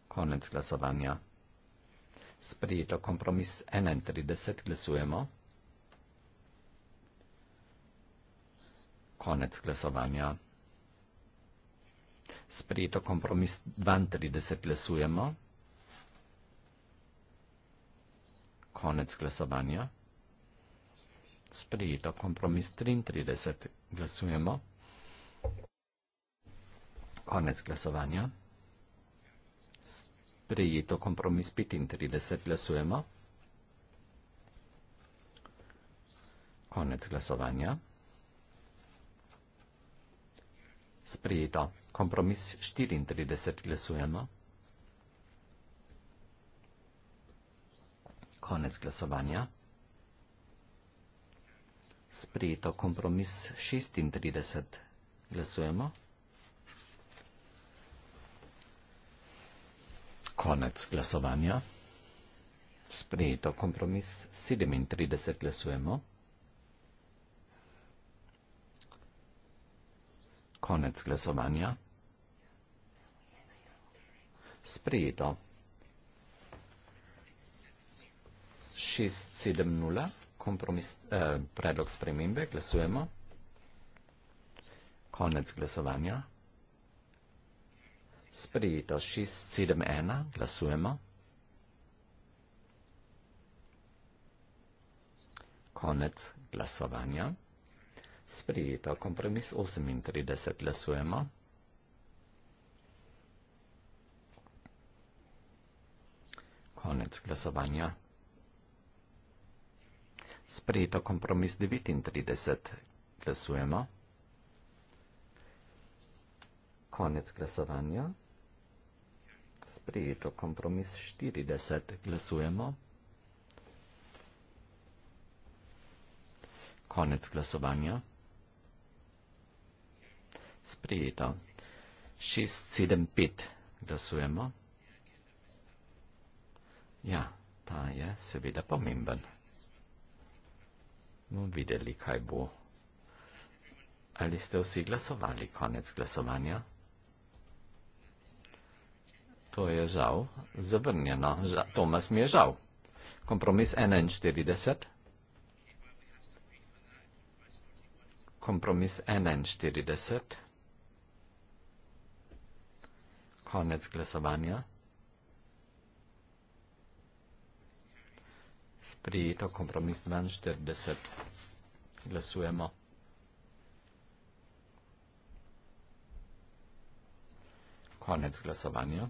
Konec glasovanja. Sprijeto kompromis 31 glasujemo. Konec glasovanja. Sprijeto kompromis 32 glasujemo. konec glasovanja. Sprejeto kompromis 33 glasujemo. Konec glasovanja. Sprejeto kompromis 35 glasujemo. Konec glasovanja. Sprejeto kompromis 34 glasujemo. konec glasovanja. Sprejeto kompromis 36. Glasujemo. Konec glasovanja. Sprejeto kompromis 37. Glasujemo. Konec glasovanja. Sprejeto. 670, eh, predlog spremembe, glasujemo. Konec glasovanja. Sprejeto 671, glasujemo. Konec glasovanja. Sprejeto kompromis 38, glasujemo. Konec glasovanja sprejeto kompromis 39. Glasujemo. Konec glasovanja. Sprejeto kompromis 40. Glasujemo. Konec glasovanja. Sprejeto. 675. Glasujemo. Ja, ta je seveda pomemben. Bomo videli, kaj bo. Ali ste vsi glasovali konec glasovanja? To je žal zavrnjeno. Ža, Tomas mi je žal. Kompromis 41. Kompromis 41. Konec glasovanja. Prijeto kompromis 42. Glasujemo. Konec glasovanja.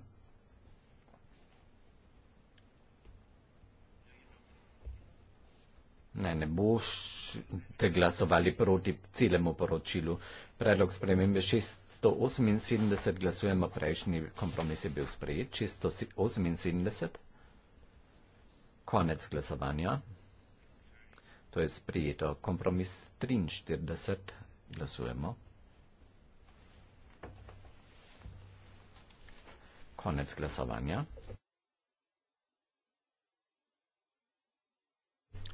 Ne, ne boste glasovali proti celemu poročilu. Predlog spremembe 678 glasujemo, prejšnji kompromis je bil sprejet. 678 konec glasovanja. To je sprijeto. Kompromis 43. Glasujemo. Konec glasovanja.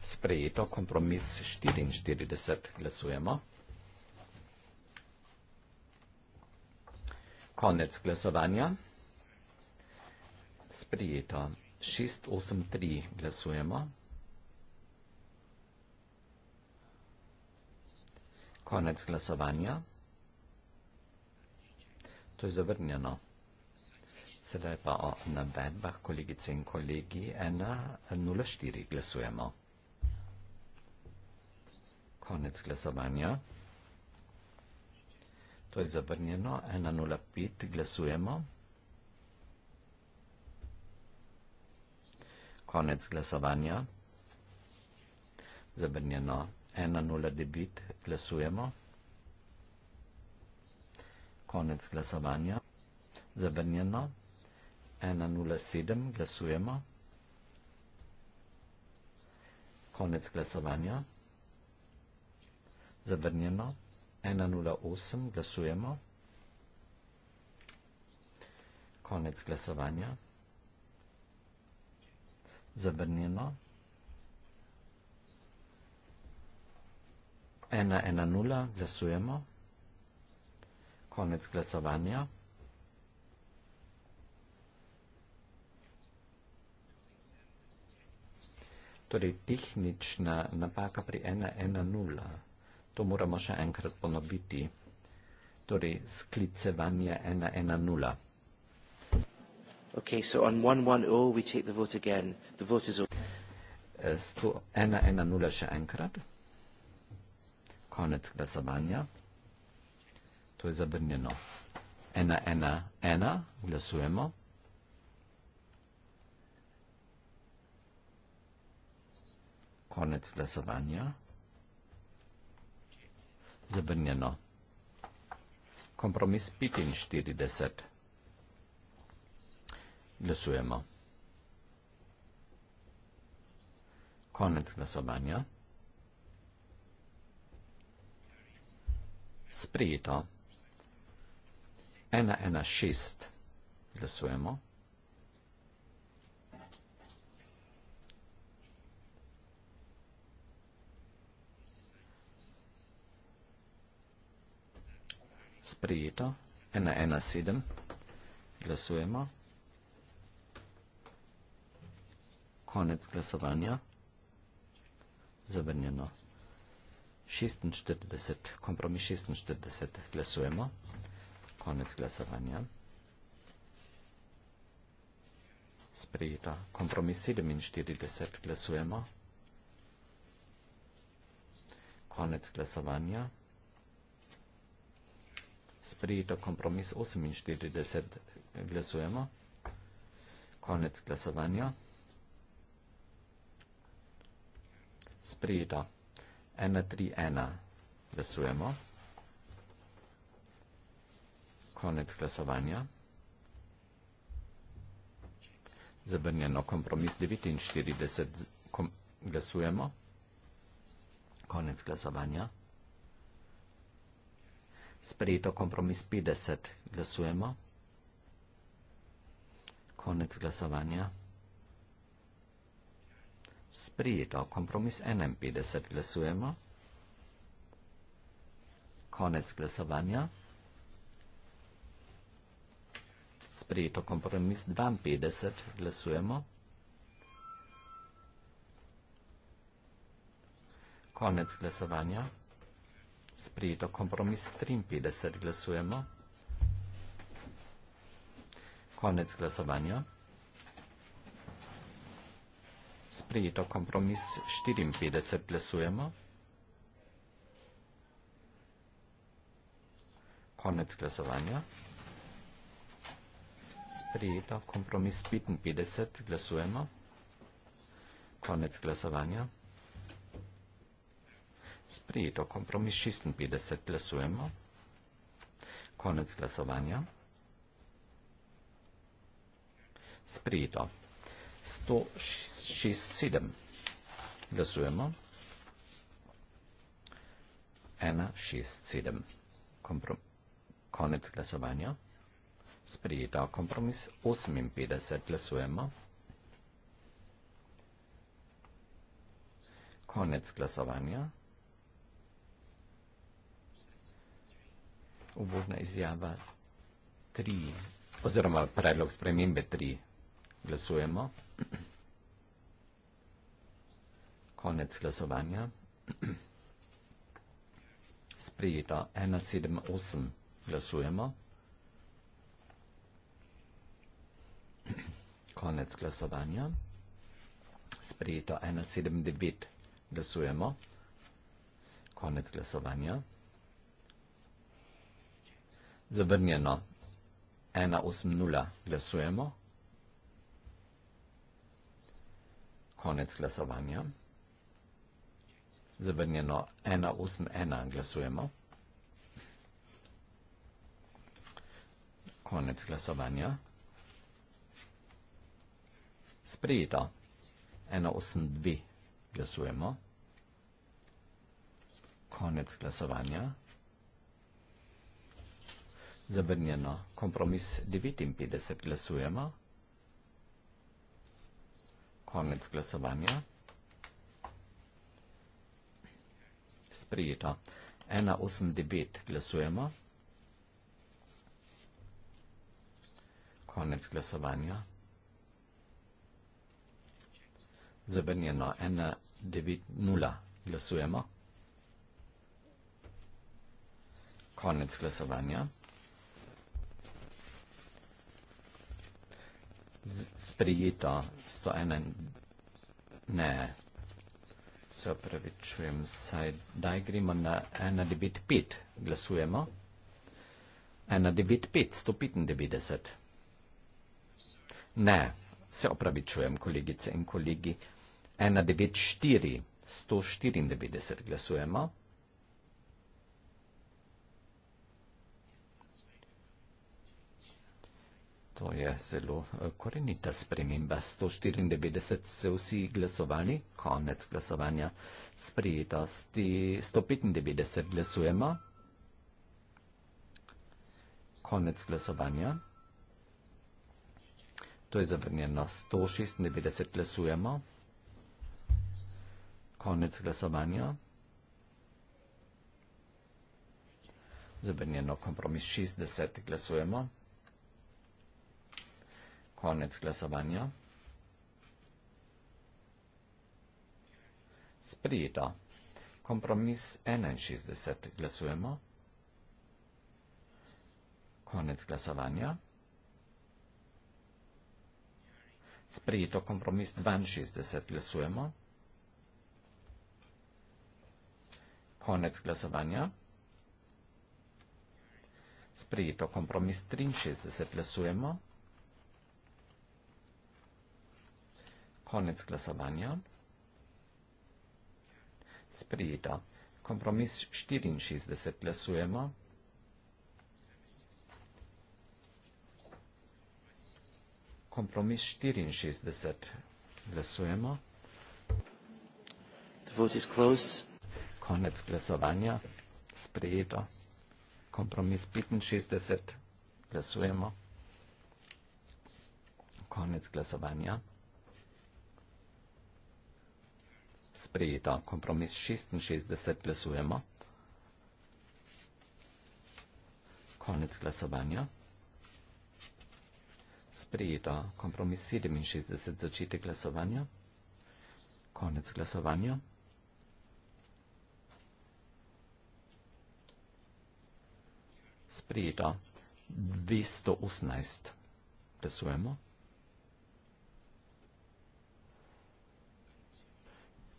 Sprejeto kompromis 44. Glasujemo. Konec glasovanja. Sprejeto. 683 glasujemo. Konec glasovanja. To je zavrnjeno. Sedaj pa o navedbah kolegice in kolegi 104 glasujemo. Konec glasovanja. To je zavrnjeno 105 glasujemo. konec glasovanja. Zabrnjeno 1.0 debit, glasujemo. Konec glasovanja. Zabrnjeno 1.07, glasujemo. Konec glasovanja. Zabrnjeno 1.08, glasujemo. Konec glasovanja zabrnjeno. Ena, ena, nula, glasujemo. Konec glasovanja. Torej, tehnična napaka pri ena, ena, nula. To moramo še enkrat ponoviti. Torej, sklicevanje ena, ena, nula. Okay, so on 110 we take the vote again. The vote is open. 1110 eh, še enkrat. Konec glasovanja. To je zabrnjeno. 111 glasujemo. Konec glasovanja. Zabrnjeno. Kompromis 45. Glasujemo. Konec glasovanja. Sprejeto. 116. Glasujemo. Sprejeto. 117. Glasujemo. Koniec glasovanja. Zavrnjeno. 46, kompromis 46, glasujemo. Konec glasovanja. Sprejeta. Kompromis 47, glasujemo. Konec glasovanja. Sprejeta. Kompromis 48, glasujemo. Konec glasovanja. Sprejeta. sprejeto. 1, 3, 1. Glasujemo. Konec glasovanja. Zabrnjeno kompromis 49. Kom glasujemo. Konec glasovanja. Sprejeto kompromis 50. Glasujemo. Konec glasovanja sprejeto. Kompromis 51 glasujemo. Konec glasovanja. Sprejeto kompromis 52 glasujemo. Konec glasovanja. Sprejeto kompromis 53 glasujemo. Konec glasovanja sprejeto kompromis 54 glasujemo. Konec glasovanja. Sprejeto kompromis 55 glasujemo. Konec glasovanja. Sprejeto kompromis 56 glasujemo. Konec glasovanja. Sprejeto 160. 67. Glasujemo. 167. Konec glasovanja. Sprijeta kompromis. 58. Glasujemo. Konec glasovanja. Uvodna izjava 3, oziroma predlog spremembe 3. Glasujemo konec glasovanja. Sprejeto 178 glasujemo. Konec glasovanja. Sprejeto 179 glasujemo. Konec glasovanja. Zavrnjeno 180 glasujemo. Konec glasovanja zavrnjeno 181 glasujemo. Konec glasovanja. Sprejeto 182 glasujemo. Konec glasovanja. Zavrnjeno kompromis 59 glasujemo. Konec glasovanja. sprejeta. 189 glasujemo. Konec glasovanja. Zabrnjeno 190 glasujemo. Konec glasovanja. Sprejeto 101. Ne, se opravičujem, saj daj gremo na 1 debit 5, glasujemo. 1 debit 5, 195. Ne, se opravičujem, kolegice in kolegi. 1 debit 4, 194 glasujemo. To je zelo eh, korenita sprememba. 194 se vsi glasovali, konec glasovanja. Sprijetosti 195 glasujemo. Konec glasovanja. To je zavrnjeno. 196 glasujemo. Konec glasovanja. Zavrnjeno kompromis 60 glasujemo konec glasovanja. Sprijeto. Kompromis 61 glasujemo. Konec glasovanja. Sprijeto kompromis 62 glasujemo. Konec glasovanja. Sprijeto kompromis 63 glasujemo. Konec glasovanja. koniec głosowania. Sprijeta. Kompromis 64 głosujemy. Kompromis 64 głosujemy. The vote is closed. Koniec głosowania. Sprijeta. Kompromis 65 głosujemy. Koniec głosowania. sprejeta. Kompromis 66 glasujemo. Konec glasovanja. Sprejeta. Kompromis 67 začetek glasovanja. Konec glasovanja. Sprejeta. 218. Glasujemo. 218.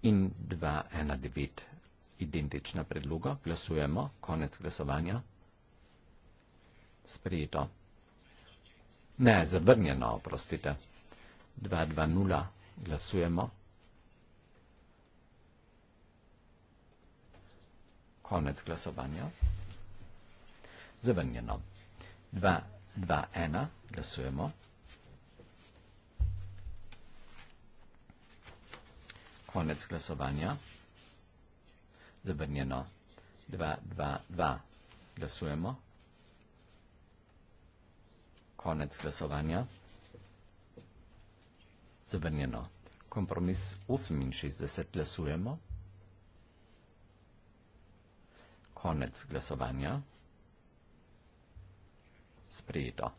in 219 identična predloga. Glasujemo. Konec glasovanja. Sprejeto. Ne, zavrnjeno, oprostite. 220. Glasujemo. Konec glasovanja. Zavrnjeno. 221. Glasujemo. Konec glasovanja. Zabrnjeno. 2, 2, 2. Glasujemo. Konec glasovanja. Zabrnjeno. Kompromis 68. Glasujemo. Konec glasovanja. Sprejeto.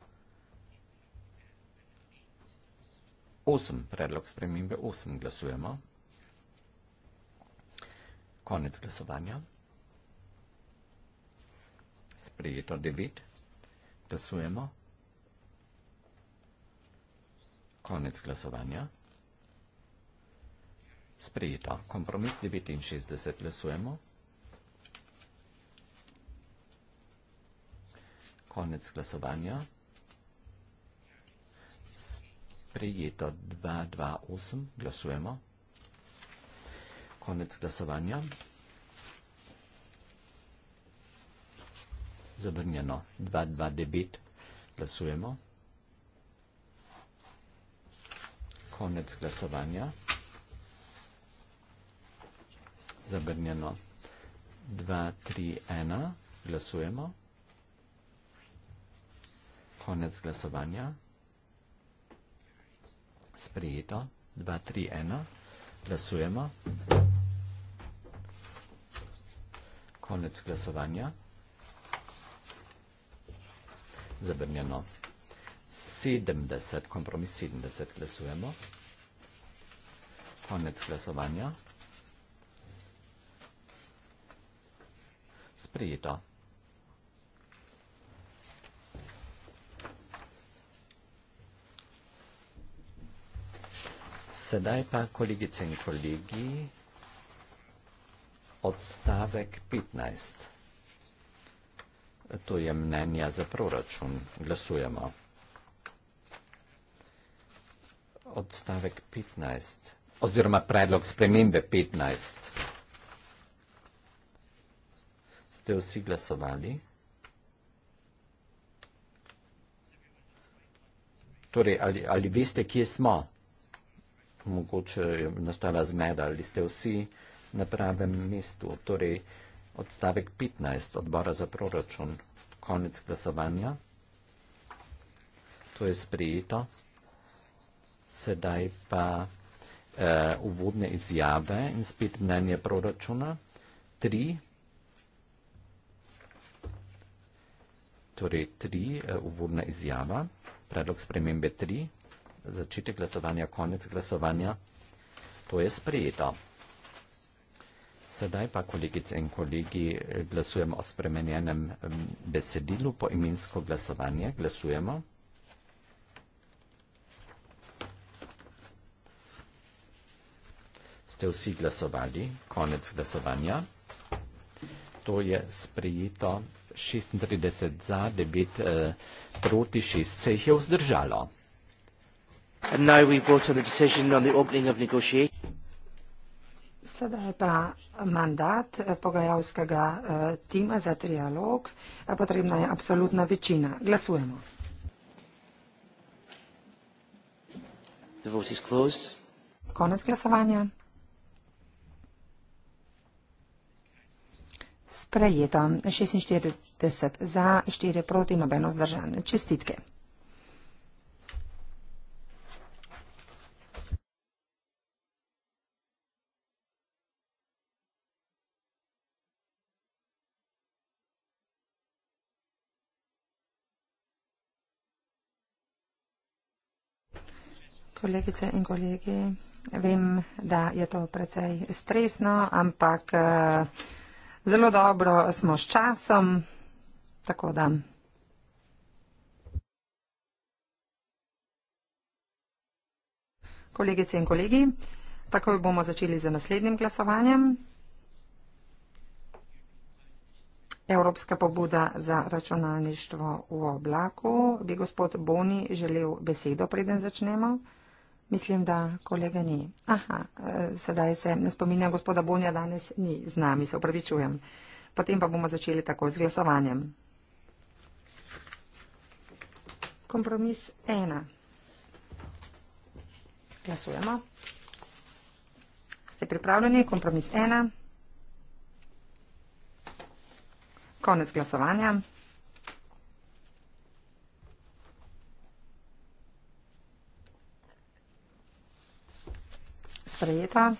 8. Predlog spremembe 8. Glasujemo. Konec glasovanja. Sprejeto devet. Glasujemo. Konec glasovanja. Sprejeto. Kompromis 69. Glasujemo. Konec glasovanja. Sprejeto 228. Glasujemo koniec glasowania. Zabrniono 2-2 debit. Glasujemy. Koniec glasowania. Zabrniono 2-3 ena. Glasujemy. Koniec glasowania. Sprijeto 2-3 ena. Glasujemy. koniec głosowania. Zabrniono 70, kompromis 70 głosujemy. Koniec głosowania. Sprijeto. Sedaj pa kolegice in kolegi odstavek 15. To je mnenja za proračun. Glasujemo. Odstavek 15. Oziroma predlog spremembe 15. Ste vsi glasovali? Torej, ali, ali veste, kje smo? Mogoče je nastala zmeda, ali ste vsi glasovali? na pravem mestu. Torej, odstavek 15 odbora za proračun, konec glasovanja. To je sprejeto. Sedaj pa eh, uvodne izjave in spet mnenje proračuna. Tri. Torej, tri eh, uvodna izjava, predlog spremembe tri, začetek glasovanja, konec glasovanja. To je sprejeto sedaj pa kolegice in kolegi glasujemo o spremenjenem besedilu po imensko glasovanje. Glasujemo. Ste vsi glasovali? Konec glasovanja. To je sprejeto 36 za, 9 eh, proti 6. Se jih je vzdržalo. And now we vote on the decision on the opening of negotiations. Sedaj pa mandat eh, pogajalskega eh, tima za trialog. Eh, potrebna je absolutna večina. Glasujemo. Konec glasovanja. Sprejeto 46 za, 4 proti, nobeno zdržane. Čestitke. kolegice in kolegi. Vem, da je to precej stresno, ampak eh, zelo dobro smo s časom, tako da. Kolegice in kolegi, takoj bomo začeli z naslednjim glasovanjem. Evropska pobuda za računalništvo v oblaku. Bi gospod Boni želel besedo, preden začnemo? Mislim, da kolega ni. Aha, e, sedaj se ne spominjam, gospoda Bonja danes ni z nami, se upravičujem. Potem pa bomo začeli tako z glasovanjem. Kompromis ena. Glasujemo. Ste pripravljeni? Kompromis ena. Konec glasovanja. sprejeta.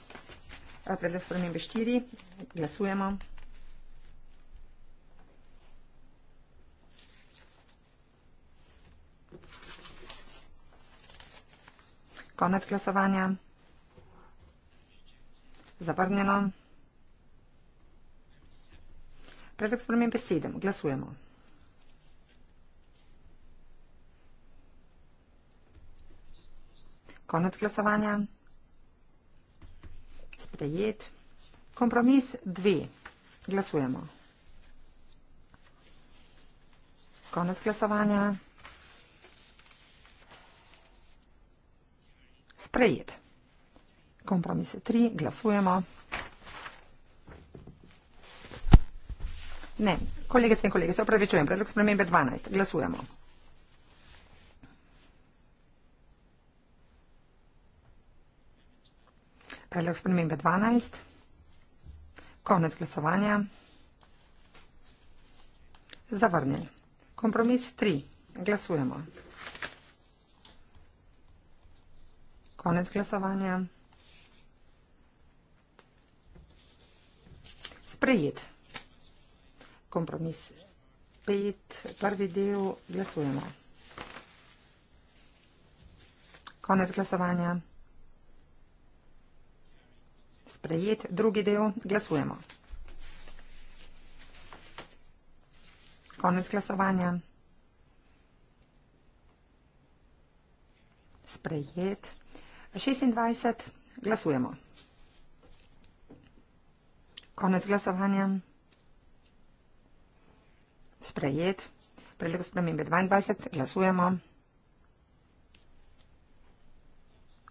Eh, predlog spremembe štiri. Glasujemo. Konec glasovanja. Zavrnjeno. Predlog spremembe sedem. Glasujemo. Konec glasovanja sprejet. Kompromis dve. Glasujemo. Konec glasovanja. Sprejet. Kompromise tri. Glasujemo. Ne, kolegec in kolegec, se opravičujem, predlog spremembe 12. Glasujemo. Predlog spremembe 12. Konec glasovanja. Zavrnjen. Kompromis 3. Glasujemo. Konec glasovanja. Sprejet. Kompromis 5. Prvi del. Glasujemo. Konec glasovanja. Sprejet. Drugi del. Glasujemo. Konec glasovanja. Sprejet. 26. Glasujemo. Konec glasovanja. Sprejet. Predlog spremembe 22. Glasujemo.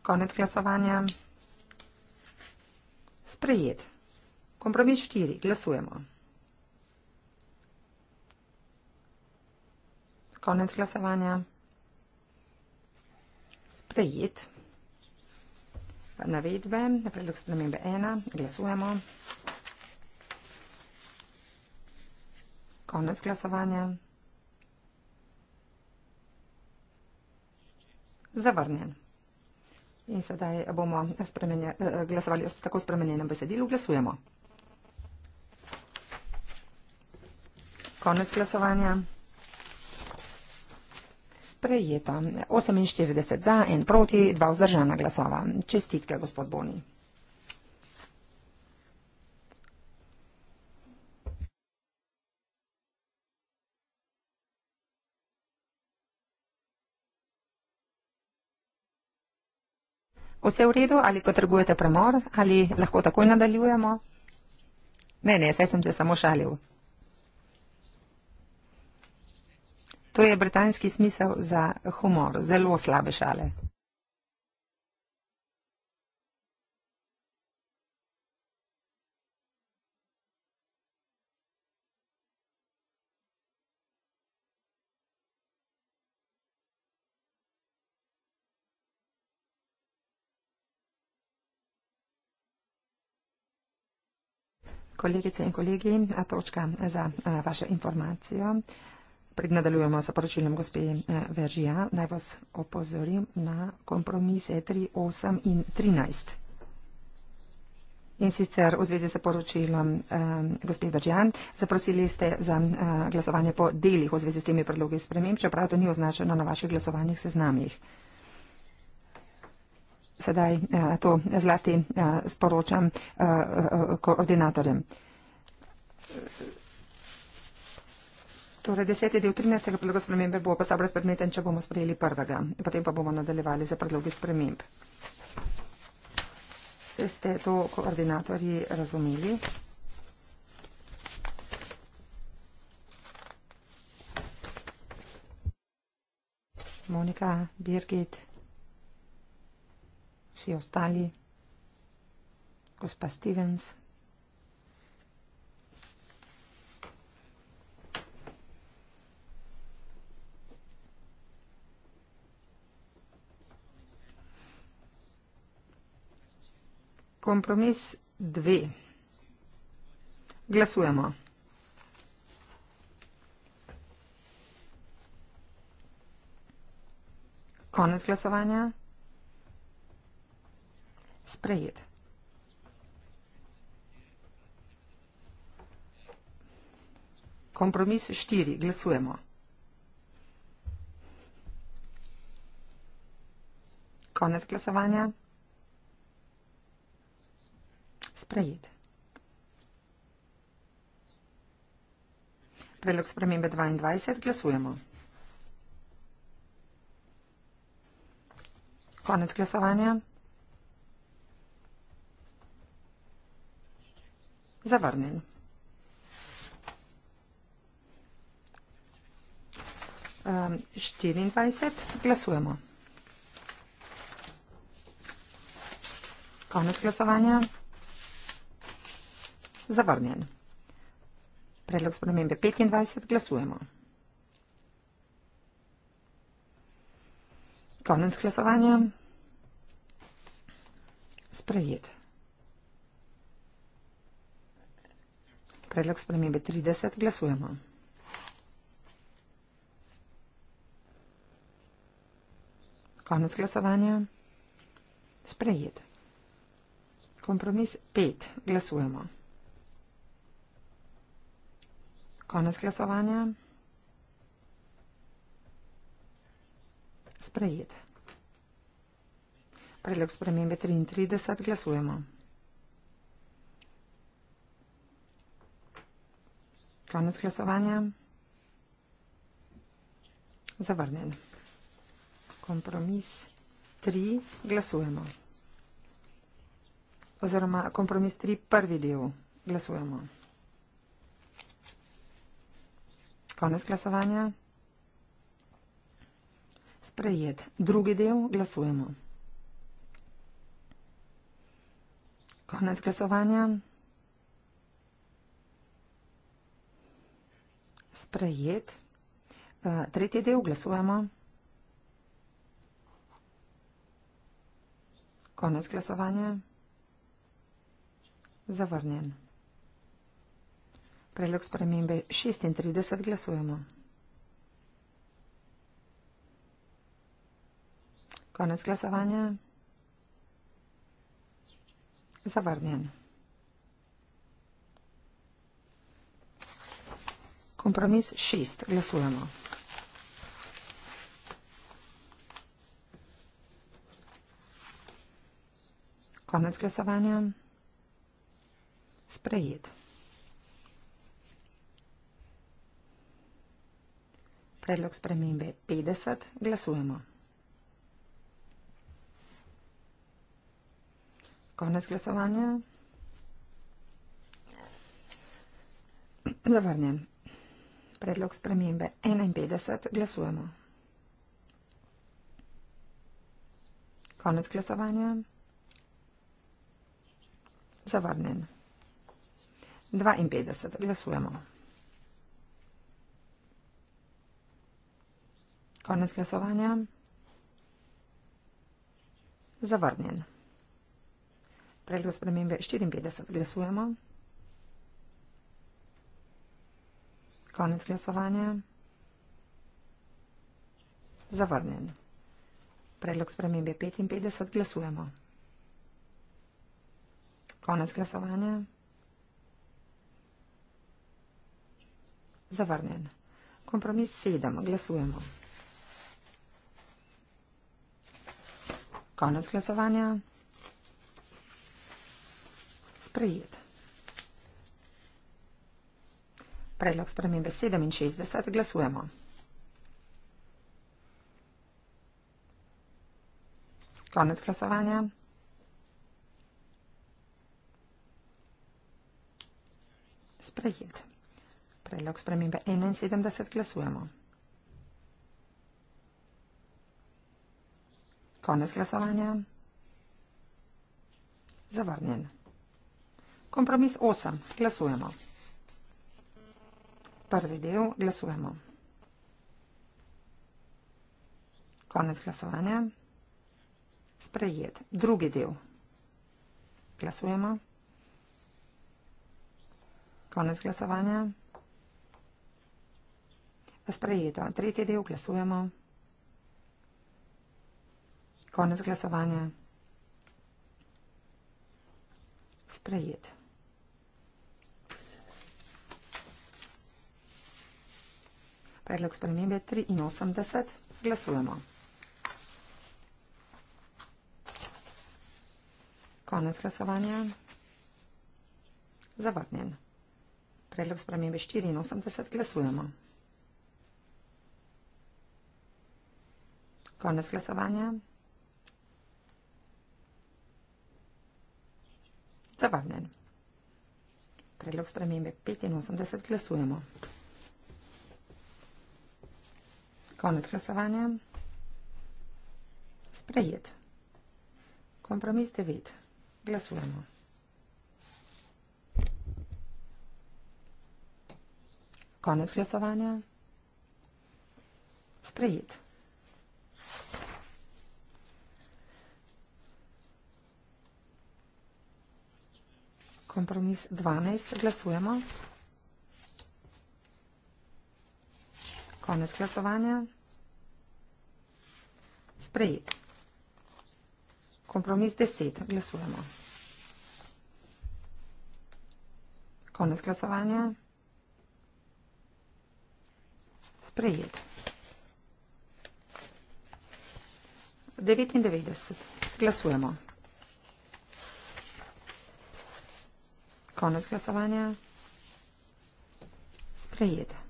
Konec glasovanja. Sprejet. Sprejet. Kompromis štiri. Glasujemo. Konec glasovanja. Sprejet. Navedbe. Napredok spremembe ena. Glasujemo. Konec glasovanja. Zavrnjen. In sedaj bomo eh, eh, glasovali o tako spremenjenem besedilu. Glasujemo. Konec glasovanja. Sprejeto. 48 za, en proti, dva vzdržana glasova. Čestitke, gospod Boni. vse v redu, ali potrebujete premor, ali lahko takoj nadaljujemo? Ne, ne, saj sem se samo šalil. To je britanski smisel za humor, zelo slabe šale. kolegice in kolegi, točka za vašo informacijo. Prednadaljujemo s poročilom gospe Veržija. Naj vas opozorim na kompromise 3, 8 in 13. In sicer v zvezi s poročilom eh, gospe Držan, zaprosili ste za eh, glasovanje po delih v zvezi s temi predlogi sprememb, čeprav to ni označeno na vaših glasovanjih seznamih. Eh, sedaj eh, to zlasti eh, sporočam eh, koordinatorjem. Torej, 10. del 13. predloga spremembe bo pa sabo razpredmeten, če bomo sprejeli prvega. Potem pa bomo nadaljevali za predlogi sprememb. Ste to koordinatorji razumeli? Monika, Birgit vsi ostali, gospa Stevens. Kompromis dve. Glasujemo. Konec glasovanja sprejet. Kompromis štiri. Glasujemo. Konec glasovanja. Sprejet. Predlog spremembe 22. Glasujemo. Konec glasovanja. Glasujemo. Zavrnil. Um, 24. Glasujemo. Konec glasovanja. Zavrnjen. Predlog spremembe 25. Glasujemo. Konec glasovanja. Sprejet. Predlog spremembe 30. Glasujemo. Konec glasovanja. Sprejet. Kompromis 5. Glasujemo. Konec glasovanja. Sprejet. Predlog spremembe 33. Glasujemo. Konec glasovanja. Zavrnjen. Kompromis 3. Glasujemo. Oziroma kompromis 3. Prvi del. Glasujemo. Konec glasovanja. Sprejet. Drugi del. Glasujemo. Konec glasovanja. sprejet. Eh, tretji del glasujemo. Konec glasovanja. Zavrnjen. Predlog spremembe 36 glasujemo. Konec glasovanja. Zavrnjen. Kompromis šest. Glasujemo. Konec glasovanja. Sprejet. Predlog spremembe 50. Glasujemo. Konec glasovanja. Zavrnjen. Predlog spremembe 51 glasujemo. Konec glasovanja. Zavrnen. 52 glasujemo. Konec glasovanja. Zavrnjen. Predlog spremembe 54 glasujemo. Konec glasovanja. Zavrnjen. Predlog spremembe 55. Glasujemo. Konec glasovanja. Zavrnjen. Kompromis 7. Glasujemo. Konec glasovanja. Sprejet. Predlog spremembe 67 glasujemo. Konec glasovanja. Sprejet. Predlog spremembe 71 glasujemo. Konec glasovanja. Zavrnjen. Kompromis 8. Glasujemo prvi del, glasujemo. Konec glasovanja. Sprejet. Drugi del. Glasujemo. Konec glasovanja. Sprejeto. Tretji del. Glasujemo. Konec glasovanja. Sprejeto. Predlog spremembe 83. Glasujemo. Konec glasovanja. Zavrnjen. Predlog spremembe 84. Glasujemo. Konec glasovanja. Zavrnjen. Predlog spremembe 85. Glasujemo. Konec glasovanja. Sprejet. Kompromis 9. Glasujemo. Konec glasovanja. Sprejet. Kompromis 12. Glasujemo. Glasujemo. Konec glasovanja. Sprejet. Kompromis 10. Glasujemo. Konec glasovanja. Sprejet. 99. Glasujemo. Konec glasovanja. Sprejet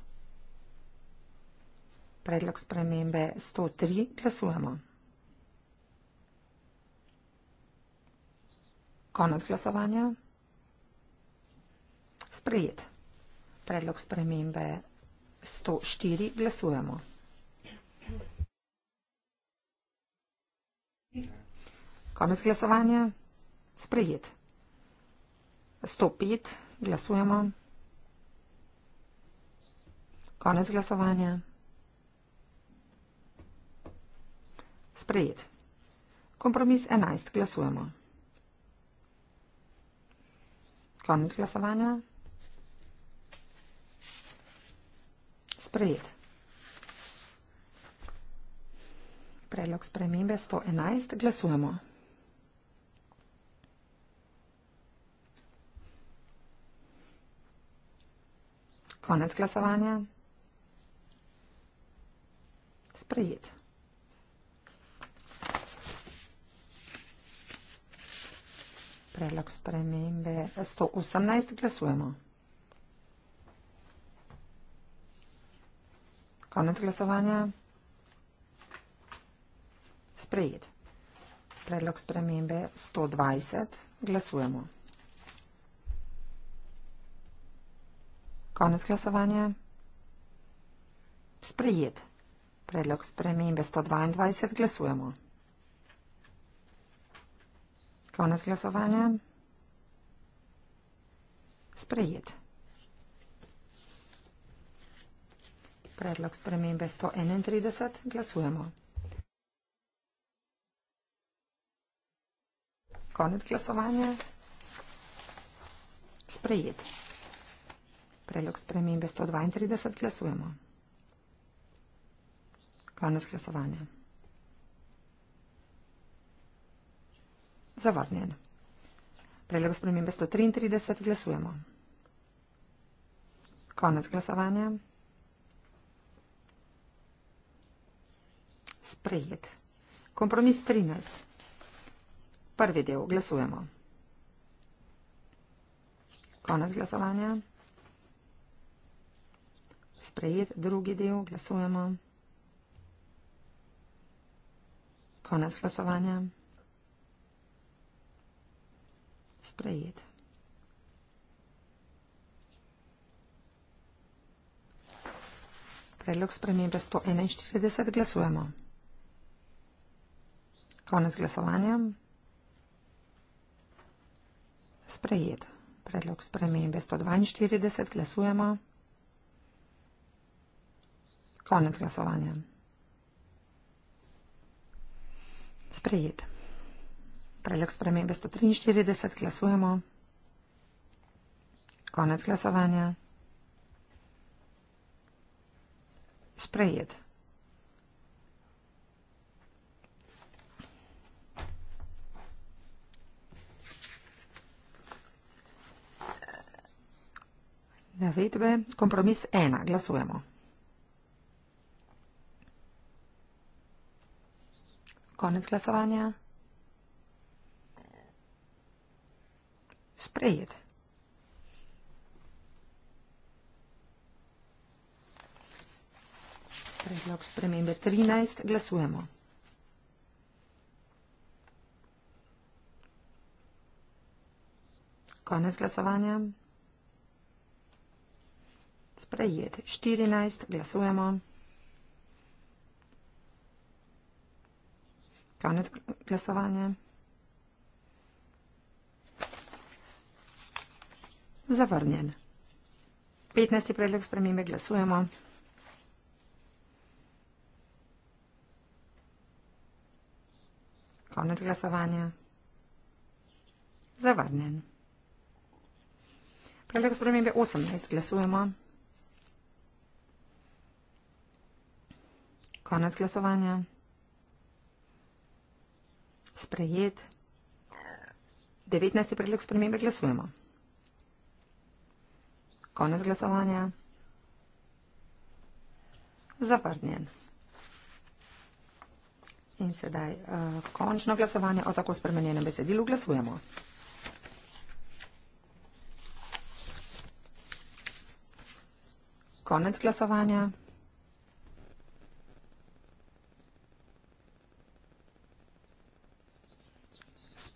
predlog spremembe 103 glasujemo. Konec glasovanja. Sprejet. Predlog spremembe 104 glasujemo. Konec glasovanja. Sprejet. 105 glasujemo. Konec glasovanja. Sprejet. Kompromis 11. Glasujemo. Konec glasovanja. Sprejet. Predlog spremembe 111. Glasujemo. Konec glasovanja. Sprejet. predlog spremembe 118 glasujemo. Konec glasovanja. Sprejet. Predlog spremembe 120 glasujemo. Konec glasovanja. Sprejet. Predlog spremembe 122 glasujemo. Konec glasovanja. Sprejet. Predlog spremembe 131. Glasujemo. Konec glasovanja. Sprejet. Predlog spremembe 132. Glasujemo. Konec glasovanja. Zavrnjen. Predlog spremembe 133 glasujemo. Konec glasovanja. Sprejet. Kompromis 13. Prvi del. Glasujemo. Konec glasovanja. Sprejet. Drugi del. Glasujemo. Konec glasovanja. sprejet. Predlog spremembe 141 glasujemo. Konec glasovanja. Sprejet. Predlog spremembe 142 glasujemo. Konec glasovanja. Sprejet. Predlog spremembe 143 glasujemo. Konec glasovanja. Sprejet. Navedbe. Kompromis 1. Glasujemo. Konec glasovanja. sprejet. Predlog spremembe 13. Glasujemo. Konec glasovanja. Sprejet. 14. Glasujemo. Konec glasovanja. Zavrnjen. 15. predlog spremembe glasujemo. Konec glasovanja. Zavrnjen. Predlog spremembe 18. Glasujemo. Konec glasovanja. Sprejet. 19. predlog spremembe glasujemo. Konec glasovanja. Zavrnjen. In sedaj uh, končno glasovanje o tako spremenjenem besedilu. Glasujemo. Konec glasovanja.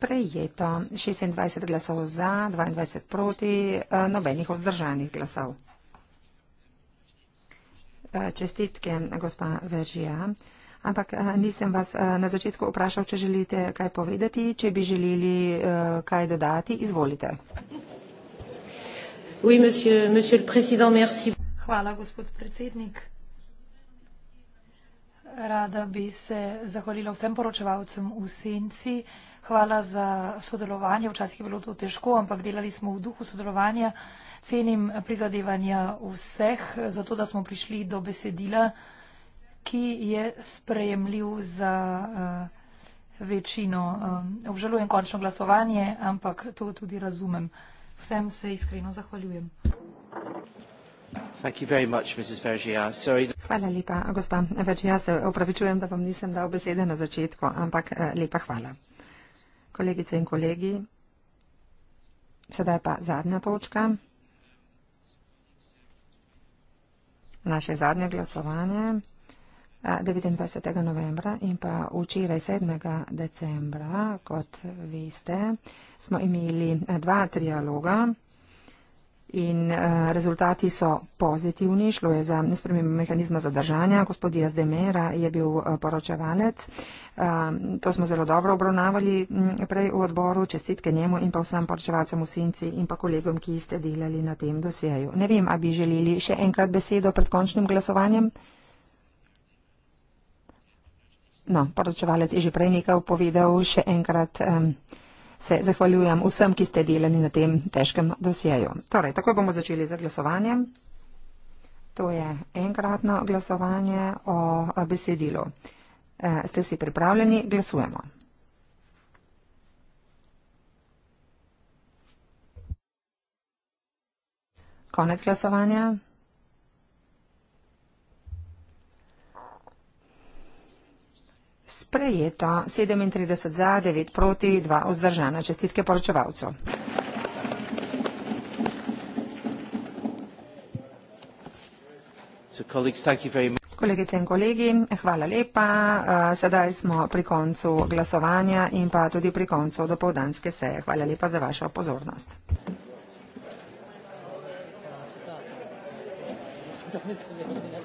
sprejeto. 26 glasov za, 22 proti, eh, nobenih vzdržanih glasov. Eh, čestitke, gospa Veržija. Ampak eh, nisem vas na začetku vprašal, če želite kaj povedati. Če bi želeli kaj dodati, izvolite. Oui, monsieur, monsieur le président, merci. Hvala, gospod predsednik rada bi se zahvalila vsem poročevalcem v Senci. Hvala za sodelovanje. Včasih je bilo to težko, ampak delali smo v duhu sodelovanja. Cenim prizadevanja vseh, zato da smo prišli do besedila, ki je sprejemljiv za uh, večino. Um, obžalujem končno glasovanje, ampak to tudi razumem. Vsem se iskreno zahvaljujem. Hvala lepa, gospa Veržija, se opravičujem, da vam nisem dal besede na začetku, ampak eh, lepa hvala. Kolegice in kolegi, sedaj pa zadnja točka. Naše zadnje glasovanje 29. Eh, novembra in pa včeraj 7. decembra, kot veste, smo imeli eh, dva trialoga in uh, rezultati so pozitivni. Šlo je za nespremembo mehanizma zadržanja. Gospod Diaz de Mera je bil uh, poročevalec. Uh, to smo zelo dobro obravnavali m, mm, prej v odboru. Čestitke njemu in pa vsem poročevalcem v Sinci in pa kolegom, ki ste delali na tem dosjeju. Ne vem, a bi želeli še enkrat besedo pred končnim glasovanjem. No, poročevalec je že prej nekaj povedal, še enkrat. Um, se zahvaljujem vsem, ki ste delali na tem težkem dosjeju. Torej, takoj bomo začeli z glasovanjem. To je enkratno glasovanje o besedilu. E, ste vsi pripravljeni? Glasujemo. Konec glasovanja. sprejeto 37 za, 9 proti, 2 vzdržana. Čestitke poročevalcu. Kolegice in kolegi, hvala lepa. Eh, sedaj smo pri koncu glasovanja in pa tudi pri koncu dopovdanske seje. Hvala lepa za vašo pozornost. Thank you.